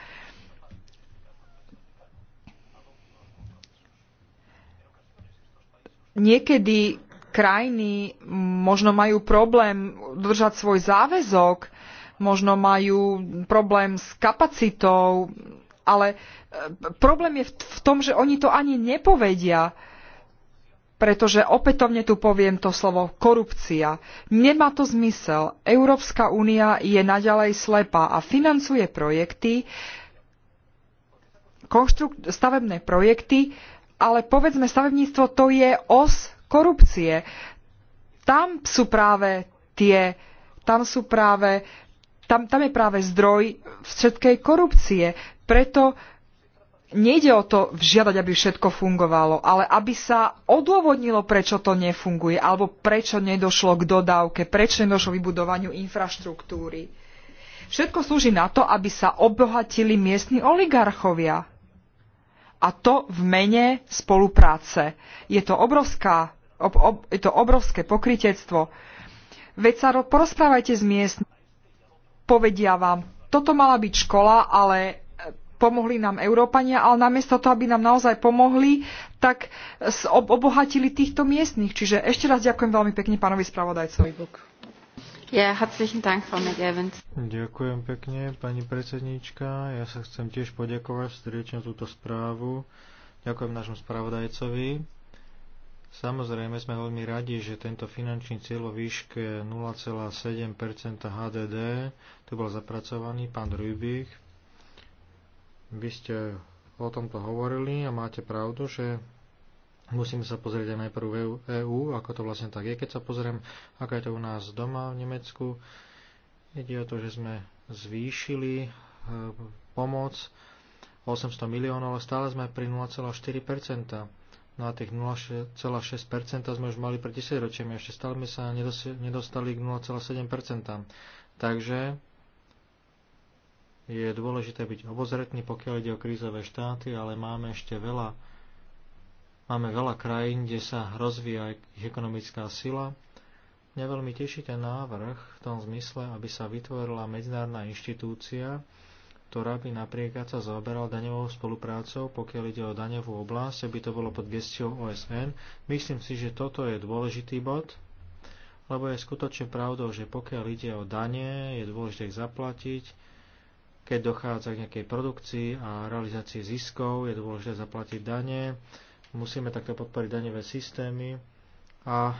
Speaker 1: niekedy krajiny možno majú problém dodržať svoj záväzok, možno majú problém s kapacitou, ale e, problém je v tom, že oni to ani nepovedia pretože opätovne tu poviem to slovo korupcia. Nemá to zmysel. Európska únia je naďalej slepá a financuje projekty, stavebné projekty, ale povedzme, stavebníctvo to je os korupcie. Tam sú práve tie tam sú práve tam, tam je práve zdroj všetkej korupcie. Preto nejde o to žiadať, aby všetko fungovalo, ale aby sa odôvodnilo, prečo to nefunguje, alebo prečo nedošlo k dodávke, prečo nedošlo k vybudovaniu infraštruktúry. Všetko slúži na to, aby sa obohatili miestni oligarchovia. A to v mene spolupráce. Je to, obrovská, ob, ob, je to obrovské pokritectvo. Veď sa porozprávajte s miestnymi povedia vám, toto mala byť škola, ale e, pomohli nám Európania, ale namiesto toho, aby nám naozaj pomohli, tak obohatili týchto miestnych. Čiže ešte raz ďakujem veľmi pekne pánovi spravodajcovi. herzlichen Dank, Frau McEvans.
Speaker 2: Ďakujem pekne, pani predsedníčka. Ja sa chcem tiež poďakovať srdečne túto správu. Ďakujem nášmu spravodajcovi. Samozrejme sme veľmi radi, že tento finančný cieľ vo výške 0,7 HDD tu bol zapracovaný. Pán Rubik. vy ste o tomto hovorili a máte pravdu, že musíme sa pozrieť aj najprv EÚ, ako to vlastne tak je. Keď sa pozriem, aká je to u nás doma v Nemecku, ide o to, že sme zvýšili e, pomoc 800 miliónov, ale stále sme pri 0,4 No a tých 0,6% sme už mali pred 10 ročiami, ešte stále sme sa nedostali k 0,7%. Takže je dôležité byť obozretný, pokiaľ ide o krízové štáty, ale máme ešte veľa, máme veľa krajín, kde sa rozvíja ich ekonomická sila. Mňa veľmi teší ten návrh v tom zmysle, aby sa vytvorila medzinárodná inštitúcia, ktorá by napríklad sa zaoberala daňovou spoluprácou, pokiaľ ide o daňovú oblasť, aby to bolo pod gestiou OSN. Myslím si, že toto je dôležitý bod, lebo je skutočne pravdou, že pokiaľ ide o dane, je dôležité ich zaplatiť. Keď dochádza k nejakej produkcii a realizácii ziskov, je dôležité zaplatiť dane. Musíme takto podporiť daňové systémy a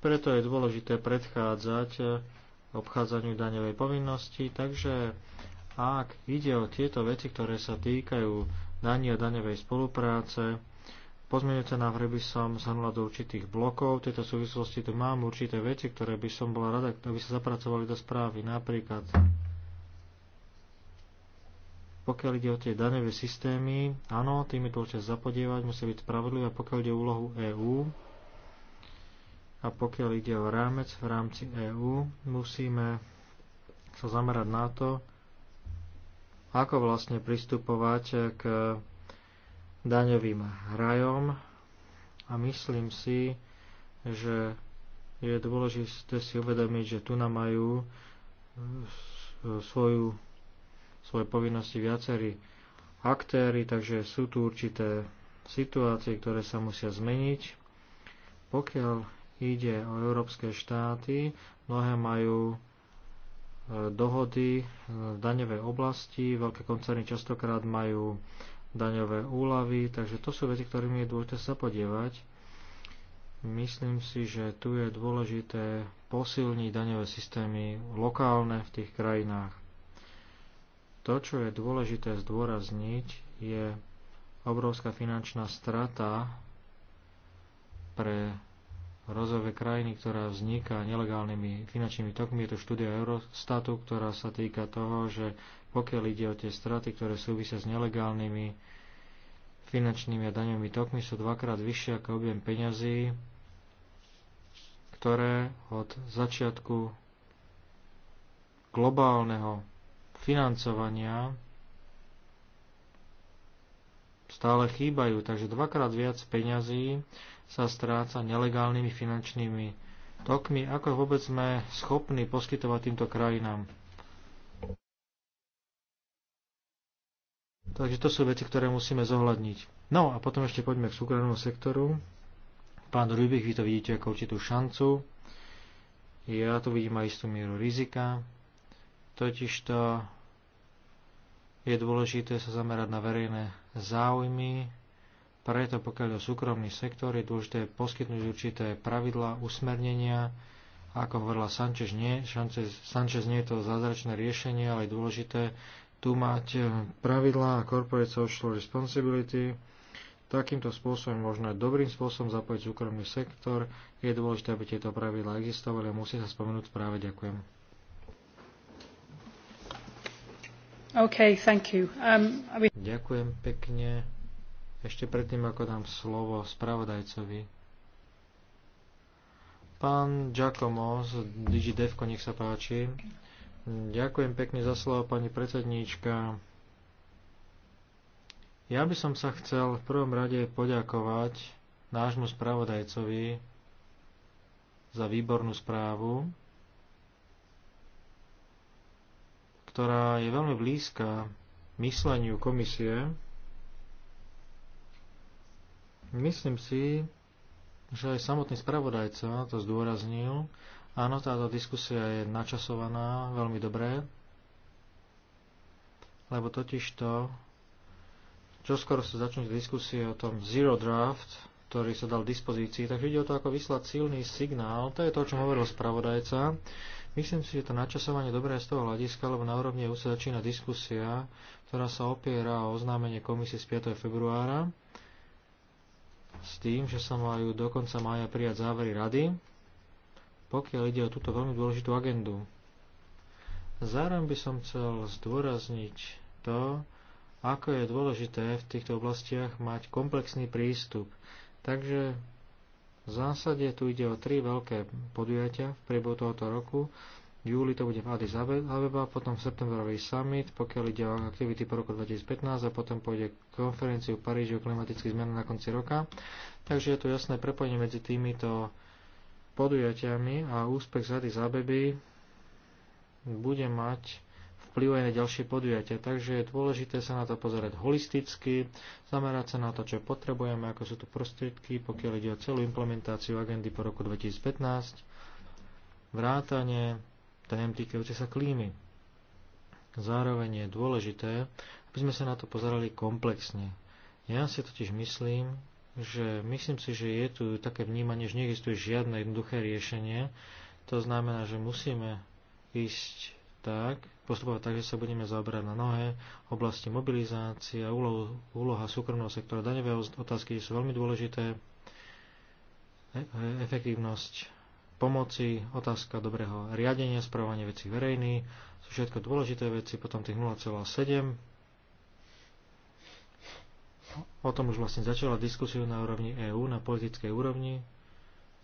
Speaker 2: preto je dôležité predchádzať obchádzaniu daňovej povinnosti, takže ak ide o tieto veci, ktoré sa týkajú daní a daňovej spolupráce, pozmeňujúce návrhy by som zhrnula do určitých blokov. V tejto súvislosti tu mám určité veci, ktoré by som bola rada, aby sa zapracovali do správy. Napríklad, pokiaľ ide o tie daňové systémy, áno, tým je určite zapodievať, musí byť spravodlivé, pokiaľ ide o úlohu EÚ, a pokiaľ ide o rámec v rámci EÚ, musíme sa zamerať na to, ako vlastne pristupovať k daňovým hrajom a myslím si, že je dôležité si uvedomiť, že tu nám majú e, svoju, svoje povinnosti viacerí aktéry, takže sú tu určité situácie, ktoré sa musia zmeniť. Pokiaľ Ide o európske štáty, mnohé majú e, dohody e, v daňovej oblasti, veľké koncerny častokrát majú daňové úlavy, takže to sú veci, ktorými je dôležité sa podievať. Myslím si, že tu je dôležité posilniť daňové systémy lokálne v tých krajinách. To, čo je dôležité zdôrazniť, je obrovská finančná strata pre rozové krajiny, ktorá vzniká nelegálnymi finančnými tokmi. Je to štúdia Eurostatu, ktorá sa týka toho, že pokiaľ ide o tie straty, ktoré súvisia s nelegálnymi finančnými a daňovými tokmi, sú dvakrát vyššie ako objem peňazí, ktoré od začiatku globálneho financovania stále chýbajú, takže dvakrát viac peňazí sa stráca nelegálnymi finančnými tokmi, ako vôbec sme schopní poskytovať týmto krajinám. Takže to sú veci, ktoré musíme zohľadniť. No a potom ešte poďme k súkromnému sektoru. Pán Rubik, vy to vidíte ako určitú šancu. Ja tu vidím aj istú mieru rizika. Totižto je dôležité sa zamerať na verejné záujmy, preto pokiaľ je súkromný sektor je dôležité poskytnúť určité pravidlá, usmernenia, ako hovorila Sanchez, nie, Sanchez, Sanchez nie je to zázračné riešenie, ale je dôležité tu mať eh, pravidlá corporate social responsibility. Takýmto spôsobom, možno aj dobrým spôsobom zapojiť súkromný sektor. Je dôležité, aby tieto pravidlá existovali a musí sa spomenúť práve. Ďakujem. Um, Ďakujem pekne. Ešte predtým, ako dám slovo spravodajcovi. Pán Giacomo z DigiDevko, nech sa páči. Ďakujem pekne za slovo, pani predsedníčka. Ja by som sa chcel v prvom rade poďakovať nášmu spravodajcovi za výbornú správu. ktorá je veľmi blízka mysleniu komisie, myslím si, že aj samotný spravodajca to zdôraznil. Áno, táto diskusia je načasovaná veľmi dobre, lebo totiž to, čo skoro sa začne diskusie o tom Zero Draft, ktorý sa dal dispozícii, takže ide o to, ako vyslať silný signál, to je to, o čom hovoril spravodajca, Myslím si, že to načasovanie dobré z toho hľadiska, lebo na úrovni EU sa začína diskusia, ktorá sa opiera o oznámenie komisie z 5. februára s tým, že sa majú do konca mája prijať závery rady, pokiaľ ide o túto veľmi dôležitú agendu. Zároveň by som chcel zdôrazniť to, ako je dôležité v týchto oblastiach mať komplexný prístup. Takže v zásade tu ide o tri veľké podujatia v priebehu tohoto roku. V júli to bude v Addis Abeba, potom v septembrový summit, pokiaľ ide o aktivity po roku 2015 a potom pôjde konferenciu v Paríži o klimatických zmenách na konci roka. Takže je tu jasné prepojenie medzi týmito podujatiami a úspech z Addis Abeby bude mať vplyv aj na ďalšie podujatia. Takže je dôležité sa na to pozerať holisticky, zamerať sa na to, čo potrebujeme, ako sú tu prostriedky, pokiaľ ide o celú implementáciu agendy po roku 2015, vrátanie tém týkajúce sa klímy. Zároveň je dôležité, aby sme sa na to pozerali komplexne. Ja si totiž myslím, že myslím si, že je tu také vnímanie, že neexistuje žiadne jednoduché riešenie. To znamená, že musíme ísť tak, postupovať tak, že sa budeme zaoberať na mnohé oblasti mobilizácia, úlo, úloha súkromného sektora, daňové otázky sú veľmi dôležité, e, e, efektívnosť pomoci, otázka dobrého riadenia, správanie vecí verejných, sú všetko dôležité veci, potom tých 0,7. O tom už vlastne začala diskusiu na úrovni EÚ, na politickej úrovni,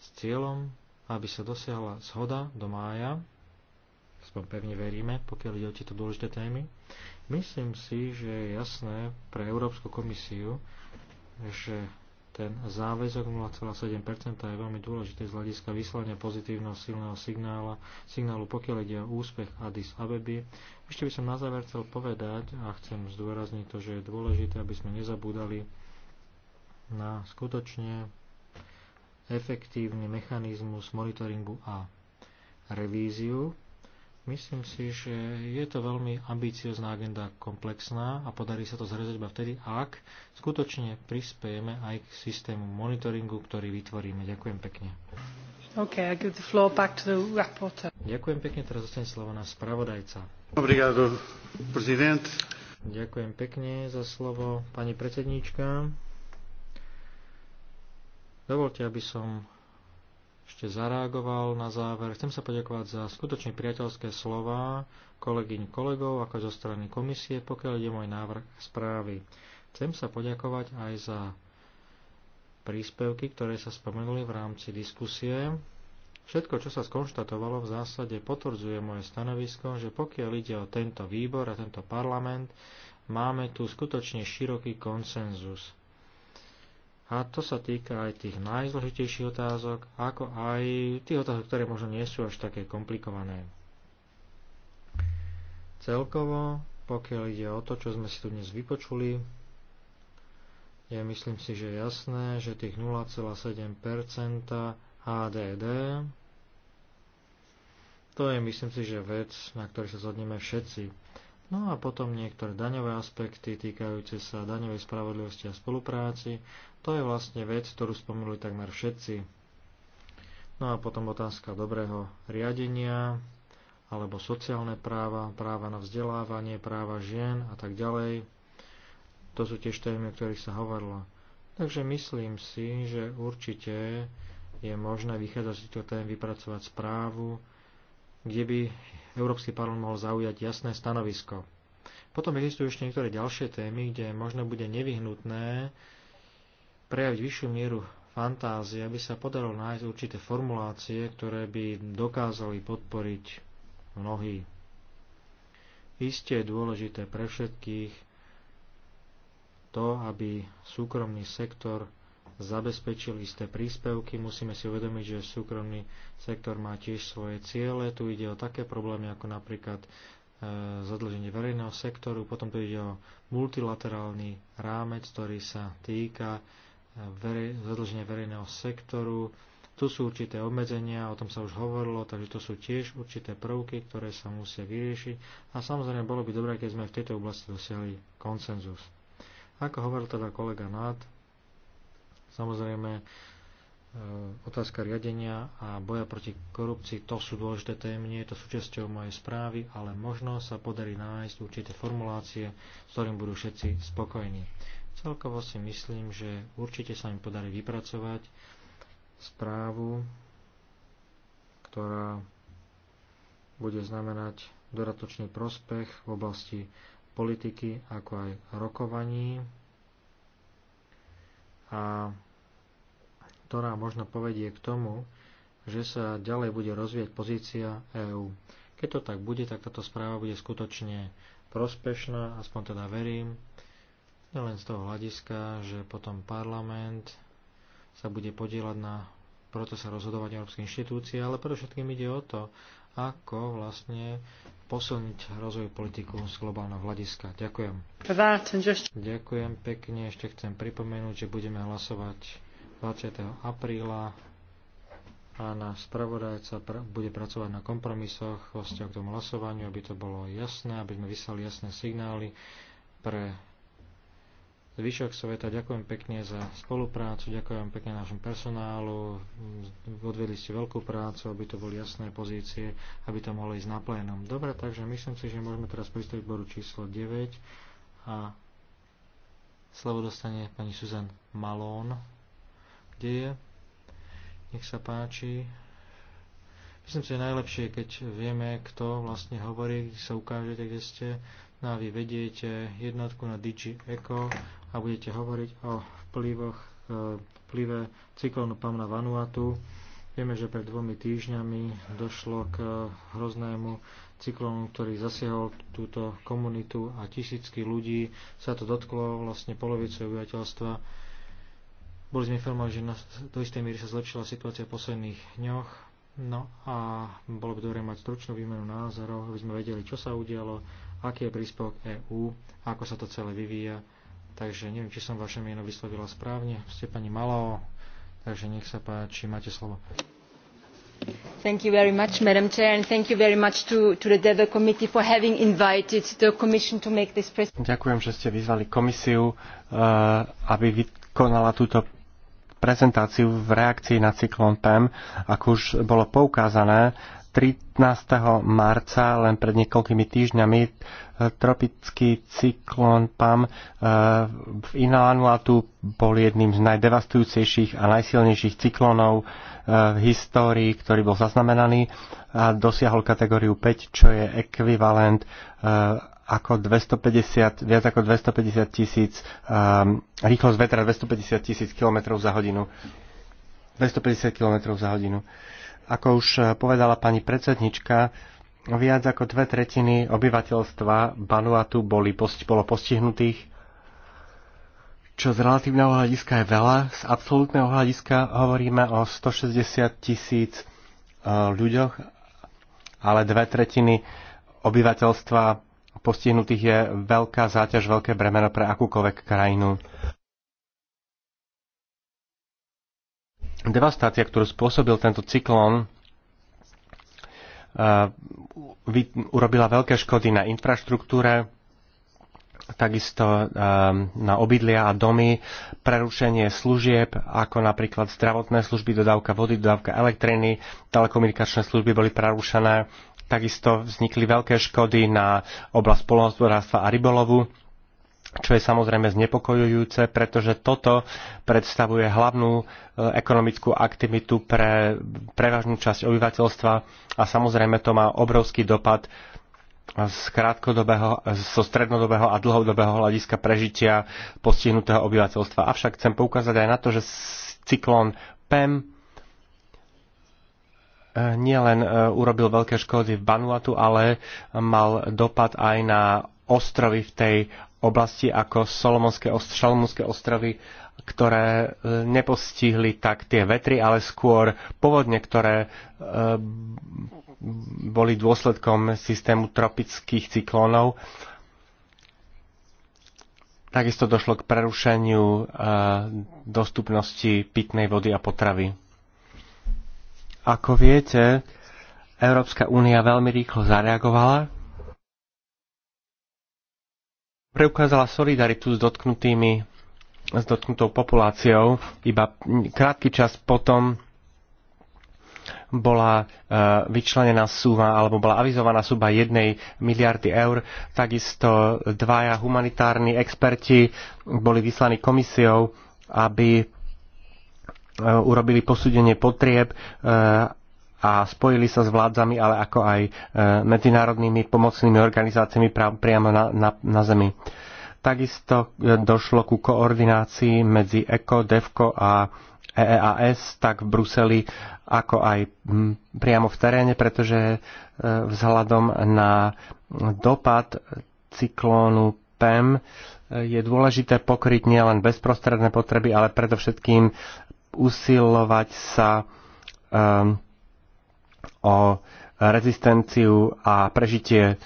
Speaker 2: s cieľom, aby sa dosiahla zhoda do mája aspoň pevne veríme, pokiaľ ide o tieto dôležité témy. Myslím si, že je jasné pre Európsku komisiu, že ten záväzok 0,7% je veľmi dôležitý z hľadiska vyslania pozitívneho silného signála, signálu, pokiaľ ide o úspech Addis Abeby. Ešte by som na záver chcel povedať a chcem zdôrazniť to, že je dôležité, aby sme nezabúdali na skutočne efektívny mechanizmus monitoringu a revíziu Myslím si, že je to veľmi ambiciozná agenda, komplexná a podarí sa to zrezať iba vtedy, ak skutočne prispiejeme aj k systému monitoringu, ktorý vytvoríme. Ďakujem pekne. Okay, I give the floor back to the rapporteur. Ďakujem pekne, teraz zostane slovo na spravodajca. Obrigado, prezident. Ďakujem pekne za slovo, pani predsedníčka. Dovolte, aby som ešte zareagoval na záver. Chcem sa poďakovať za skutočne priateľské slova kolegyň kolegov, ako zo strany komisie, pokiaľ ide môj návrh správy. Chcem sa poďakovať aj za príspevky, ktoré sa spomenuli v rámci diskusie. Všetko, čo sa skonštatovalo, v zásade potvrdzuje moje stanovisko, že pokiaľ ide o tento výbor a tento parlament, máme tu skutočne široký konsenzus. A to sa týka aj tých najzložitejších otázok, ako aj tých otázok, ktoré možno nie sú až také komplikované. Celkovo, pokiaľ ide o to, čo sme si tu dnes vypočuli, je myslím si, že jasné, že tých 0,7% HDD, to je myslím si, že vec, na ktorej sa zhodneme všetci. No a potom niektoré daňové aspekty týkajúce sa daňovej spravodlivosti a spolupráci. To je vlastne vec, ktorú spomenuli takmer všetci. No a potom otázka dobrého riadenia, alebo sociálne práva, práva na vzdelávanie, práva žien a tak ďalej. To sú tiež témy, o ktorých sa hovorilo. Takže myslím si, že určite je možné vychádzať z týchto tém, vypracovať správu, kde by Európsky parlament mohol zaujať jasné stanovisko. Potom existujú ešte niektoré ďalšie témy, kde možno bude nevyhnutné prejaviť vyššiu mieru fantázie, aby sa podarilo nájsť určité formulácie, ktoré by dokázali podporiť mnohí. Isté je dôležité pre všetkých to, aby súkromný sektor zabezpečil isté príspevky. Musíme si uvedomiť, že súkromný sektor má tiež svoje ciele. Tu ide o také problémy ako napríklad e, zadlženie verejného sektoru, potom tu ide o multilaterálny rámec, ktorý sa týka e, verej, zadlženia verejného sektoru. Tu sú určité obmedzenia, o tom sa už hovorilo, takže to sú tiež určité prvky, ktoré sa musia vyriešiť a samozrejme bolo by dobré, keď sme v tejto oblasti dosiahli konsenzus. Ako hovoril teda kolega Nát, Samozrejme, e, otázka riadenia a boja proti korupcii, to sú dôležité témy, nie je to súčasťou mojej správy, ale možno sa podarí nájsť určité formulácie, s ktorým budú všetci spokojní. Celkovo si myslím, že určite sa im podarí vypracovať správu, ktorá bude znamenať dodatočný prospech v oblasti politiky, ako aj rokovaní. A ktorá možno povedie k tomu, že sa ďalej bude rozvieť pozícia EÚ. Keď to tak bude, tak táto správa bude skutočne prospešná, aspoň teda verím, nielen z toho hľadiska, že potom parlament sa bude podielať na procese rozhodovania Európskej inštitúcie, ale predovšetkým ide o to, ako vlastne posilniť rozvoj politiku z globálneho hľadiska. Ďakujem. Ďakujem pekne. Ešte chcem pripomenúť, že budeme hlasovať 20. apríla a náš spravodajca pr- bude pracovať na kompromisoch vo k tomu hlasovaniu, aby to bolo jasné, aby sme vyslali jasné signály pre zvyšok sveta. Ďakujem pekne za spoluprácu, ďakujem pekne našom personálu, odvedli ste veľkú prácu, aby to boli jasné pozície, aby to mohlo ísť na plénom. Dobre, takže myslím si, že môžeme teraz pristúpiť k bodu číslo 9 a slovo dostane pani Susan Malón deje. Nech sa páči. Myslím si, že najlepšie, keď vieme, kto vlastne hovorí, kde sa ukážete, kde ste. No a vy vediete jednotku na Digi Eco a budete hovoriť o vplyvoch, e, vplyve cyklónu Pamna Vanuatu. Vieme, že pred dvomi týždňami došlo k hroznému cyklónu, ktorý zasiahol túto komunitu a tisícky ľudí sa to dotklo, vlastne polovicu obyvateľstva boli sme informovaní, že do istej miery sa zlepšila situácia v posledných dňoch. No a bolo by dobre mať stručnú výmenu názorov, aby sme vedeli, čo sa udialo, aký je príspevok EÚ, ako sa to celé vyvíja. Takže neviem, či som vaše meno vyslovila správne. Ste pani Malo, takže nech sa páči, máte slovo.
Speaker 1: Thank you very much, Madam Chair, and thank you very much to, to the DEVE Committee for having invited the Commission to make this presentation.
Speaker 3: Ďakujem, že ste vyzvali komisiu, uh, aby vykonala túto prezentáciu v reakcii na cyklon PEM, ako už bolo poukázané, 13. marca, len pred niekoľkými týždňami, e, tropický cyklon PAM e e, v Inalanuatu bol jedným z najdevastujúcejších a najsilnejších cyklónov v histórii, ktorý bol zaznamenaný a dosiahol kategóriu 5, čo je ekvivalent ako 250, viac ako 250 tisíc, um, rýchlosť vetra 250 tisíc km za hodinu. 250 km za hodinu. Ako už eh, povedala pani predsednička, viac ako dve tretiny obyvateľstva banuatu boli, bolo postihnutých, čo z relatívneho hľadiska je veľa. Z absolútneho hľadiska hovoríme o 160 tisíc eh, ľuďoch, ale dve tretiny obyvateľstva postihnutých je veľká záťaž, veľké bremeno pre akúkoľvek krajinu. Devastácia, ktorú spôsobil tento cyklón, eh, urobila veľké škody na infraštruktúre, takisto eh, na obydlia a domy, prerušenie služieb, ako napríklad zdravotné služby, dodávka vody, dodávka elektriny, telekomunikačné služby boli prerušené, Takisto vznikli veľké škody na oblasť polnohospodárstva a rybolovu, čo je samozrejme znepokojujúce, pretože toto predstavuje hlavnú e, ekonomickú aktivitu pre prevažnú časť obyvateľstva a samozrejme to má obrovský dopad z krátkodobého, zo strednodobého a dlhodobého hľadiska prežitia postihnutého obyvateľstva. Avšak chcem poukázať aj na to, že cyklón PEM nielen e, urobil veľké škody v Banuatu, ale mal dopad aj na ostrovy v tej oblasti ako Solomonské, ostro, ostrovy, ktoré e, nepostihli tak tie vetry, ale skôr povodne, ktoré e, boli dôsledkom systému tropických cyklónov. Takisto došlo k prerušeniu dostupnosti pitnej vody a potravy. Ako viete, Európska únia veľmi rýchlo zareagovala, preukázala solidaritu s dotknutými s dotknutou populáciou. Iba krátky čas potom bola e, vyčlenená suma alebo bola avizovaná suma jednej miliardy eur. Takisto dvaja humanitárni experti boli vyslaní komisiou, aby E, urobili posúdenie potrieb e, a spojili sa s vládzami, ale ako aj e, medzinárodnými pomocnými organizáciami priamo na, na, na zemi. Takisto došlo ku koordinácii medzi ECO, DEVCO a EEAS, tak v Bruseli, ako aj priamo v teréne, pretože vzhľadom na dopad cyklónu PEM je dôležité pokryť nielen bezprostredné potreby, ale predovšetkým usilovať sa um, o rezistenciu a prežitie e,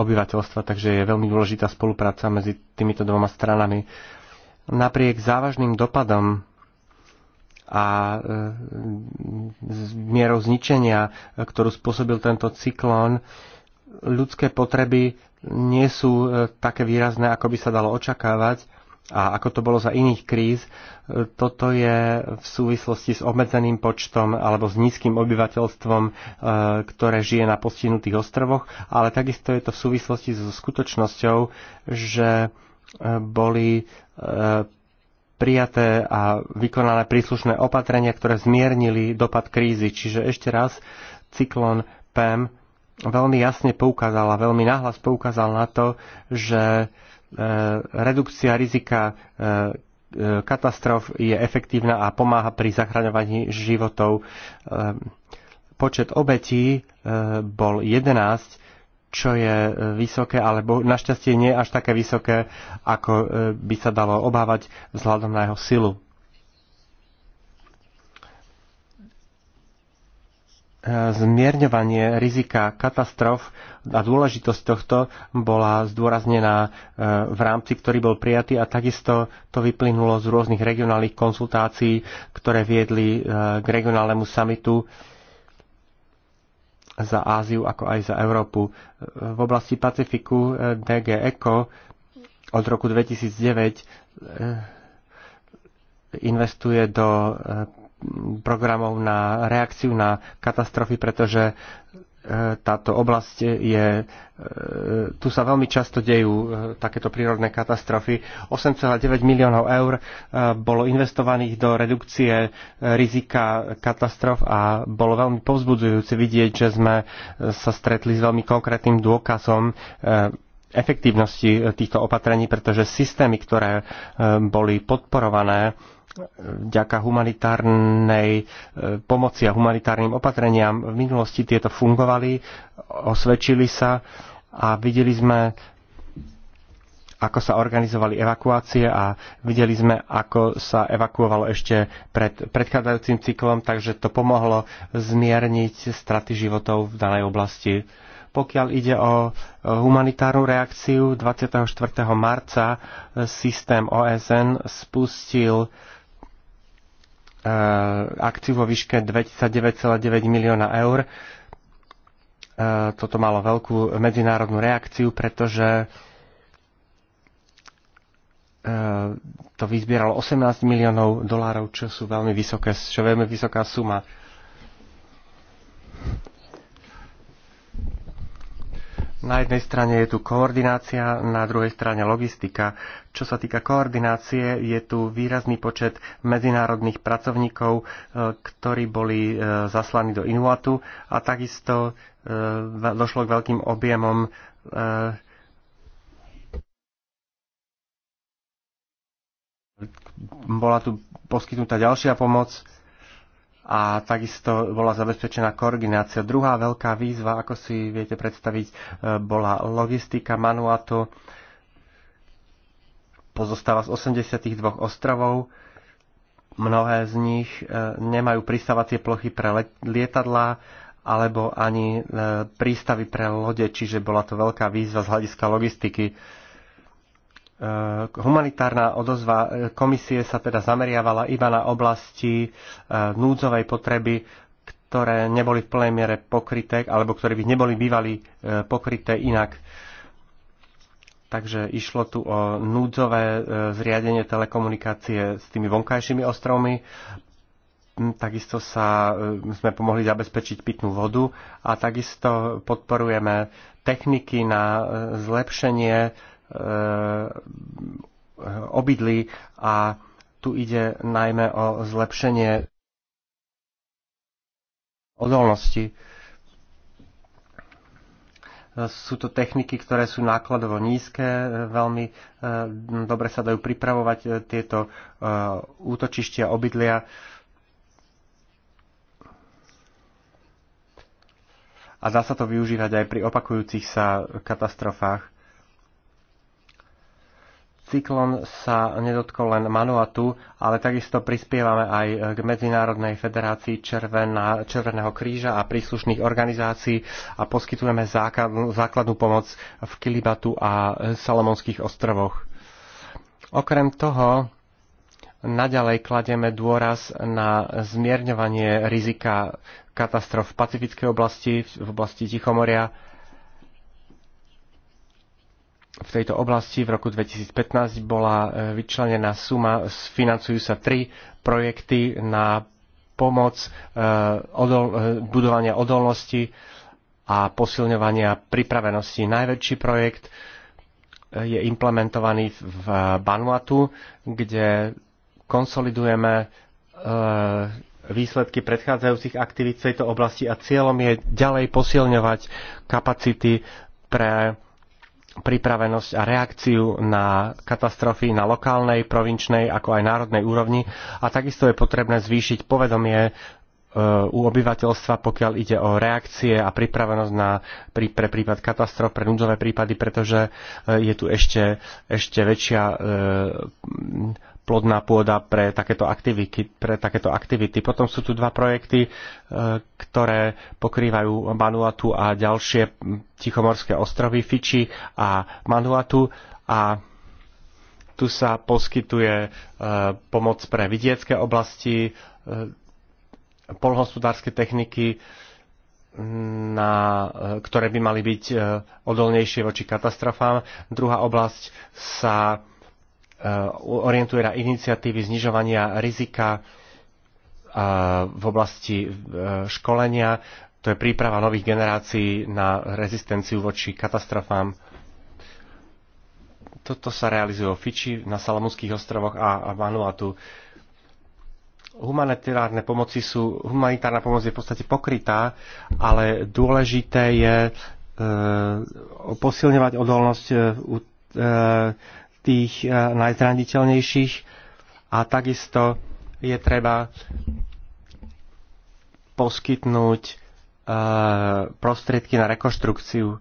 Speaker 3: obyvateľstva, takže je veľmi dôležitá spolupráca medzi týmito dvoma stranami. Napriek závažným dopadom a e, mierou zničenia, ktorú spôsobil tento cyklón, ľudské potreby nie sú e, také výrazné, ako by sa dalo očakávať a ako to bolo za iných kríz, e, toto je v súvislosti s obmedzeným počtom alebo s nízkym obyvateľstvom, e, ktoré žije na postihnutých ostrovoch, ale takisto je to v súvislosti so skutočnosťou, že e, boli prijaté a vykonané príslušné opatrenia, ktoré zmiernili dopad krízy. Čiže ešte raz, cyklon PEM veľmi jasne poukázal a veľmi nahlas poukázal na to, že Eh, redukcia rizika eh, eh, katastrof je efektívna a pomáha pri zachraňovaní životov. Počet obetí bol 11 čo je vysoké, alebo našťastie nie až také vysoké, ako by sa dalo obávať vzhľadom na jeho silu. zmierňovanie rizika katastrof a dôležitosť tohto bola zdôraznená e, v rámci, ktorý bol prijatý a takisto to vyplynulo z rôznych regionálnych konsultácií, ktoré viedli e, k regionálnemu samitu za Áziu ako aj za Európu. E, v oblasti Pacifiku DG ECO od roku 2009 investuje do programov na reakciu na katastrofy, pretože e, táto oblasť je, e, tu sa veľmi často dejú e, takéto prírodné katastrofy. 8,9 miliónov eur bolo investovaných do redukcie rizika katastrof a bolo veľmi povzbudzujúce vidieť, že sme sa stretli s veľmi konkrétnym dôkazom efektívnosti týchto opatrení, pretože systémy, ktoré boli podporované, vďaka humanitárnej e, pomoci a humanitárnym opatreniam v minulosti tieto fungovali, osvedčili sa a videli sme, ako sa organizovali evakuácie a videli sme, ako sa evakuovalo ešte pred predchádzajúcim cyklom, takže to pomohlo zmierniť straty životov v danej oblasti. Pokiaľ ide o humanitárnu reakciu, 24. marca systém OSN spustil Eh, akciu vo výške 29,9 milióna eur. Eh, toto malo veľkú medzinárodnú reakciu, pretože eh, to vyzbieralo 18 miliónov dolárov, čo sú veľmi vysoké, čo veľmi vysoká suma. Na jednej strane je tu koordinácia, na druhej strane logistika. Čo sa týka koordinácie, je tu výrazný počet medzinárodných pracovníkov, e, ktorí boli e, zaslaní do Inuatu a takisto e, došlo k veľkým objemom bola tu poskytnutá ďalšia pomoc a takisto bola zabezpečená koordinácia. Druhá veľká výzva, ako si viete predstaviť, e, bola logistika Manuatu. Pozostáva z 82 ostrovov. Mnohé z nich e, nemajú pristávacie plochy pre lietadlá alebo ani e, prístavy pre lode, čiže bola to veľká výzva z hľadiska logistiky. Eh, humanitárna odozva eh, komisie sa teda zameriavala iba na oblasti eh, núdzovej potreby, ktoré neboli v plnej miere pokryté, alebo ktoré by neboli bývali pokryté inak. Takže išlo tu o núdzové zriadenie telekomunikácie s tými vonkajšími ostrovmi. Mm, takisto sa, sme pomohli zabezpečiť pitnú vodu a takisto podporujeme techniky na zlepšenie E, obydlí a tu ide najmä o zlepšenie odolnosti. Sú to techniky, ktoré sú nákladovo nízke, e, veľmi e, dobre sa dajú pripravovať tieto útočištia, obydlia. A dá sa to využívať aj pri opakujúcich sa katastrofách cyklon sa nedotkol len Manuatu, ale takisto prispievame aj k Medzinárodnej federácii Červená, Červeného kríža a príslušných organizácií a poskytujeme základnú, základnú pomoc v Kilibatu a Salomonských ostrovoch. Okrem toho, naďalej klademe dôraz na zmierňovanie rizika katastrof v pacifickej oblasti, v oblasti Tichomoria, v tejto oblasti v roku 2015 bola e, vyčlenená suma, financujú sa tri projekty na pomoc e, odol, e, budovania odolnosti a posilňovania pripravenosti. Najväčší projekt je implementovaný v Banuatu, kde konsolidujeme výsledky predchádzajúcich aktivít v tejto oblasti a cieľom je ďalej posilňovať kapacity pre pripravenosť a reakciu na katastrofy na lokálnej, provinčnej, ako aj národnej úrovni a takisto je potrebné zvýšiť povedomie e, u obyvateľstva, pokiaľ ide o reakcie a pripravenosť na, pri, pre prípad katastrof, pre núdzové prípady, pretože e, je tu ešte, ešte väčšia e, plodná pôda pre takéto, aktivity, pre takéto aktivity. Potom sú tu dva projekty, e, ktoré pokrývajú Manuatu a ďalšie tichomorské ostrovy Fiči a Manuatu. a tu sa poskytuje e, pomoc pre vidiecké oblasti, e, polhospodárske techniky, na, ktoré by mali byť odolnejšie voči katastrofám. Druhá oblasť sa Uh, orientuje na iniciatívy znižovania rizika uh, v oblasti uh, školenia, to je príprava nových generácií na rezistenciu voči katastrofám. Toto sa realizuje v Fiči, na Salamúských ostrovoch a Vanuatu. Humanitárne pomoci sú, humanitárna pomoc je v podstate pokrytá, ale dôležité je e, posilňovať odolnosť e, e, tých e, najzraniteľnejších a takisto je treba poskytnúť e, prostriedky na rekonštrukciu, e,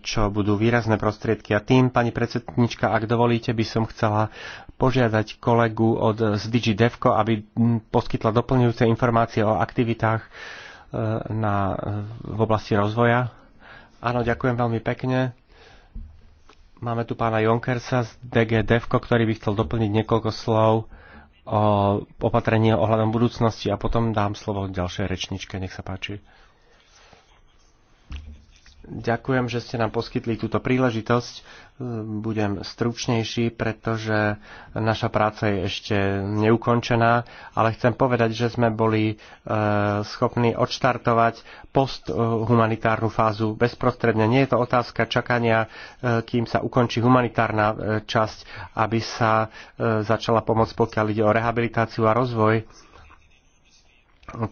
Speaker 3: čo budú výrazné prostriedky. A tým, pani predsednička, ak dovolíte, by som chcela požiadať kolegu od z DigiDevco, aby poskytla doplňujúce informácie o aktivitách na, v oblasti rozvoja. Áno, ďakujem veľmi pekne. Máme tu pána Jonkersa z DG Devko, ktorý by chcel doplniť niekoľko slov o opatrení ohľadom budúcnosti a potom dám slovo ďalšej rečničke. Nech sa páči. Ďakujem, že ste nám poskytli túto príležitosť. Budem stručnejší, pretože naša práca je ešte neukončená, ale chcem povedať, že sme boli e, schopní odštartovať posthumanitárnu fázu bezprostredne. Nie je to otázka čakania, e, kým sa ukončí humanitárna e, časť, aby sa začala pomoc, pokiaľ ide o rehabilitáciu a rozvoj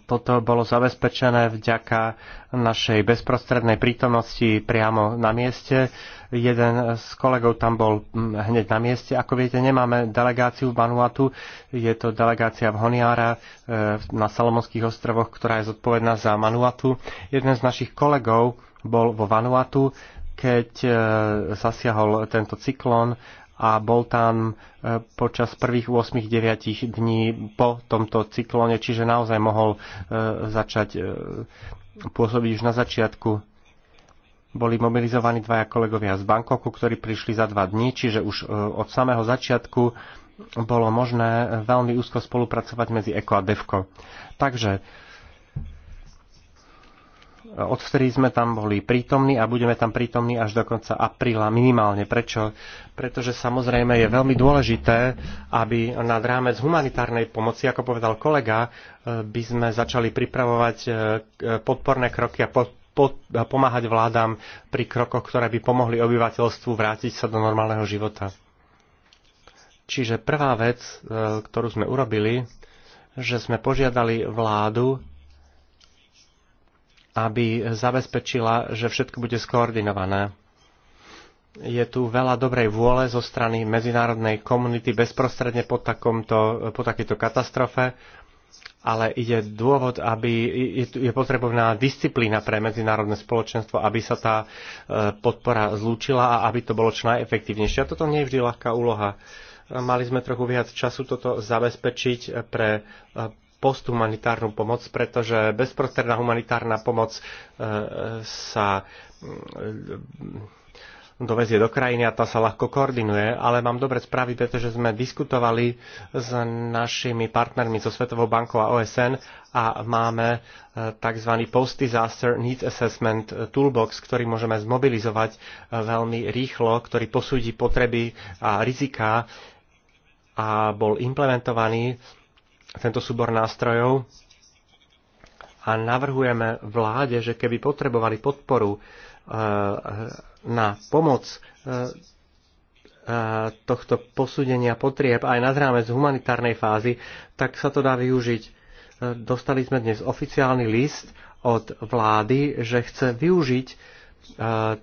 Speaker 3: toto bolo zabezpečené vďaka našej bezprostrednej prítomnosti priamo na mieste. Jeden z kolegov tam bol mm, hneď na mieste. Ako viete, nemáme delegáciu v Vanuatu, je to delegácia v Honiara e, na Salomonských ostrovoch, ktorá je zodpovedná za Vanuatu. Jeden z našich kolegov bol vo Vanuatu, keď e, zasiahol tento cyklón a bol tam e, počas prvých 8-9 dní po tomto cyklóne, čiže naozaj mohol e, začať e, pôsobiť už na začiatku. Boli mobilizovaní dvaja kolegovia z Bankoku, ktorí prišli za dva dní, čiže už od samého začiatku bolo možné veľmi úzko spolupracovať medzi ECO a DEVCO. Takže Odvtedy sme tam boli prítomní a budeme tam prítomní až do konca apríla minimálne. Prečo? Pretože samozrejme je veľmi dôležité, aby nad rámec humanitárnej pomoci, ako povedal kolega, e, by sme začali pripravovať e, e, podporné kroky a pod pomáhať vládám pri krokoch, ktoré by pomohli obyvateľstvu vrátiť sa do normálneho života. Čiže prvá vec, ktorú sme urobili, že sme požiadali vládu, aby zabezpečila, že všetko bude skoordinované. Je tu veľa dobrej vôle zo strany medzinárodnej komunity bezprostredne po, takomto, po takejto katastrofe, ale ide dôvod, aby je, je potrebovná disciplína pre medzinárodné spoločenstvo, aby sa tá e, podpora zlúčila a aby to bolo čo najefektívnejšie. A toto nie je vždy ľahká úloha. E, mali sme trochu viac času toto zabezpečiť pre e, posthumanitárnu pomoc, pretože bezprostredná humanitárna pomoc e, e, sa mm, dovezie do krajiny a tá sa ľahko koordinuje, ale mám dobre správy, pretože sme diskutovali s našimi partnermi zo so Svetovou bankou a OSN a máme e, tzv. Post-Disaster Needs Assessment Toolbox, ktorý môžeme zmobilizovať veľmi rýchlo, ktorý posúdi potreby a rizika a bol implementovaný tento súbor nástrojov a navrhujeme vláde, že keby potrebovali podporu e, e, na pomoc e, tohto posúdenia potrieb aj na rámec humanitárnej fázy, tak sa to dá využiť. Dostali sme dnes oficiálny list od vlády, že chce využiť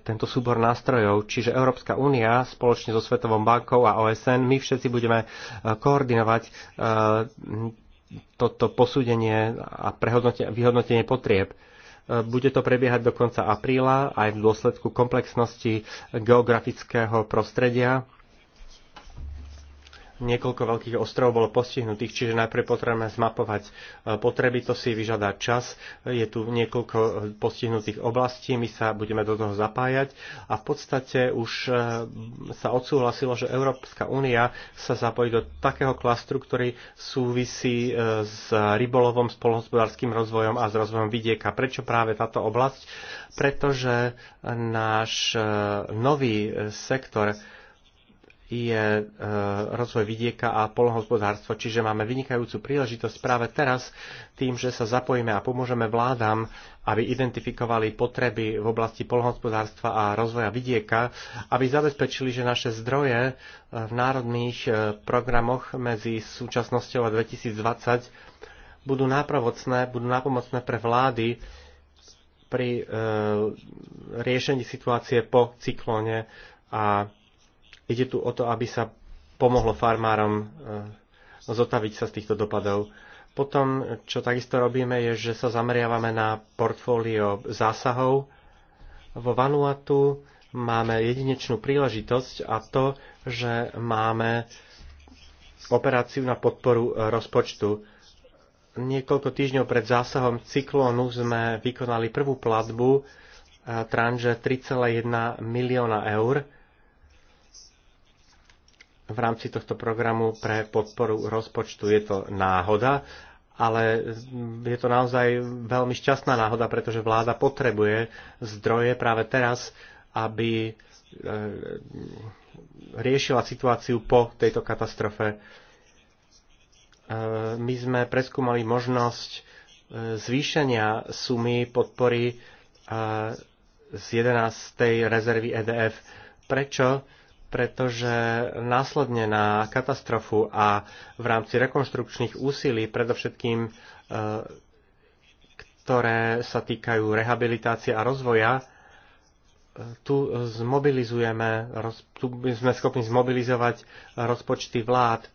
Speaker 3: tento súbor nástrojov, čiže Európska únia spoločne so Svetovou bankou a OSN, my všetci budeme koordinovať toto posúdenie a vyhodnotenie potrieb. E, bude to prebiehať do konca apríla aj v dôsledku komplexnosti geografického prostredia Niekoľko veľkých ostrovov bolo postihnutých, čiže najprv potrebujeme zmapovať e, potreby, to si vyžadá čas. Je tu niekoľko e, postihnutých oblastí, my sa budeme do toho zapájať a v podstate už e, sa odsúhlasilo, že Európska únia sa zapojí do takého klastru, ktorý súvisí s rybolovom, spolohospodárským rozvojom a s rozvojom vidieka. Prečo práve táto oblasť? Pretože náš nový sektor, je e, rozvoj vidieka a polnohospodárstvo. Čiže máme vynikajúcu príležitosť práve teraz tým, že sa zapojíme a pomôžeme vládam, aby identifikovali potreby v oblasti polnohospodárstva a rozvoja vidieka, aby zabezpečili, že naše zdroje e, v národných e, programoch medzi súčasnosťou a 2020 budú nápravocné, budú nápomocné pre vlády pri e, riešení situácie po cyklóne a Ide tu o to, aby sa pomohlo farmárom eh, zotaviť sa z týchto dopadov. Potom, čo takisto robíme, je, že sa zameriavame na portfólio zásahov. Vo Vanuatu máme jedinečnú príležitosť a to, že máme operáciu na podporu eh, rozpočtu. Niekoľko týždňov pred zásahom cyklónu sme vykonali prvú platbu eh, tranže 3,1 milióna eur v rámci tohto programu pre podporu rozpočtu. Je to náhoda, ale je to naozaj veľmi šťastná náhoda, pretože vláda potrebuje zdroje práve teraz, aby e, riešila situáciu po tejto katastrofe. E, my sme preskúmali možnosť e, zvýšenia sumy podpory z 11. rezervy EDF. Prečo? pretože následne na katastrofu a v rámci rekonštrukčných úsilí, predovšetkým, e, ktoré sa týkajú rehabilitácie a rozvoja, e, tu zmobilizujeme, tu sme schopní zmobilizovať rozpočty vlád.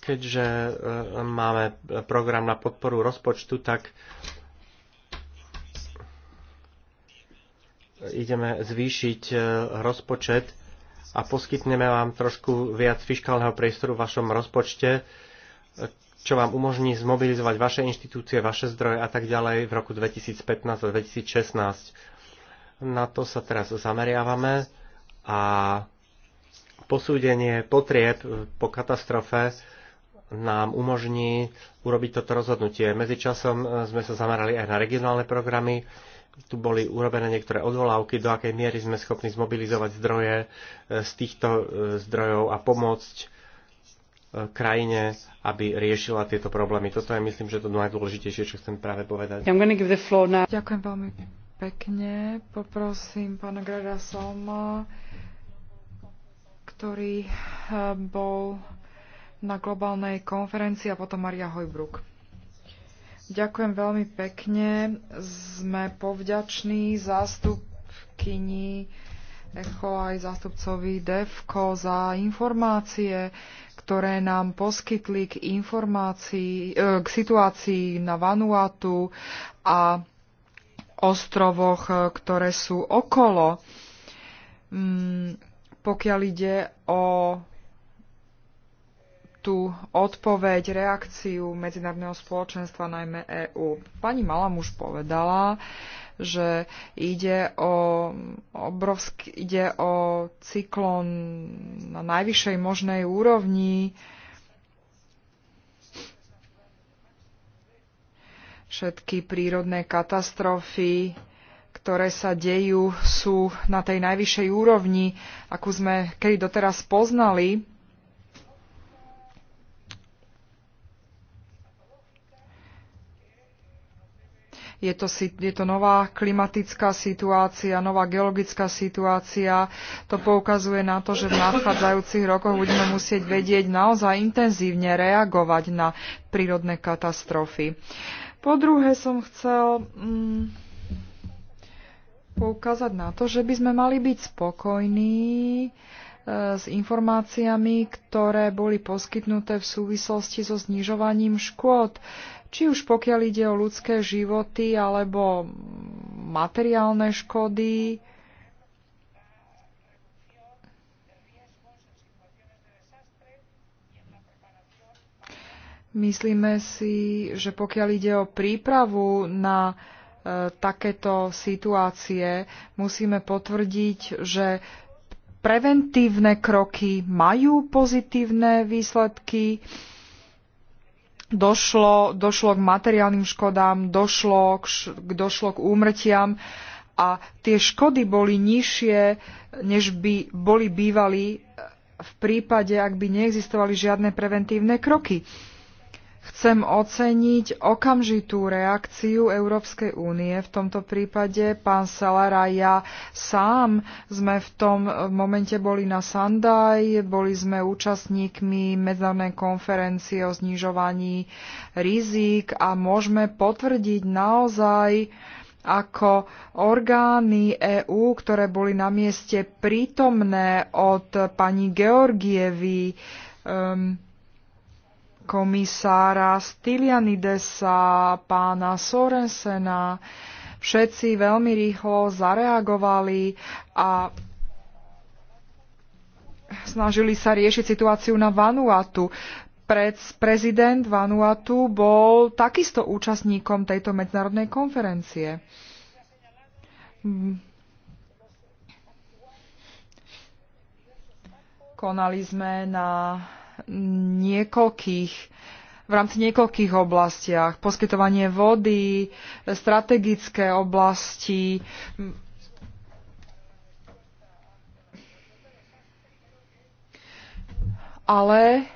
Speaker 3: Keďže e, máme program na podporu rozpočtu, tak ideme zvýšiť e, rozpočet a poskytneme vám trošku viac fiskálneho priestoru v vašom rozpočte, e, čo vám umožní zmobilizovať vaše inštitúcie, vaše zdroje a tak ďalej v roku 2015 a 2016. Na to sa teraz zameriavame a posúdenie potrieb po katastrofe nám umožní urobiť toto rozhodnutie. Medzičasom e, sme sa zamerali aj na regionálne programy, tu boli urobené niektoré odvolávky, do akej miery sme schopní zmobilizovať zdroje e, z týchto e, zdrojov a pomôcť e, krajine, aby riešila tieto problémy. Toto je, myslím, že to najdôležitejšie, čo chcem práve povedať.
Speaker 1: Ďakujem veľmi pekne. Poprosím pána Grada Salma, ktorý bol na globálnej konferencii a potom Maria Hojbruk. Ďakujem veľmi pekne. Sme povďační zástupkyni ECHO aj zástupcovi DEVKO za informácie, ktoré nám poskytli k, informácii, e, k situácii na Vanuatu a ostrovoch, e, ktoré sú okolo. Mm, pokiaľ ide o tú odpoveď, reakciu medzinárodného spoločenstva, najmä EÚ. Pani Malam už povedala, že ide o, obrovský, ide o cyklon na najvyššej možnej úrovni. Všetky prírodné katastrofy, ktoré sa dejú, sú na tej najvyššej úrovni, akú sme kedy doteraz poznali. Je to, je to nová klimatická situácia, nová geologická situácia. To poukazuje na to, že v nadchádzajúcich rokoch budeme musieť vedieť naozaj intenzívne reagovať na prírodné katastrofy. Po druhé som chcel mm, poukázať na to, že by sme mali byť spokojní e, s informáciami, ktoré boli poskytnuté v súvislosti so znižovaním škôd či už pokiaľ ide o ľudské životy alebo materiálne škody. Myslíme si, že pokiaľ ide o prípravu na e, takéto situácie, musíme potvrdiť, že preventívne kroky majú pozitívne výsledky došlo, došlo k materiálnym škodám, došlo k, došlo k úmrtiam a tie škody boli nižšie, než by boli bývali v prípade, ak by neexistovali žiadne preventívne kroky. Chcem oceniť okamžitú reakciu Európskej únie. V tomto prípade pán Salar a ja sám sme v tom momente boli na Sandaj, boli sme účastníkmi medzinárodnej konferencie o znižovaní rizik a môžeme potvrdiť naozaj, ako orgány EÚ, ktoré boli na mieste prítomné od pani Georgievy, um, komisára Stylianidesa, pána Sorensena. Všetci veľmi rýchlo zareagovali a snažili sa riešiť situáciu na Vanuatu. Pred prezident Vanuatu bol takisto účastníkom tejto medzinárodnej konferencie. Konali sme na niekoľkých v rámci niekoľkých oblastiach. Poskytovanie vody, strategické oblasti. Ale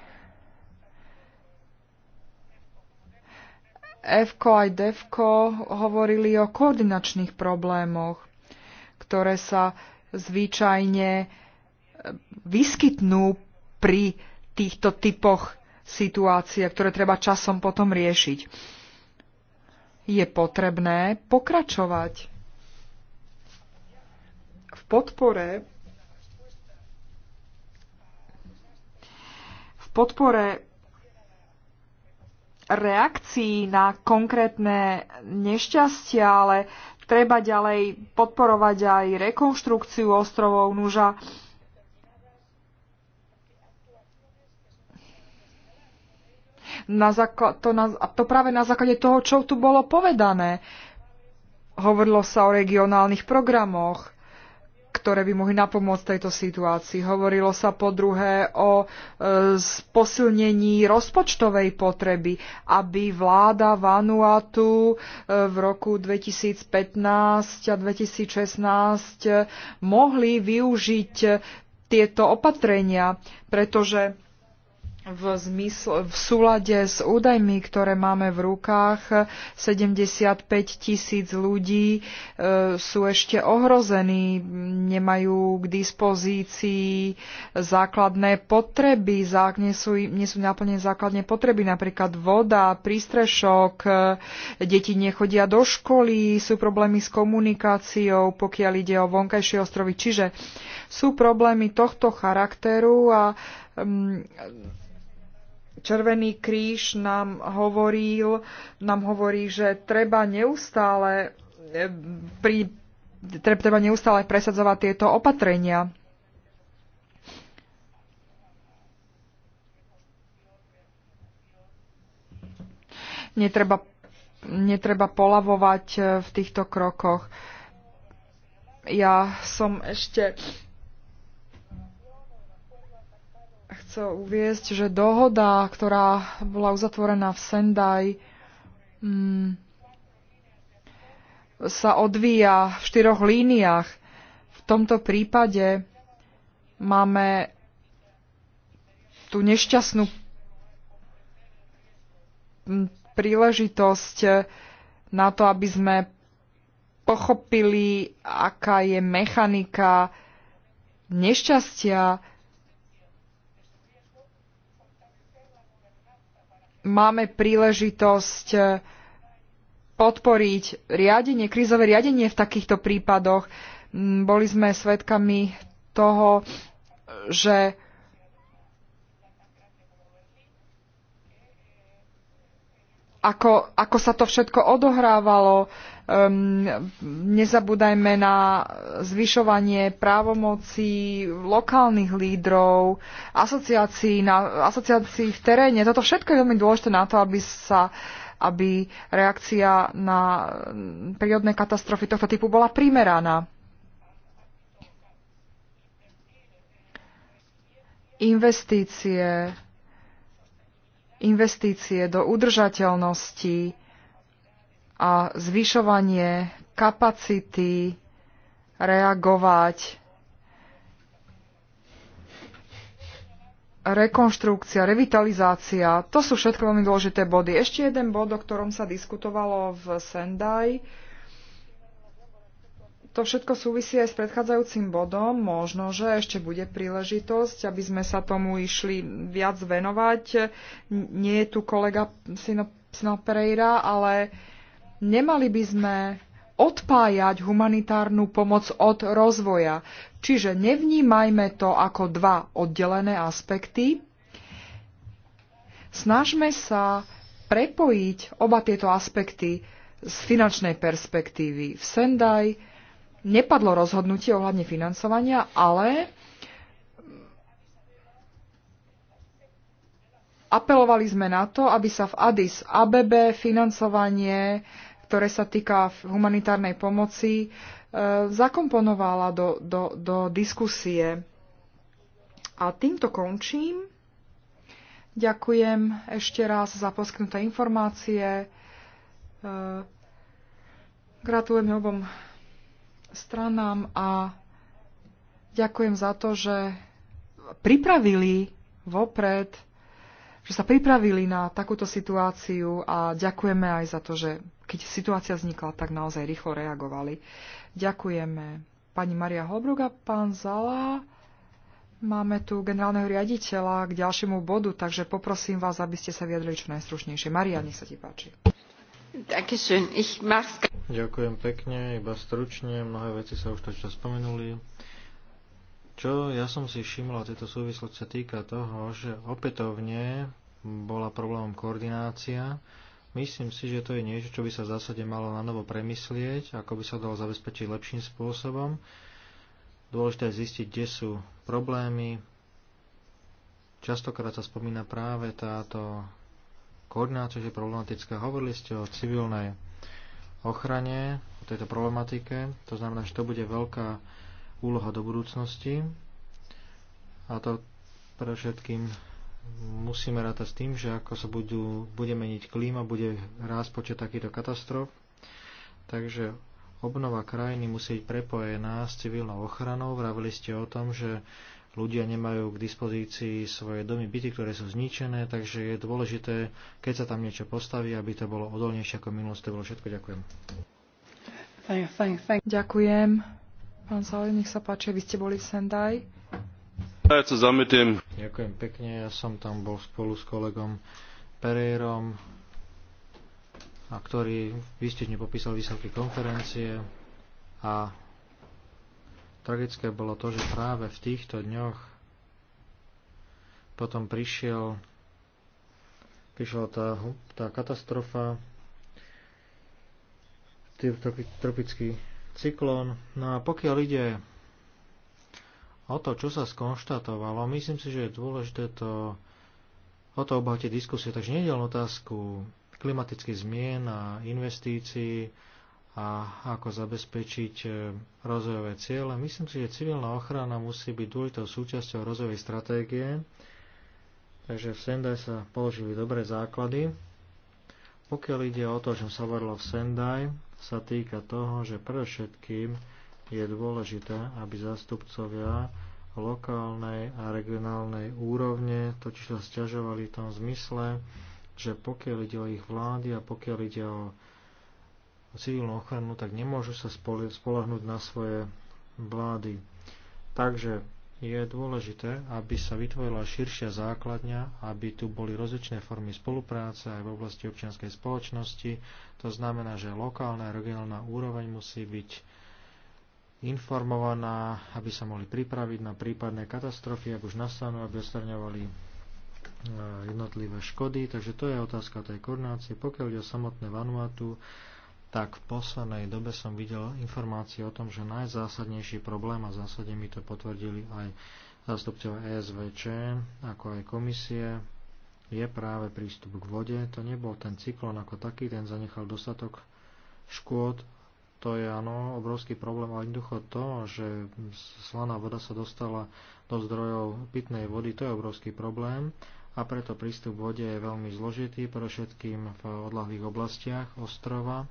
Speaker 1: EFKO aj DEFKO hovorili o koordinačných problémoch, ktoré sa zvyčajne vyskytnú pri týchto typoch situácie, ktoré treba časom potom riešiť. Je potrebné pokračovať v podpore v podpore reakcií na konkrétne nešťastia, ale treba ďalej podporovať aj rekonštrukciu ostrovov Nuža. na zakl- to, na, to práve na základe toho, čo tu bolo povedané. Hovorilo sa o regionálnych programoch, ktoré by mohli napomôcť tejto situácii. Hovorilo sa po druhé o e, posilnení rozpočtovej potreby, aby vláda Vanuatu e, v roku 2015 a 2016 mohli využiť tieto opatrenia, pretože v, zmysle, v súlade s údajmi, ktoré máme v rukách, 75 tisíc ľudí e, sú ešte ohrození, nemajú k dispozícii základné potreby, nie, sú, nie sú naplnené základné potreby, napríklad voda, prístrešok, e, deti nechodia do školy, sú problémy s komunikáciou, pokiaľ ide o vonkajšie ostrovy. Čiže sú problémy tohto charakteru a e, Červený kríž nám hovoril, nám hovorí, že treba neustále eh, pri, treba neustále presadzovať tieto opatrenia. Netreba, netreba polavovať eh, v týchto krokoch. Ja som ešte chcel uviezť, že dohoda, ktorá bola uzatvorená v Sendai, mm, sa odvíja v štyroch líniách. V tomto prípade máme tú nešťastnú mm, príležitosť na to, aby sme pochopili, aká je mechanika nešťastia, máme príležitosť eh, podporiť riadenie, krízové riadenie v takýchto prípadoch. Mm, boli sme svedkami toho, že ako, ako sa to všetko odohrávalo. Um, nezabúdajme na zvyšovanie právomocí lokálnych lídrov, asociácií, na, asociácií v teréne. Toto všetko je veľmi dôležité na to, aby sa aby reakcia na prírodné katastrofy tohto typu bola primeraná. Investície, investície do udržateľnosti a zvyšovanie kapacity reagovať, rekonštrukcia, revitalizácia, to sú všetko veľmi dôležité body. Ešte jeden bod, o ktorom sa diskutovalo v Sendai, to všetko súvisí aj s predchádzajúcim bodom. Možno, že ešte bude príležitosť, aby sme sa tomu išli viac venovať. Nie je tu kolega Sino Pereira, ale nemali by sme odpájať humanitárnu pomoc od rozvoja. Čiže nevnímajme to ako dva oddelené aspekty. Snažme sa prepojiť oba tieto aspekty z finančnej perspektívy. V Sendai nepadlo rozhodnutie ohľadne financovania, ale apelovali sme na to, aby sa v Addis ABB financovanie, ktoré sa týka humanitárnej pomoci, e, zakomponovala do, do, do diskusie. A týmto končím. Ďakujem ešte raz za poskytnuté informácie. E, Gratulujem obom stranám a ďakujem za to, že pripravili vopred, že sa pripravili na takúto situáciu a ďakujeme aj za to, že keď situácia vznikla, tak naozaj rýchlo reagovali. Ďakujeme pani Maria Holbruga, pán Zala. Máme tu generálneho riaditeľa k ďalšiemu bodu, takže poprosím vás, aby ste sa vyjadrili čo najstrušnejšie. Maria, nech sa ti páči.
Speaker 2: Ďakujem pekne, iba stručne, mnohé veci sa už čas spomenuli. Čo ja som si všimla, tieto súvislosti sa týka toho, že opätovne bola problémom koordinácia. Myslím si, že to je niečo, čo by sa v zásade malo na novo premyslieť, ako by sa dalo zabezpečiť lepším spôsobom. Dôležité je zistiť, kde sú problémy. Častokrát sa spomína práve táto koordináciu, že je problematická. Hovorili ste o civilnej ochrane, o tejto problematike. To znamená, že to bude veľká úloha do budúcnosti. A to všetkým musíme rátať s tým, že ako sa budú, bude meniť klíma, bude rásť počet takýchto katastrof. Takže obnova krajiny musí byť prepojená s civilnou ochranou. Vravili ste o tom, že ľudia nemajú k dispozícii svoje domy, byty, ktoré sú zničené, takže je dôležité, keď sa tam niečo postaví, aby to bolo odolnejšie ako minulosť. To bolo všetko. Ďakujem.
Speaker 1: Thank, thank, thank. Ďakujem. Pán Saloj, nech sa páči, vy ste boli v Sendai.
Speaker 2: Ďakujem pekne, ja som tam bol spolu s kolegom Pereirom, a ktorý výstečne popísal výsledky konferencie a Tragické bolo to, že práve v týchto dňoch potom prišiel, prišla tá, tá katastrofa, tropický cyklón. No a pokiaľ ide o to, čo sa skonštatovalo, myslím si, že je dôležité to, o to obohatiť diskusie. Takže nedel len otázku klimatických zmien a investícií, a ako zabezpečiť e, rozvojové ciele. Myslím si, že civilná ochrana musí byť dôležitou súčasťou rozvojovej stratégie, takže v Sendai sa položili dobré základy. Pokiaľ ide o to, čo sa hovorilo v Sendai, sa týka toho, že predovšetkým je dôležité, aby zástupcovia lokálnej a regionálnej úrovne totiž sa stiažovali v tom zmysle, že pokiaľ ide o ich vlády a pokiaľ ide o civilnú ochranu, tak nemôžu sa spolahnúť na svoje vlády. Takže je dôležité, aby sa vytvorila širšia základňa, aby tu boli rozličné formy spolupráce aj v oblasti občianskej spoločnosti. To znamená, že lokálna a regionálna úroveň musí byť informovaná, aby sa mohli pripraviť na prípadné katastrofy, ak už nastanú, aby odstraňovali e, jednotlivé škody. Takže to je otázka tej koordinácie. Pokiaľ ide o samotné Vanuatu, tak v poslednej dobe som videl informácie o tom, že najzásadnejší problém, a v zásade mi to potvrdili aj zástupcovia ESVČ, ako aj komisie, je práve prístup k vode. To nebol ten cyklón ako taký, ten zanechal dostatok škôd. To je áno, obrovský problém, ale jednoducho to, že slaná voda sa dostala do zdrojov pitnej vody, to je obrovský problém a preto prístup k vode je veľmi zložitý, pre všetkým v odlahlých oblastiach ostrova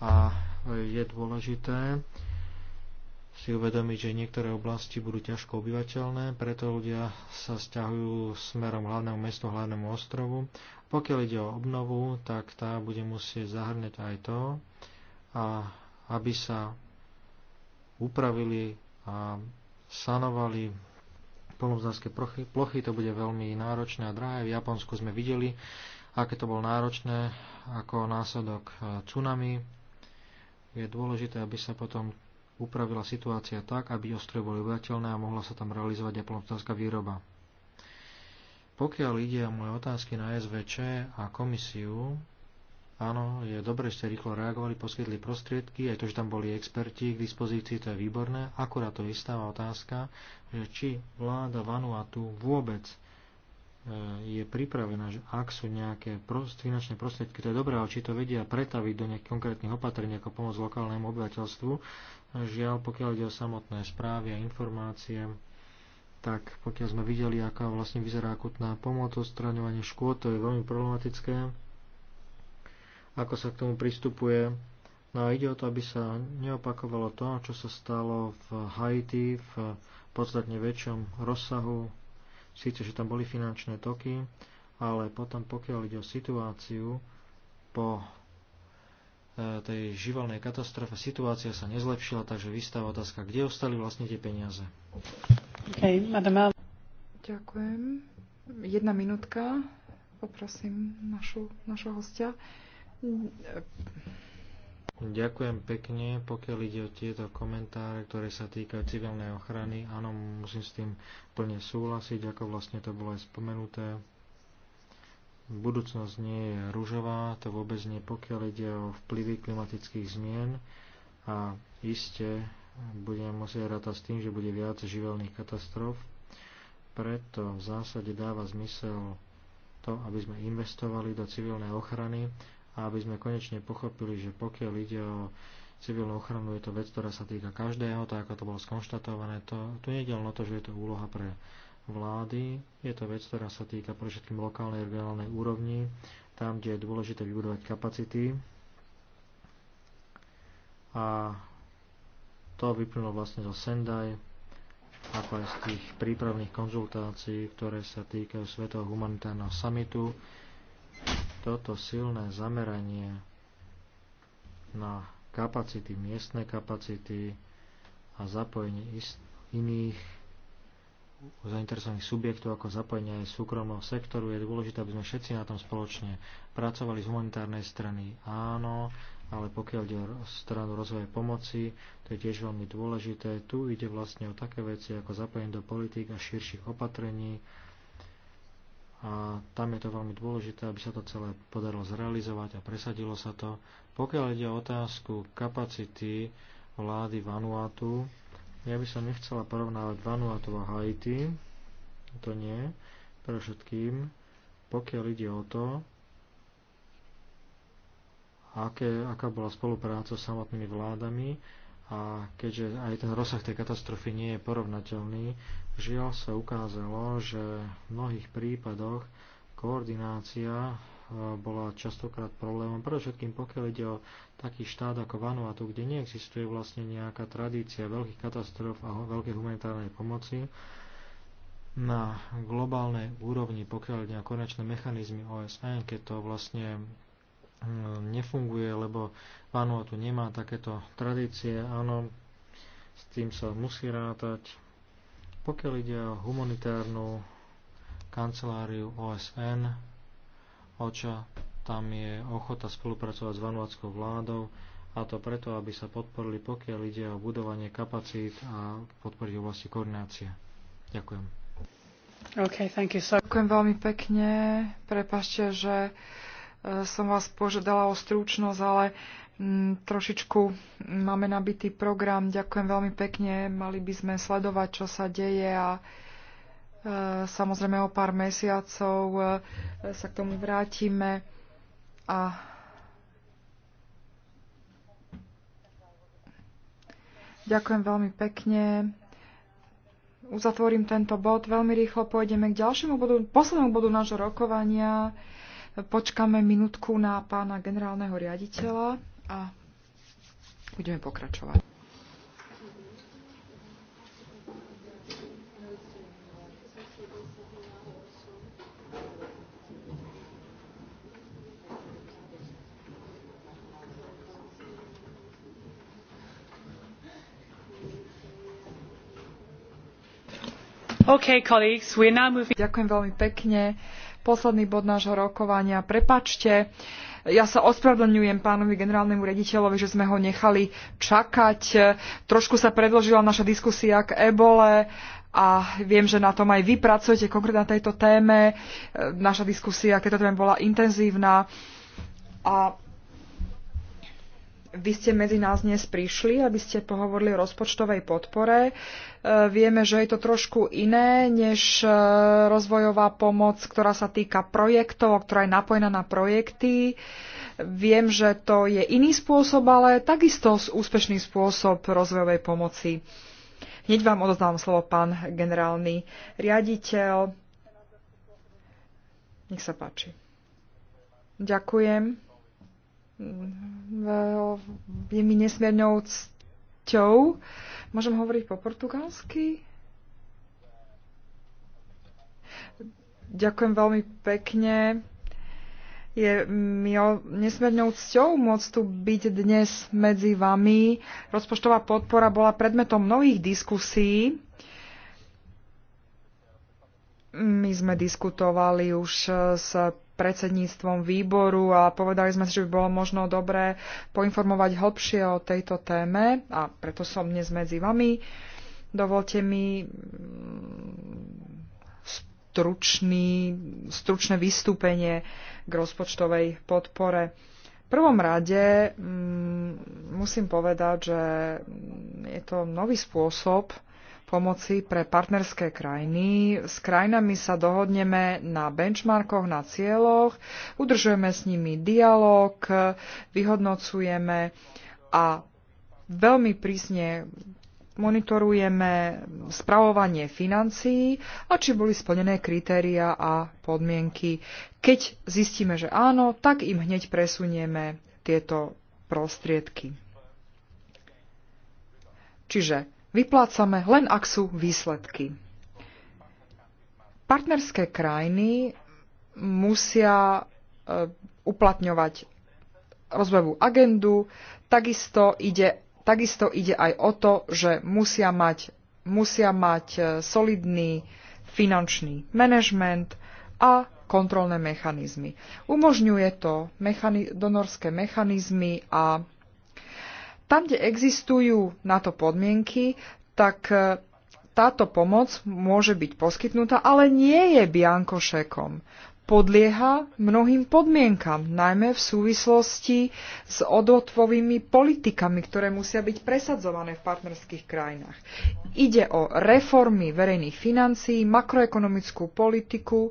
Speaker 2: a je dôležité si uvedomiť, že niektoré oblasti budú ťažko obyvateľné, preto ľudia sa stiahujú smerom hlavného mestu, hlavnému ostrovu. Pokiaľ ide o obnovu, tak tá bude musieť zahrňať aj to, a aby sa upravili a sanovali polnohospodárske plochy, to bude veľmi náročné a drahé. V Japonsku sme videli, aké to bolo náročné ako následok e, tsunami je dôležité, aby sa potom upravila situácia tak, aby ostroje boli obyvateľné a mohla sa tam realizovať aj výroba. Pokiaľ ide o moje otázky na SVČ a komisiu, áno, je dobre, že ste rýchlo reagovali, poskytli prostriedky, aj to, že tam boli experti k dispozícii, to je výborné. Akurát to istá otázka, že či vláda Vanuatu vôbec E, je pripravená, že ak sú nejaké finančné prostriedky, to je dobré, ale či to vedia pretaviť do nejakých konkrétnych opatrení ako pomoc lokálnemu obyvateľstvu, e, žiaľ, pokiaľ ide o samotné správy a informácie, tak pokiaľ sme videli, aká vlastne vyzerá akutná pomoc, odstraňovanie škôd, to je veľmi problematické, ako sa k tomu pristupuje. No a ide o to, aby sa neopakovalo to, čo sa stalo v Haiti v podstatne väčšom rozsahu, síce, že tam boli finančné toky, ale potom pokiaľ ide o situáciu po e, tej živelnej katastrofe, situácia sa nezlepšila, takže vystáva otázka, kde ostali vlastne tie peniaze.
Speaker 1: Okay, madame. Ďakujem. Jedna minútka. Poprosím našu, našho hostia.
Speaker 2: Ďakujem pekne, pokiaľ ide o tieto komentáre, ktoré sa týkajú civilnej ochrany. Áno, musím s tým plne súhlasiť, ako vlastne to bolo aj spomenuté. Budúcnosť nie je ružová, to vôbec nie, pokiaľ ide o vplyvy klimatických zmien a iste budeme musieť rátať s tým, že bude viac živelných katastrof. Preto v zásade dáva zmysel to, aby sme investovali do civilnej ochrany, a aby sme konečne pochopili, že pokiaľ ide o civilnú ochranu, je to vec, ktorá sa týka každého, tak ako to bolo skonštatované. To, tu nie je len to, že je to úloha pre vlády, je to vec, ktorá sa týka pre všetkým lokálnej a regionálnej úrovni, tam, kde je dôležité vybudovať kapacity. A to vyplynulo vlastne zo Sendai, ako aj z tých prípravných konzultácií, ktoré sa týkajú Svetového humanitárneho samitu, toto silné zameranie na kapacity, miestne kapacity a zapojenie iných zainteresovaných subjektov ako zapojenie aj súkromného sektoru. Je dôležité, aby sme všetci na tom spoločne pracovali z humanitárnej strany. Áno, ale pokiaľ ide o stranu rozvoja pomoci, to je tiež veľmi dôležité. Tu ide vlastne o také veci ako zapojenie do politik a širších opatrení, a tam je to veľmi dôležité, aby sa to celé podarilo zrealizovať a presadilo sa to. Pokiaľ ide o otázku kapacity vlády Vanuatu, ja by som nechcela porovnávať Vanuatu a Haiti, to nie, pre všetkým, pokiaľ ide o to, aké, aká bola spolupráca s samotnými vládami, a keďže aj ten rozsah tej katastrofy nie je porovnateľný, Žiaľ sa ukázalo, že v mnohých prípadoch koordinácia e, bola častokrát problémom. všetkým, pokiaľ ide o taký štát ako Vanuatu, kde neexistuje vlastne nejaká tradícia veľkých katastrof a veľkej humanitárnej pomoci, na globálnej úrovni, pokiaľ ide o konečné mechanizmy OSN, keď to vlastne mm, nefunguje, lebo Vanuatu nemá takéto tradície, áno, s tým sa musí rátať, pokiaľ ide o humanitárnu kanceláriu OSN, OČA, tam je ochota spolupracovať s vanuackou vládou a to preto, aby sa podporili, pokiaľ ide o budovanie kapacít a podporiť oblasti koordinácie. Ďakujem.
Speaker 1: Okay, thank you. So... Ďakujem veľmi pekne. Prepašte, že e, som vás požiadala o stručnosť, ale uh, Mm, trošičku máme nabitý program. Ďakujem veľmi pekne. Mali by sme sledovať, čo sa deje a e, samozrejme o pár mesiacov e, sa k tomu vrátime a Ďakujem veľmi pekne. Uzatvorím tento bod. Veľmi rýchlo pôjdeme k ďalšiemu bodu, poslednému bodu nášho rokovania. Počkáme minútku na pána generálneho riaditeľa a budeme pokračovať. Okay, colleagues, we now moving... Ďakujem veľmi pekne posledný bod nášho rokovania. Prepačte, ja sa ospravedlňujem pánovi generálnemu rediteľovi, že sme ho nechali čakať. Trošku sa predložila naša diskusia k ebole a viem, že na tom aj vy pracujete konkrétne na tejto téme. Naša diskusia, keď to bola intenzívna a vy ste medzi nás dnes prišli, aby ste pohovorili o rozpočtovej podpore. E, vieme, že je to trošku iné než e, rozvojová pomoc, ktorá sa týka projektov, ktorá je napojená na projekty. Viem, že to je iný spôsob, ale takisto úspešný spôsob rozvojovej pomoci. Hneď vám odozdávam slovo, pán generálny riaditeľ. Nech sa páči. Ďakujem je mi nesmiernou cťou. Môžem hovoriť po portugalsky? Ďakujem veľmi pekne. Je mi nesmiernou cťou môcť tu byť dnes medzi vami. Rozpočtová podpora bola predmetom mnohých diskusí. My sme diskutovali už s predsedníctvom výboru a povedali sme si, že by bolo možno dobré poinformovať hlbšie o tejto téme a preto som dnes medzi vami. Dovolte mi mm, stručný, stručné vystúpenie k rozpočtovej podpore. V prvom rade mm, musím povedať, že je to nový spôsob, pomoci pre partnerské krajiny. S krajinami sa dohodneme na benchmarkoch, na cieľoch, udržujeme s nimi dialog, vyhodnocujeme a veľmi prísne monitorujeme spravovanie financií a či boli splnené kritéria a podmienky. Keď zistíme, že áno, tak im hneď presunieme tieto prostriedky. Čiže vyplácame len ak sú výsledky. Partnerské krajiny musia e, uplatňovať rozvojovú agendu. Takisto ide, takisto ide aj o to, že musia mať, musia mať e, solidný finančný manažment a kontrolné mechanizmy. Umožňuje to mechani- donorské mechanizmy a tam, kde existujú na to podmienky, tak e, táto pomoc môže byť poskytnutá, ale nie je biankošekom. Podlieha mnohým podmienkam, najmä v súvislosti s odotvovými politikami, ktoré musia byť presadzované v partnerských krajinách. Ide o reformy verejných financií, makroekonomickú politiku,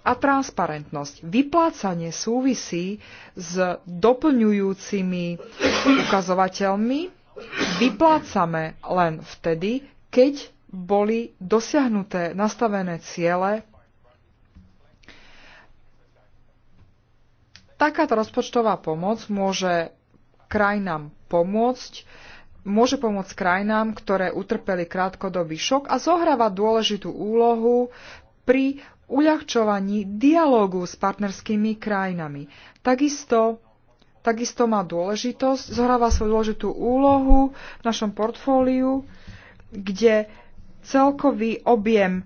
Speaker 1: a transparentnosť. Vyplácanie súvisí s doplňujúcimi ukazovateľmi. Vyplácame len vtedy, keď boli dosiahnuté nastavené ciele. Takáto rozpočtová pomoc môže krajinám pomôcť, môže pomôcť krajinám, ktoré utrpeli krátkodobý šok a zohráva dôležitú úlohu pri uľahčovaní dialógu s partnerskými krajinami. Takisto, takisto má dôležitosť, zohráva svoju dôležitú úlohu v našom portfóliu, kde celkový objem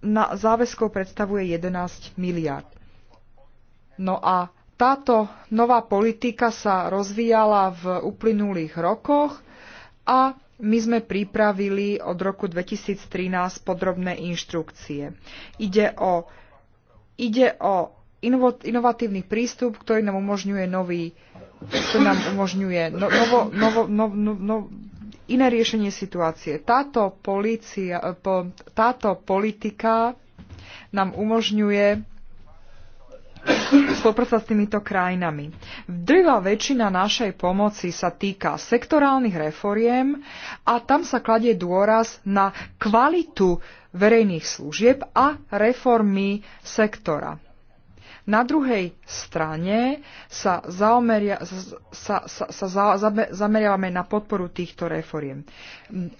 Speaker 1: na záväzkov predstavuje 11 miliard. No a táto nová politika sa rozvíjala v uplynulých rokoch a my sme pripravili od roku 2013 podrobné inštrukcie. Ide o, ide o inovatívny prístup, ktorý nám umožňuje nový, čo nám umožňuje no, novo, novo, no, no, no, iné riešenie situácie. Táto, policia, po, táto politika nám umožňuje spolupráca s týmito krajinami. Drvá väčšina našej pomoci sa týka sektorálnych reforiem a tam sa kladie dôraz na kvalitu verejných služieb a reformy sektora. Na druhej strane sa, zaomeria, sa, sa, sa za, zameriavame na podporu týchto reforiem.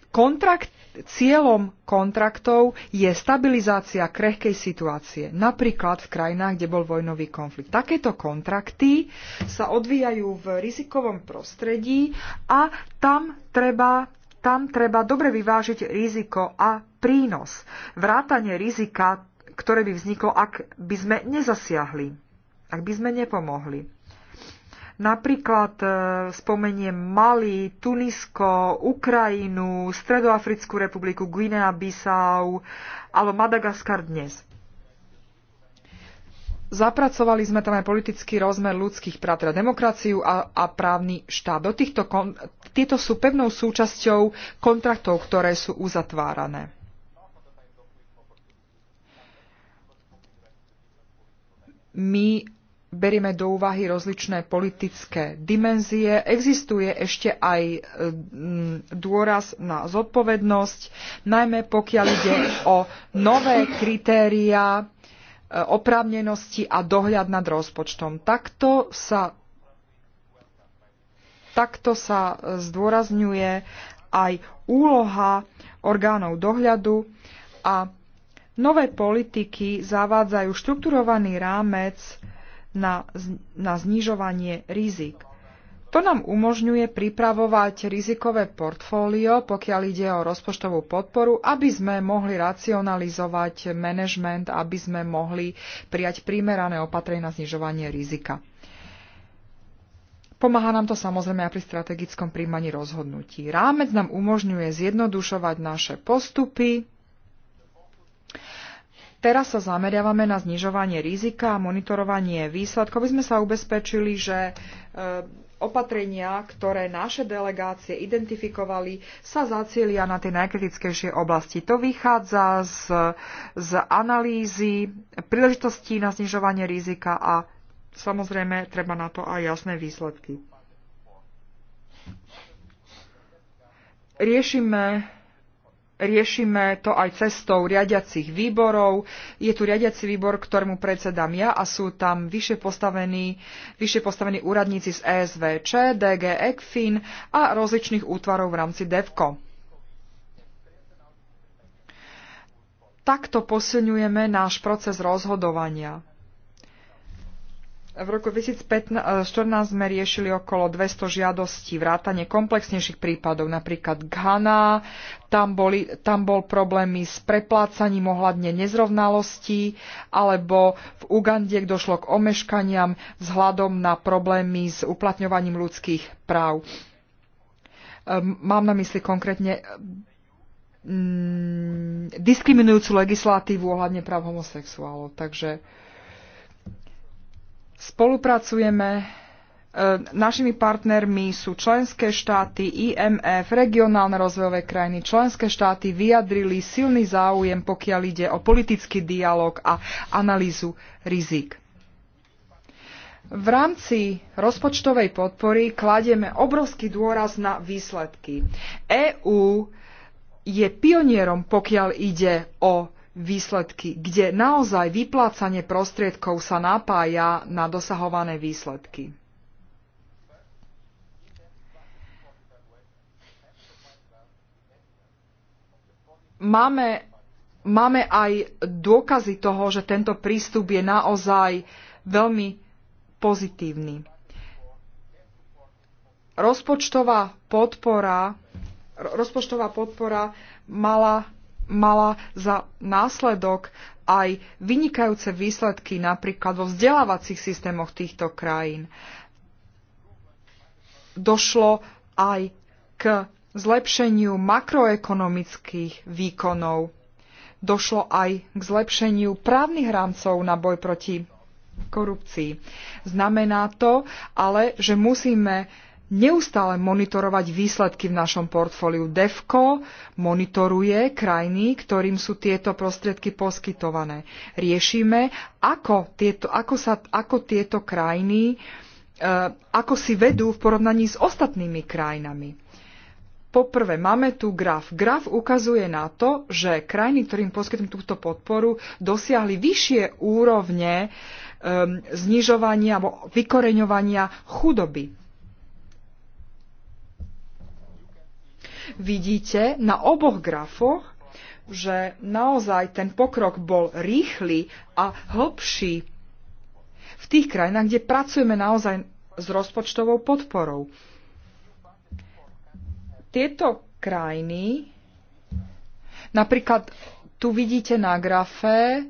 Speaker 1: Kontrakt, cieľom kontraktov je stabilizácia krehkej situácie, napríklad v krajinách, kde bol vojnový konflikt. Takéto kontrakty sa odvíjajú v rizikovom prostredí a tam treba tam treba dobre vyvážiť riziko a prínos. Vrátanie rizika ktoré by vzniklo, ak by sme nezasiahli, ak by sme nepomohli. Napríklad e, spomeniem Mali, Tunisko, Ukrajinu, Stredoafrickú republiku, Guinea Bissau alebo Madagaskar dnes. Zapracovali sme tam aj politický rozmer ľudských práv, teda demokraciu a, a právny štát. Do týchto kon- tieto sú pevnou súčasťou kontraktov, ktoré sú uzatvárané. my berieme do úvahy rozličné politické dimenzie. Existuje ešte aj e, dôraz na zodpovednosť, najmä pokiaľ ide o nové kritéria e, oprávnenosti a dohľad nad rozpočtom. Takto sa, takto sa e, zdôrazňuje aj úloha orgánov dohľadu a Nové politiky zavádzajú štrukturovaný rámec na, na znižovanie rizik. To nám umožňuje pripravovať rizikové portfólio, pokiaľ ide o rozpočtovú podporu, aby sme mohli racionalizovať management, aby sme mohli prijať primerané opatrenia na znižovanie rizika. Pomáha nám to samozrejme aj pri strategickom príjmaní rozhodnutí. Rámec nám umožňuje zjednodušovať naše postupy, Teraz sa zameriavame na znižovanie rizika a monitorovanie výsledkov, aby sme sa ubezpečili, že e, opatrenia, ktoré naše delegácie identifikovali, sa zacielia na tie najkritickejšie oblasti. To vychádza z, z analýzy príležitostí na znižovanie rizika a samozrejme treba na to aj jasné výsledky. Riešime riešime to aj cestou riadiacich výborov. Je tu riadiaci výbor, ktorému predsedám ja a sú tam vyššie postavení, vyššie postavení úradníci z ESVČ, DG ECFIN a rozličných útvarov v rámci DEVCO. Takto posilňujeme náš proces rozhodovania. V roku 2014 sme riešili okolo 200 žiadostí, vrátane komplexnejších prípadov, napríklad Ghana, tam, boli, tam bol problémy s preplácaním ohľadne nezrovnalostí, alebo v Ugande došlo k omeškaniam vzhľadom na problémy s uplatňovaním ľudských práv. Mám na mysli konkrétne diskriminujúcu legislatívu ohľadne práv homosexuálov. Takže Spolupracujeme. E, našimi partnermi sú členské štáty, IMF, regionálne rozvojové krajiny. Členské štáty vyjadrili silný záujem, pokiaľ ide o politický dialog a analýzu rizik. V rámci rozpočtovej podpory kladieme obrovský dôraz na výsledky. EÚ je pionierom, pokiaľ ide o výsledky, kde naozaj vyplácanie prostriedkov sa napája na dosahované výsledky. Máme, máme aj dôkazy toho, že tento prístup je naozaj veľmi pozitívny. Rozpočtová podpora, rozpočtová podpora mala mala za následok aj vynikajúce výsledky napríklad vo vzdelávacích systémoch týchto krajín. Došlo aj k zlepšeniu makroekonomických výkonov. Došlo aj k zlepšeniu právnych rámcov na boj proti korupcii. Znamená to ale, že musíme neustále monitorovať výsledky v našom portfóliu. DEFCO monitoruje krajiny, ktorým sú tieto prostriedky poskytované. Riešime, ako tieto, ako sa, ako tieto krajiny, eh, ako si vedú v porovnaní s ostatnými krajinami. Poprvé, máme tu graf. Graf ukazuje na to, že krajiny, ktorým poskytujem túto podporu, dosiahli vyššie úrovne um, znižovania alebo vykoreňovania chudoby. vidíte na oboch grafoch, že naozaj ten pokrok bol rýchly a hlbší v tých krajinách, kde pracujeme naozaj s rozpočtovou podporou. Tieto krajiny, napríklad tu vidíte na grafe,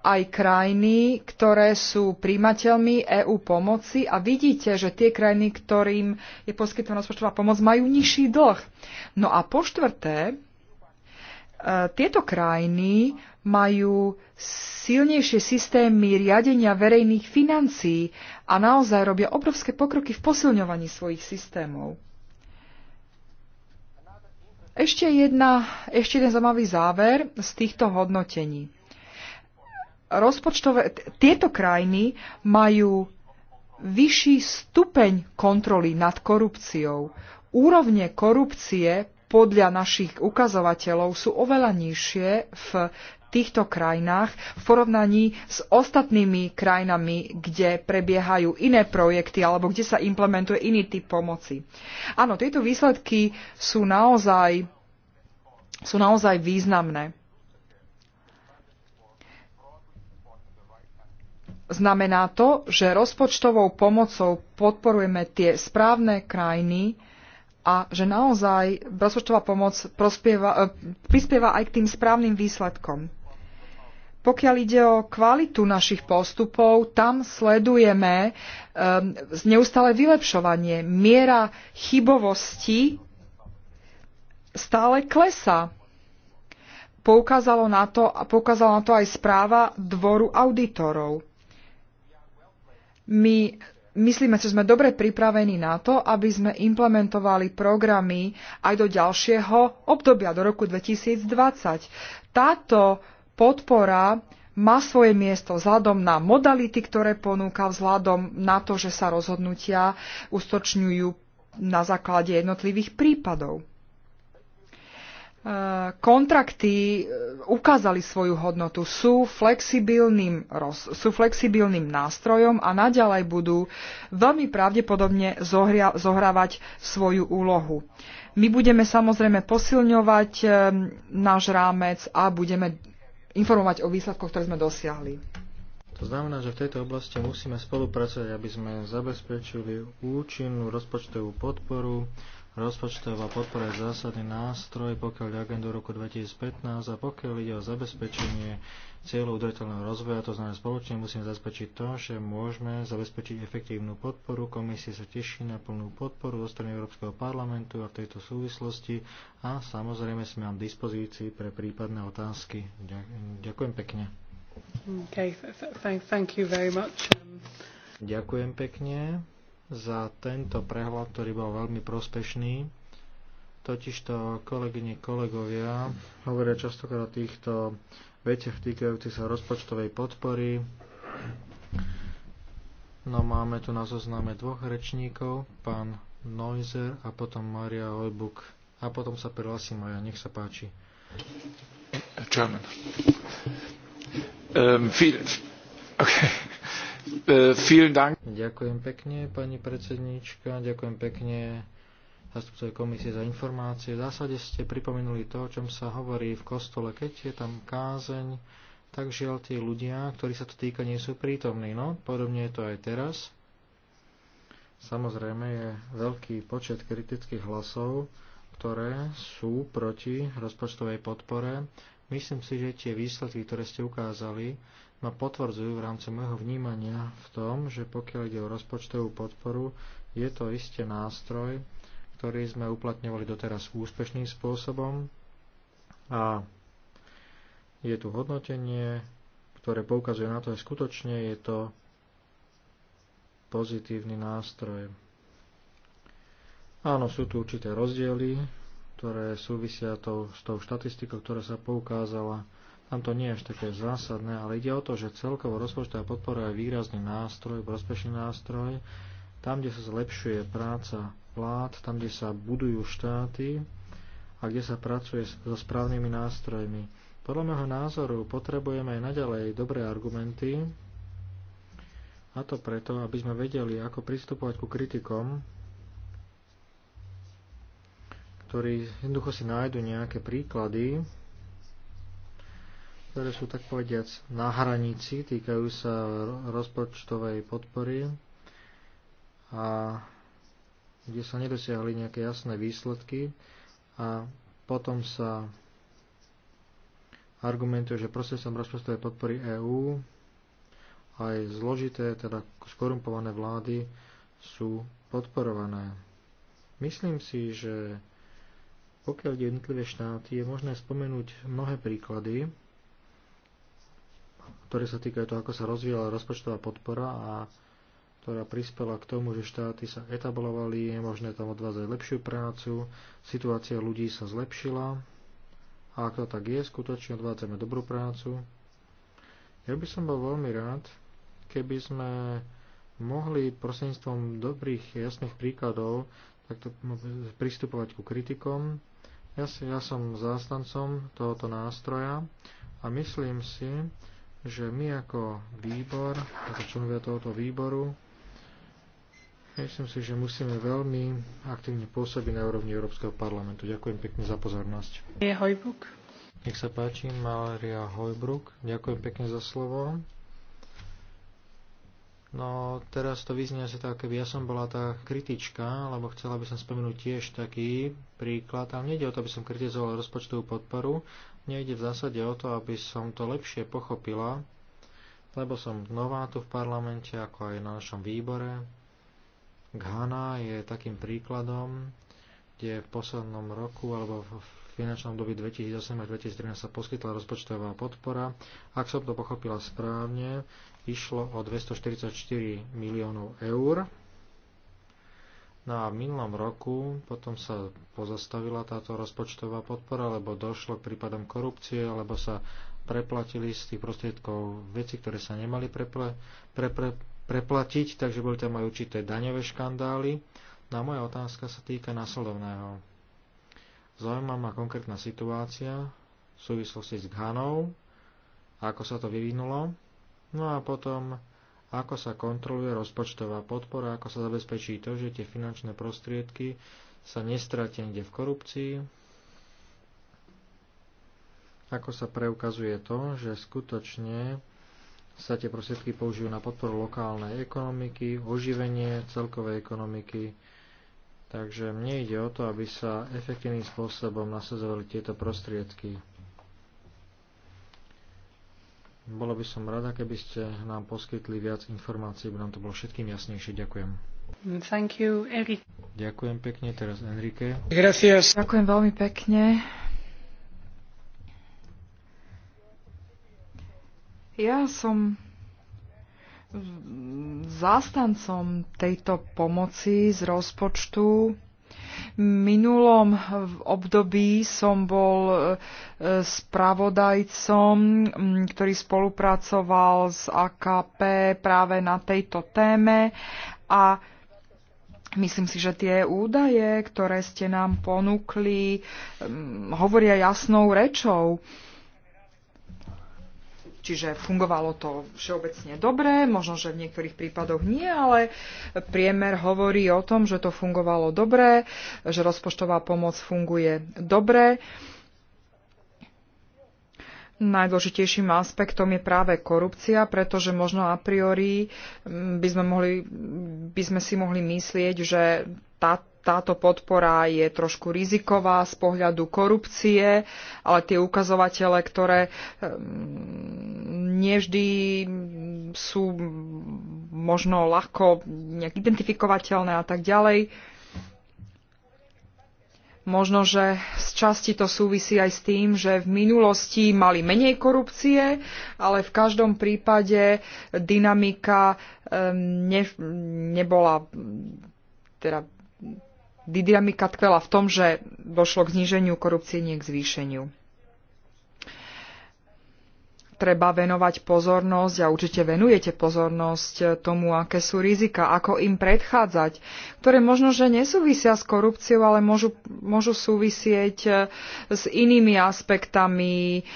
Speaker 1: aj krajiny, ktoré sú príjimateľmi EÚ pomoci a vidíte, že tie krajiny, ktorým je poskytovaná rozpočtová pomoc, majú nižší dlh. No a po štvrté, e, tieto krajiny majú silnejšie systémy riadenia verejných financií a naozaj robia obrovské pokroky v posilňovaní svojich systémov. Ešte, jedna, ešte jeden zaujímavý záver z týchto hodnotení rozpočtové, tieto krajiny majú vyšší stupeň kontroly nad korupciou. Úrovne korupcie podľa našich ukazovateľov sú oveľa nižšie v týchto krajinách v porovnaní s ostatnými krajinami, kde prebiehajú iné projekty alebo kde sa implementuje iný typ pomoci. Áno, tieto výsledky sú naozaj, sú naozaj významné. Znamená to, že rozpočtovou pomocou podporujeme tie správne krajiny a že naozaj rozpočtová pomoc prospieva, e, prispieva aj k tým správnym výsledkom. Pokiaľ ide o kvalitu našich postupov, tam sledujeme um, neustále vylepšovanie. Miera chybovosti stále klesa. Poukázalo na to, poukázala na to aj správa dvoru auditorov my myslíme, že sme dobre pripravení na to, aby sme implementovali programy aj do ďalšieho obdobia, do roku 2020. Táto podpora má svoje miesto vzhľadom na modality, ktoré ponúka, vzhľadom na to, že sa rozhodnutia ustočňujú na základe jednotlivých prípadov. Eh, kontrakty eh, ukázali svoju hodnotu, sú flexibilným, sú flexibilným nástrojom a naďalej budú veľmi pravdepodobne zohria, zohrávať svoju úlohu. My budeme samozrejme posilňovať eh, náš rámec a budeme informovať o výsledkoch, ktoré sme dosiahli.
Speaker 2: To znamená, že v tejto oblasti musíme spolupracovať, aby sme zabezpečili účinnú rozpočtovú podporu, Rozpočtová podpora je zásadný nástroj, pokiaľ ide agendu roku 2015 a pokiaľ ide o zabezpečenie cieľov udržateľného rozvoja, to znamená spoločne musíme zabezpečiť to, že môžeme zabezpečiť efektívnu podporu. Komisie sa teší na plnú podporu zo strany Európskeho parlamentu a v tejto súvislosti a samozrejme sme vám dispozícii pre prípadné otázky. Ďakujem pekne. Okay, thank you very much. Ďakujem pekne za tento prehľad, ktorý bol veľmi prospešný. Totižto kolegyne, kolegovia hovoria častokrát o týchto veciach týkajúcich sa rozpočtovej podpory. No máme tu na zozname dvoch rečníkov, pán Neuser a potom Maria Hojbuk. A potom sa prihlási Maja, nech sa páči. German. Um, okay. Äh, ďakujem pekne, pani predsedníčka, ďakujem pekne zastupcovi komisie za informácie. V zásade ste pripomenuli to, o čom sa hovorí v kostole. Keď je tam kázeň, tak žiaľ tí ľudia, ktorí sa to týka, nie sú prítomní. No, podobne je to aj teraz. Samozrejme je veľký počet kritických hlasov, ktoré sú proti rozpočtovej podpore. Myslím si, že tie výsledky, ktoré ste ukázali, ma potvrdzujú v rámci môjho vnímania v tom, že pokiaľ ide o rozpočtovú podporu, je to iste nástroj, ktorý sme uplatňovali doteraz úspešným spôsobom a je tu hodnotenie, ktoré poukazuje na to, že skutočne je to pozitívny nástroj. Áno, sú tu určité rozdiely, ktoré súvisia to, s tou štatistikou, ktorá sa poukázala tam to nie je až také zásadné, ale ide o to, že celkovo rozpočtová podpora je výrazný nástroj, prospešný nástroj. Tam, kde sa zlepšuje práca vlád, tam, kde sa budujú štáty a kde sa pracuje so správnymi nástrojmi. Podľa môjho názoru potrebujeme aj naďalej dobré argumenty, a to preto, aby sme vedeli, ako pristupovať ku kritikom, ktorí jednoducho si nájdu nejaké príklady ktoré sú tak povediac na hranici, týkajú sa rozpočtovej podpory a kde sa nedosiahli nejaké jasné výsledky a potom sa argumentuje, že procesom rozpočtovej podpory EÚ aj zložité, teda skorumpované vlády sú podporované. Myslím si, že pokiaľ jednotlivé štáty, je možné spomenúť mnohé príklady, ktoré sa týkajú toho, ako sa rozvíjala rozpočtová podpora a ktorá prispela k tomu, že štáty sa etablovali, je možné tam odvázať lepšiu prácu, situácia ľudí sa zlepšila a ak to tak je, skutočne odvádzame dobrú prácu. Ja by som bol veľmi rád, keby sme mohli prostredníctvom dobrých, jasných príkladov takto pristupovať ku kritikom. Ja, si, ja som zástancom tohoto nástroja a myslím si, že my ako výbor, ako členovia tohoto výboru, myslím si, že musíme veľmi aktívne pôsobiť na úrovni Európskeho parlamentu. Ďakujem pekne za pozornosť. Je Hojbruk. Nech sa páči, Maria Hojbruk. Ďakujem pekne za slovo. No, teraz to vyznie asi tak, keby ja som bola tá kritička, lebo chcela by som spomenúť tiež taký príklad, ale nejde o to, aby som kritizoval rozpočtovú podporu, nejde v zásade o to, aby som to lepšie pochopila, lebo som nová tu v parlamente, ako aj na našom výbore. Ghana je takým príkladom, kde v poslednom roku alebo v finančnom dobi 2008 až 2013 sa poskytla rozpočtová podpora. Ak som to pochopila správne, išlo o 244 miliónov eur No a v minulom roku potom sa pozastavila táto rozpočtová podpora, lebo došlo k prípadom korupcie, alebo sa preplatili z tých prostriedkov veci, ktoré sa nemali preple, pre, pre, preplatiť, takže boli tam aj určité daňové škandály. No a moja otázka sa týka následovného. Zaujímavá ma konkrétna situácia v súvislosti s Ghanou, ako sa to vyvinulo. No a potom ako sa kontroluje rozpočtová podpora, ako sa zabezpečí to, že tie finančné prostriedky sa nestratia nikde v korupcii, ako sa preukazuje to, že skutočne sa tie prostriedky použijú na podporu lokálnej ekonomiky, oživenie celkovej ekonomiky. Takže mne ide o to, aby sa efektívnym spôsobom nasadzovali tieto prostriedky. Bolo by som rada, keby ste nám poskytli viac informácií, by nám to bolo všetkým jasnejšie. Ďakujem. Thank you, Eric. Ďakujem pekne, teraz Enrique.
Speaker 1: Gracias. Ďakujem veľmi pekne. Ja som zástancom tejto pomoci z rozpočtu minulom období som bol e, spravodajcom, ktorý spolupracoval s AKP práve na tejto téme a Myslím si, že tie údaje, ktoré ste nám ponúkli, hovoria jasnou rečou. Čiže fungovalo to všeobecne dobre, možno, že v niektorých prípadoch nie, ale priemer hovorí o tom, že to fungovalo dobre, že rozpočtová pomoc funguje dobre. Najdôležitejším aspektom je práve korupcia, pretože možno a priori mm, by sme, mohli, by sme si mohli myslieť, že tá, táto podpora je trošku riziková z pohľadu korupcie, ale tie ukazovatele, ktoré ehm, nevždy sú možno ľahko nejak identifikovateľné a tak ďalej. Možno, že z časti to súvisí aj s tým, že v minulosti mali menej korupcie, ale v každom prípade dynamika ehm, ne, nebola teda dynamika tkvela v tom, že došlo k zníženiu korupcie, nie k zvýšeniu. Treba venovať pozornosť a určite venujete pozornosť tomu, aké sú rizika, ako im predchádzať, ktoré možno, že nesúvisia s korupciou, ale môžu, môžu súvisieť s inými aspektami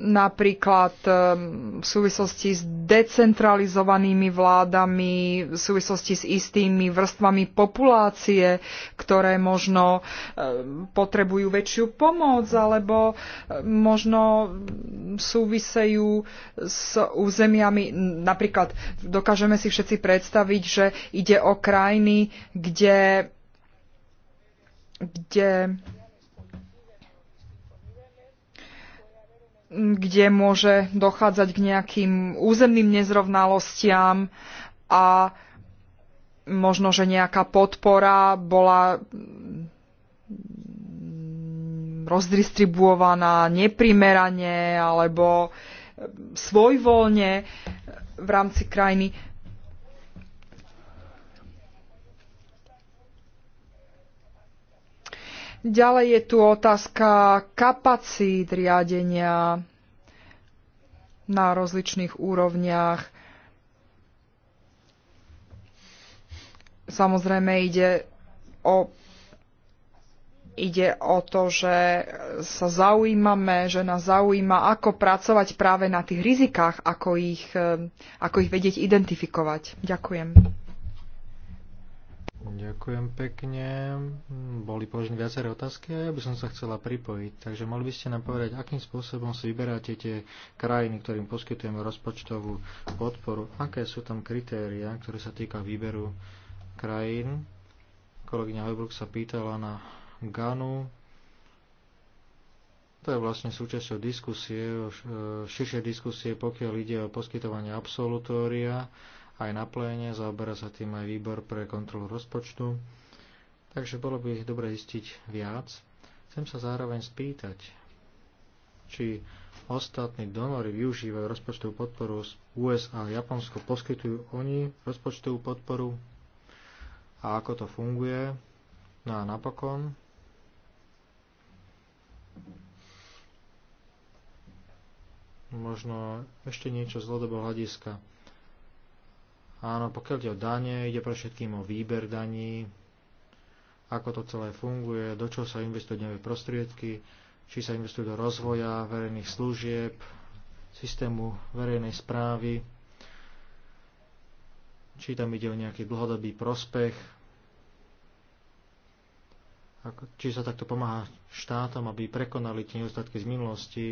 Speaker 1: napríklad ehm, v súvislosti s decentralizovanými vládami, v súvislosti s istými vrstvami populácie, ktoré možno ehm, potrebujú väčšiu pomoc alebo ehm, možno súvisejú s územiami. Napríklad dokážeme si všetci predstaviť, že ide o krajiny, kde kde kde môže dochádzať k nejakým územným nezrovnalostiam a možno, že nejaká podpora bola rozdistribuovaná neprimerane alebo svojvoľne v rámci krajiny Ďalej je tu otázka kapacít riadenia na rozličných úrovniach. Samozrejme ide o, ide o to, že sa zaujímame, že nás zaujíma, ako pracovať práve na tých rizikách, ako ich, ako ich vedieť identifikovať. Ďakujem.
Speaker 2: Ďakujem pekne. Boli položené viaceré otázky a ja by som sa chcela pripojiť. Takže mohli by ste nám povedať, akým spôsobom si vyberáte tie krajiny, ktorým poskytujeme rozpočtovú podporu. Aké sú tam kritéria, ktoré sa týka výberu krajín? Kolegyňa Hojbruk sa pýtala na Ganu. To je vlastne súčasťou diskusie, e, širšie diskusie, pokiaľ ide o poskytovanie absolutória aj na pléne, zaoberá sa tým aj výbor pre kontrolu rozpočtu, takže bolo by dobre zistiť viac. Chcem sa zároveň spýtať, či ostatní donory využívajú rozpočtovú podporu z USA a Japonsko, poskytujú oni rozpočtovú podporu a ako to funguje. No a napokon možno ešte niečo z hľadiska. Áno, pokiaľ ide o dane, ide pre všetkým o výber daní, ako to celé funguje, do čoho sa investujú dňové prostriedky, či sa investujú do rozvoja verejných služieb, systému verejnej správy, či tam ide o nejaký dlhodobý prospech, či sa takto pomáha štátom, aby prekonali tie nedostatky z minulosti,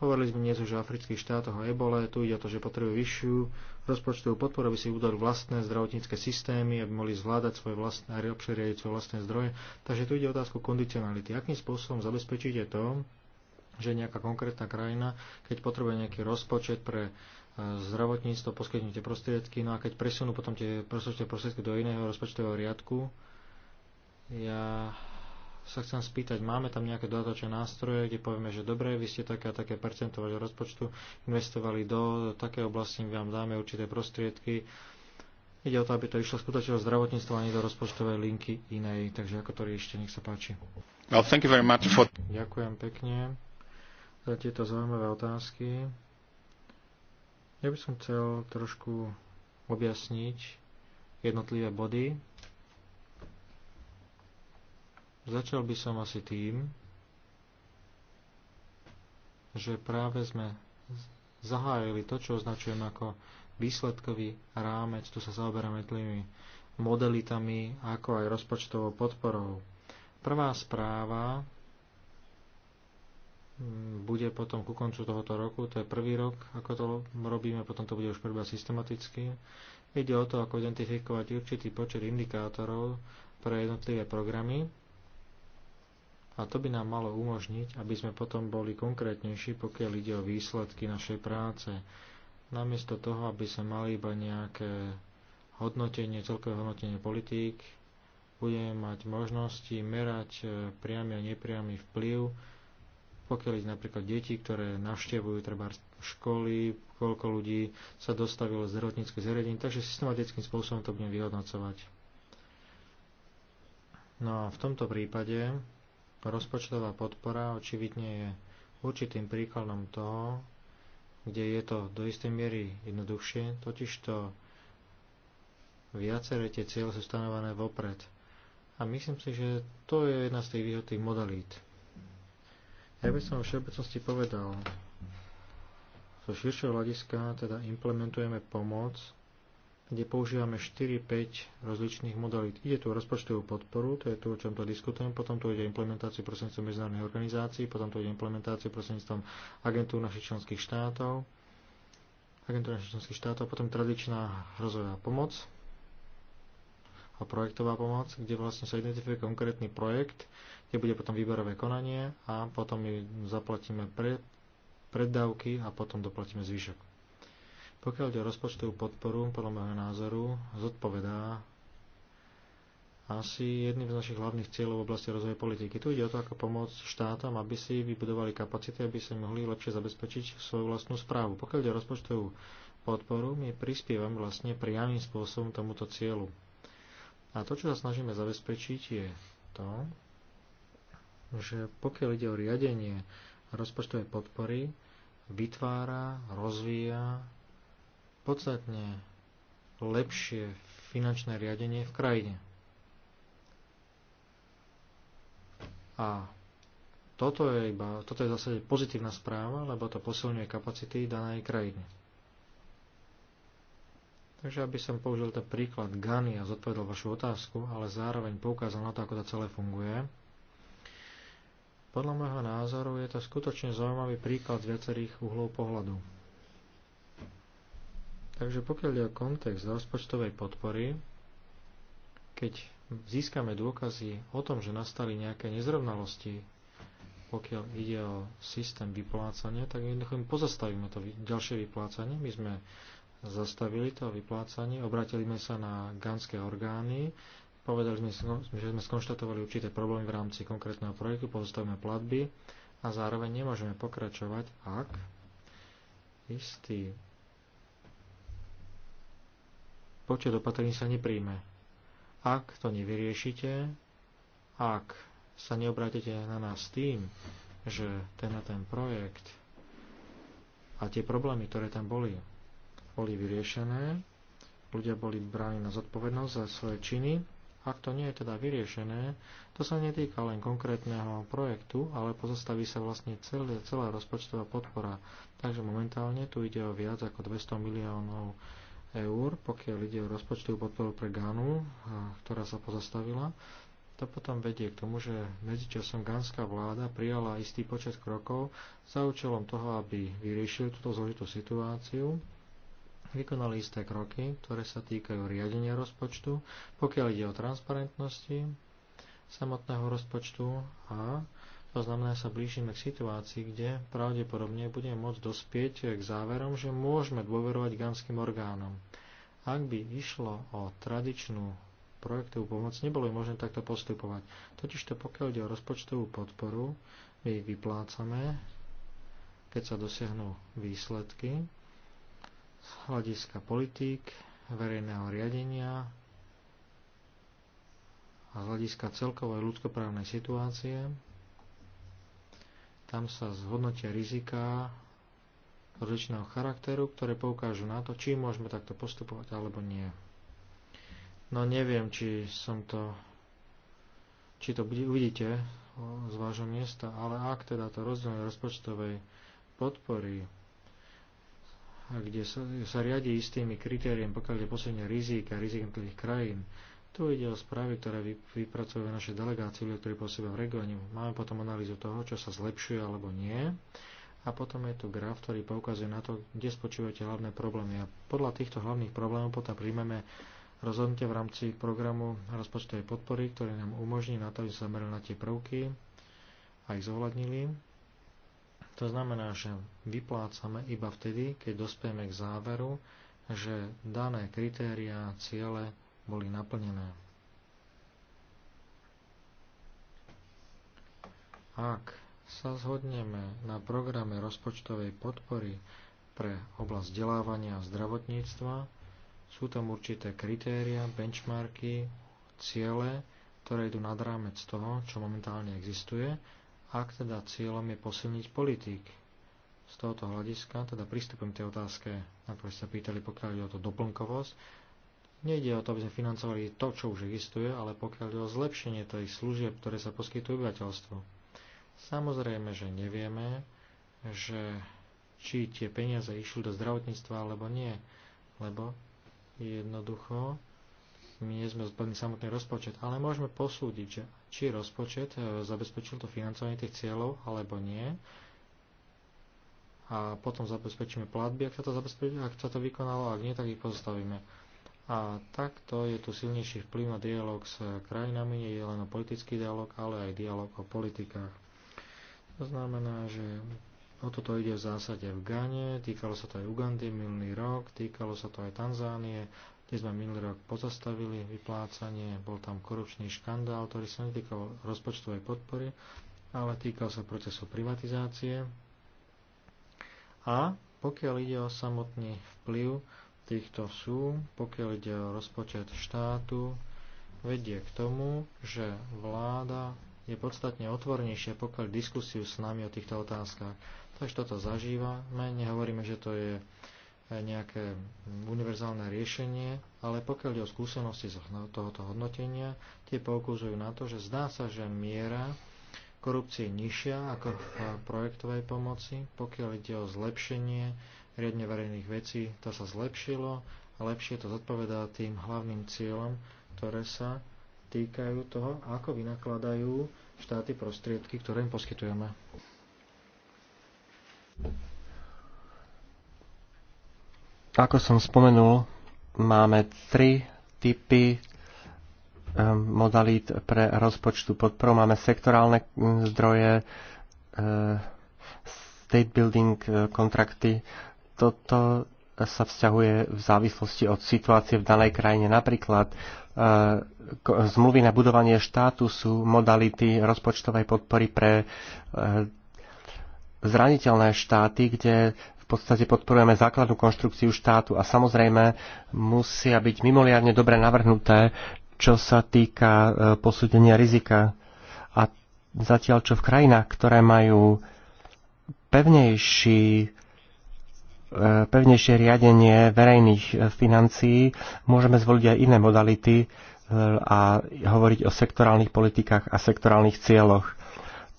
Speaker 2: Hovorili sme dnes už o afrických štátoch a ebole, tu ide o to, že potrebujú vyššiu rozpočtovú podporu, aby si udali vlastné zdravotnícke systémy, aby mohli zvládať svoje vlastné a svoje vlastné zdroje. Takže tu ide o otázku kondicionality. Akým spôsobom zabezpečíte to, že nejaká konkrétna krajina, keď potrebuje nejaký rozpočet pre e, zdravotníctvo, poskytnite prostriedky, no a keď presunú potom tie prostriedky do iného rozpočtového riadku, ja sa chcem spýtať, máme tam nejaké dodatočné nástroje, kde povieme, že dobre, vy ste také a také percento rozpočtu investovali do také oblasti, kde vám dáme určité prostriedky. Ide o to, aby to išlo skutočne do zdravotníctva, ani do rozpočtovej linky inej. Takže ako to riešte, nech sa páči. Well, thank you very much for... Ďakujem pekne za tieto zaujímavé otázky. Ja by som chcel trošku objasniť jednotlivé body Začal by som asi tým, že práve sme zahájili to, čo označujem ako výsledkový rámec. Tu sa zaoberáme tými modelitami, ako aj rozpočtovou podporou. Prvá správa mm, bude potom ku koncu tohoto roku, to je prvý rok, ako to robíme, potom to bude už prvá systematicky. Ide o to, ako identifikovať určitý počet indikátorov pre jednotlivé programy, a to by nám malo umožniť, aby sme potom boli konkrétnejší, pokiaľ ide o výsledky našej práce. Namiesto toho, aby sme mali iba nejaké hodnotenie, celkové hodnotenie politík, budeme mať možnosti merať e, priamy a nepriamy vplyv, pokiaľ ide napríklad deti, ktoré navštevujú treba školy, koľko ľudí sa dostavilo z zdravotníckých zariadení, takže systematickým spôsobom to budem vyhodnocovať. No a v tomto prípade Rozpočtová podpora očividne je určitým príkladom toho, kde je to do istej miery jednoduchšie, totiž to viaceré tie cieľe sú stanovené vopred. A myslím si, že to je jedna z tých výhod tých modalít. Ja by som v všeobecnosti povedal, zo širšieho hľadiska teda implementujeme pomoc, kde používame 4-5 rozličných modalít. Ide tu o rozpočtovú podporu, to je tu, o čom to diskutujem, potom tu ide implementáciu prostredníctvom medzinárodných organizácií, potom tu ide implementáciu prostredníctvom agentúr našich členských štátov, agentúr našich členských štátov, potom tradičná rozvojová pomoc a projektová pomoc, kde vlastne sa identifikuje konkrétny projekt, kde bude potom výberové konanie a potom my zaplatíme pre, preddávky a potom doplatíme zvyšok. Pokiaľ ide o rozpočtovú podporu, podľa môjho názoru, zodpovedá asi jedným z našich hlavných cieľov v oblasti rozvoja politiky. Tu ide o to, ako pomôcť štátom, aby si vybudovali kapacity, aby sa mohli lepšie zabezpečiť svoju vlastnú správu. Pokiaľ ide o rozpočtovú podporu, my prispievame vlastne priamým spôsobom tomuto cieľu. A to, čo sa snažíme zabezpečiť, je to, že pokiaľ ide o riadenie rozpočtovej podpory, vytvára, rozvíja podstatne lepšie finančné riadenie v krajine. A toto je, iba, toto je v zásade pozitívna správa, lebo to posilňuje kapacity danej krajiny. Takže aby som použil ten príklad Gany a zodpovedal vašu otázku, ale zároveň poukázal na to, ako to celé funguje, podľa môjho názoru je to skutočne zaujímavý príklad z viacerých uhlov pohľadu. Takže pokiaľ je o kontext rozpočtovej podpory, keď získame dôkazy o tom, že nastali nejaké nezrovnalosti, pokiaľ ide o systém vyplácania, tak jednoducho pozastavíme to ďalšie vyplácanie. My sme zastavili to vyplácanie, obratili sme sa na ganské orgány, povedali sme, že sme skonštatovali určité problémy v rámci konkrétneho projektu, pozastavíme platby a zároveň nemôžeme pokračovať, ak istý počet opatrení sa nepríjme. Ak to nevyriešite, ak sa neobrátite na nás tým, že ten a ten projekt a tie problémy, ktoré tam boli, boli vyriešené, ľudia boli bráni na zodpovednosť za svoje činy, ak to nie je teda vyriešené, to sa netýka len konkrétneho projektu, ale pozostaví sa vlastne celé, celá rozpočtová podpora. Takže momentálne tu ide o viac ako 200 miliónov eur, pokiaľ ide o rozpočtovú podporu pre Ganu, ktorá sa pozastavila. To potom vedie k tomu, že medzičasom gánska vláda prijala istý počet krokov za účelom toho, aby vyriešili túto zložitú situáciu. Vykonali isté kroky, ktoré sa týkajú riadenia rozpočtu, pokiaľ ide o transparentnosti samotného rozpočtu a to znamená, sa blížime k situácii, kde pravdepodobne budeme môcť dospieť k záverom, že môžeme dôverovať gánskym orgánom. Ak by išlo o tradičnú projektovú pomoc, nebolo by možné takto postupovať. Totižto pokiaľ ide o rozpočtovú podporu, my ich vyplácame, keď sa dosiahnu výsledky z hľadiska politík, verejného riadenia a z hľadiska celkovej ľudskoprávnej situácie tam sa zhodnotia rizika rozličného charakteru, ktoré poukážu na to, či môžeme takto postupovať alebo nie. No neviem, či som to, či to uvidíte z vášho miesta, ale ak teda to rozdelenie rozpočtovej podpory, kde sa, sa riadi istými kritériami, pokiaľ je posledne rizik a rizik krajín, tu ide o správy, ktoré vypracujú naše delegácie, ľudia, ktorí pôsobia v regióne. Máme potom analýzu toho, čo sa zlepšuje alebo nie. A potom je tu graf, ktorý poukazuje na to, kde spočívajú tie hlavné problémy. A podľa týchto hlavných problémov potom príjmeme rozhodnutie v rámci programu rozpočtovej podpory, ktorý nám umožní na to, aby sa zamerali na tie prvky a ich zohľadnili. To znamená, že vyplácame iba vtedy, keď dospieme k záveru, že dané kritéria, ciele boli naplnené. Ak sa zhodneme na programe rozpočtovej podpory pre oblasť vzdelávania a zdravotníctva, sú tam určité kritéria, benchmarky, ciele, ktoré idú nad rámec toho, čo momentálne existuje, ak teda cieľom je posilniť politik. Z tohoto hľadiska teda pristupujem k tej otázke, na ktorú sa pýtali, pokiaľ je o to doplnkovosť, Nejde o to, aby sme financovali to, čo už existuje, ale pokiaľ je o zlepšenie tých služieb, ktoré sa poskytujú obyvateľstvu. Samozrejme, že nevieme, že či tie peniaze išli do zdravotníctva alebo nie, lebo jednoducho my nie sme zplní samotný rozpočet, ale môžeme posúdiť, že či rozpočet e, zabezpečil to financovanie tých cieľov alebo nie a potom zabezpečíme platby, ak sa to, ak sa to vykonalo, ak nie, tak ich pozostavíme. A takto je tu silnejší vplyv na dialog s krajinami, nie je len o politický dialog, ale aj dialog o politikách. To znamená, že o toto ide v zásade v Gane, týkalo sa to aj Ugandy minulý rok, týkalo sa to aj Tanzánie, kde sme minulý rok pozastavili vyplácanie, bol tam korupčný škandál, ktorý sa netýkal rozpočtovej podpory, ale týkal sa procesu privatizácie. A pokiaľ ide o samotný vplyv, týchto súm, pokiaľ ide o rozpočet štátu, vedie k tomu, že vláda je podstatne otvornejšia, pokiaľ diskusiu s nami o týchto otázkach. Takže toto zažívame, nehovoríme, že to je e, nejaké univerzálne riešenie, ale pokiaľ ide o skúsenosti z tohoto hodnotenia, tie poukúzujú na to, že zdá sa, že miera korupcie je nižšia ako v e, projektovej pomoci, pokiaľ ide o zlepšenie riadne verejných vecí, to sa zlepšilo a lepšie to zodpovedá tým hlavným cieľom, ktoré sa týkajú toho, ako vynakladajú štáty prostriedky, ktoré im poskytujeme.
Speaker 3: Ako som spomenul, máme tri typy ehm, modalít pre rozpočtu podporu. Máme sektorálne mm, zdroje, ehm, state building e, kontrakty toto sa vzťahuje v závislosti od situácie v danej krajine. Napríklad e, zmluvy na budovanie štátu sú modality rozpočtovej podpory pre e, zraniteľné štáty, kde v podstate podporujeme základnú konštrukciu štátu a samozrejme musia byť mimoriadne dobre navrhnuté, čo sa týka e, posúdenia rizika. A zatiaľ čo v krajinách, ktoré majú pevnejší E, pevnejšie riadenie verejných e, financií. Môžeme zvoliť aj iné modality e, a hovoriť o sektorálnych politikách a sektorálnych cieľoch.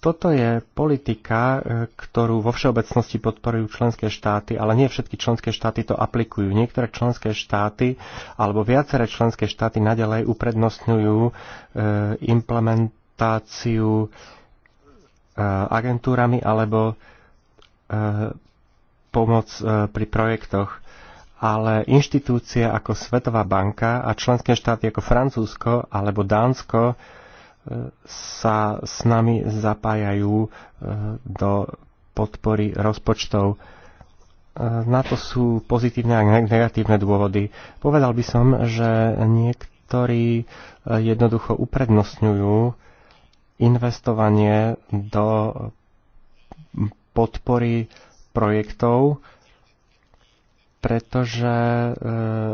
Speaker 3: Toto je politika, ktorú vo všeobecnosti podporujú členské štáty, ale nie všetky členské štáty to aplikujú. Niektoré členské štáty alebo viaceré členské štáty nadalej uprednostňujú implementáciu agentúrami alebo pomoc e, pri projektoch, ale inštitúcie ako Svetová banka a členské štáty ako Francúzsko alebo Dánsko e, sa s nami zapájajú e, do podpory rozpočtov. Na to sú pozitívne a negatívne dôvody. Povedal by som, že niektorí jednoducho uprednostňujú investovanie do podpory projektov, pretože e,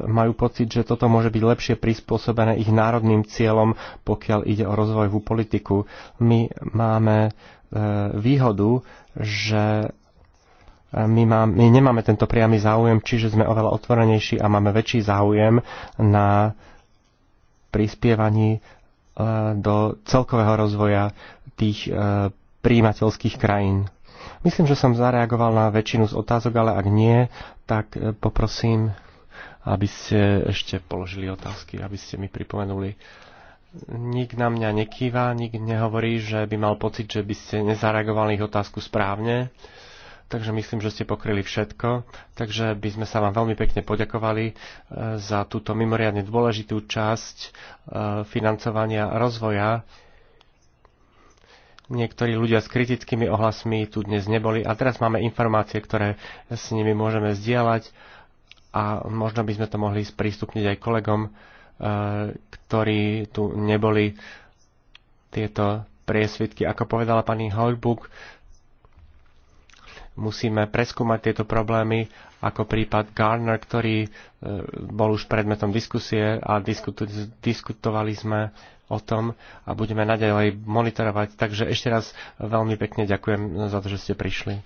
Speaker 3: majú pocit, že toto môže byť lepšie prispôsobené ich národným cieľom, pokiaľ ide o rozvojovú politiku. My máme e, výhodu, že e, my, má, my nemáme tento priamy záujem, čiže sme oveľa otvorenejší a máme väčší záujem na prispievaní e, do celkového rozvoja tých e, príjimateľských krajín. Myslím, že som zareagoval na väčšinu z otázok, ale ak nie, tak e, poprosím, aby ste ešte položili otázky, aby ste mi pripomenuli. Nik na mňa nekýva, nik nehovorí, že by mal pocit, že by ste nezareagovali ich otázku správne. Takže myslím, že ste pokryli všetko. Takže by sme sa vám veľmi pekne poďakovali e, za túto mimoriadne dôležitú časť e, financovania rozvoja Niektorí ľudia s kritickými ohlasmi tu dnes neboli a teraz máme informácie, ktoré s nimi môžeme zdieľať a možno by sme to mohli sprístupniť aj kolegom, e, ktorí tu neboli tieto priesvitky. Ako povedala pani Hojbuk, musíme preskúmať tieto problémy ako prípad Garner, ktorý e, bol už predmetom diskusie a diskutovali sme o tom a budeme naďalej monitorovať. Takže ešte raz veľmi pekne ďakujem za to, že ste prišli.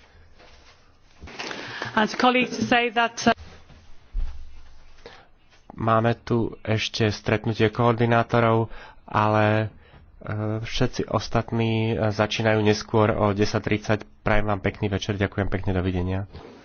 Speaker 3: Uh, Máme tu ešte stretnutie koordinátorov, ale e, všetci ostatní e, začínajú neskôr o 10.30. Prajem vám pekný večer, ďakujem pekne, dovidenia.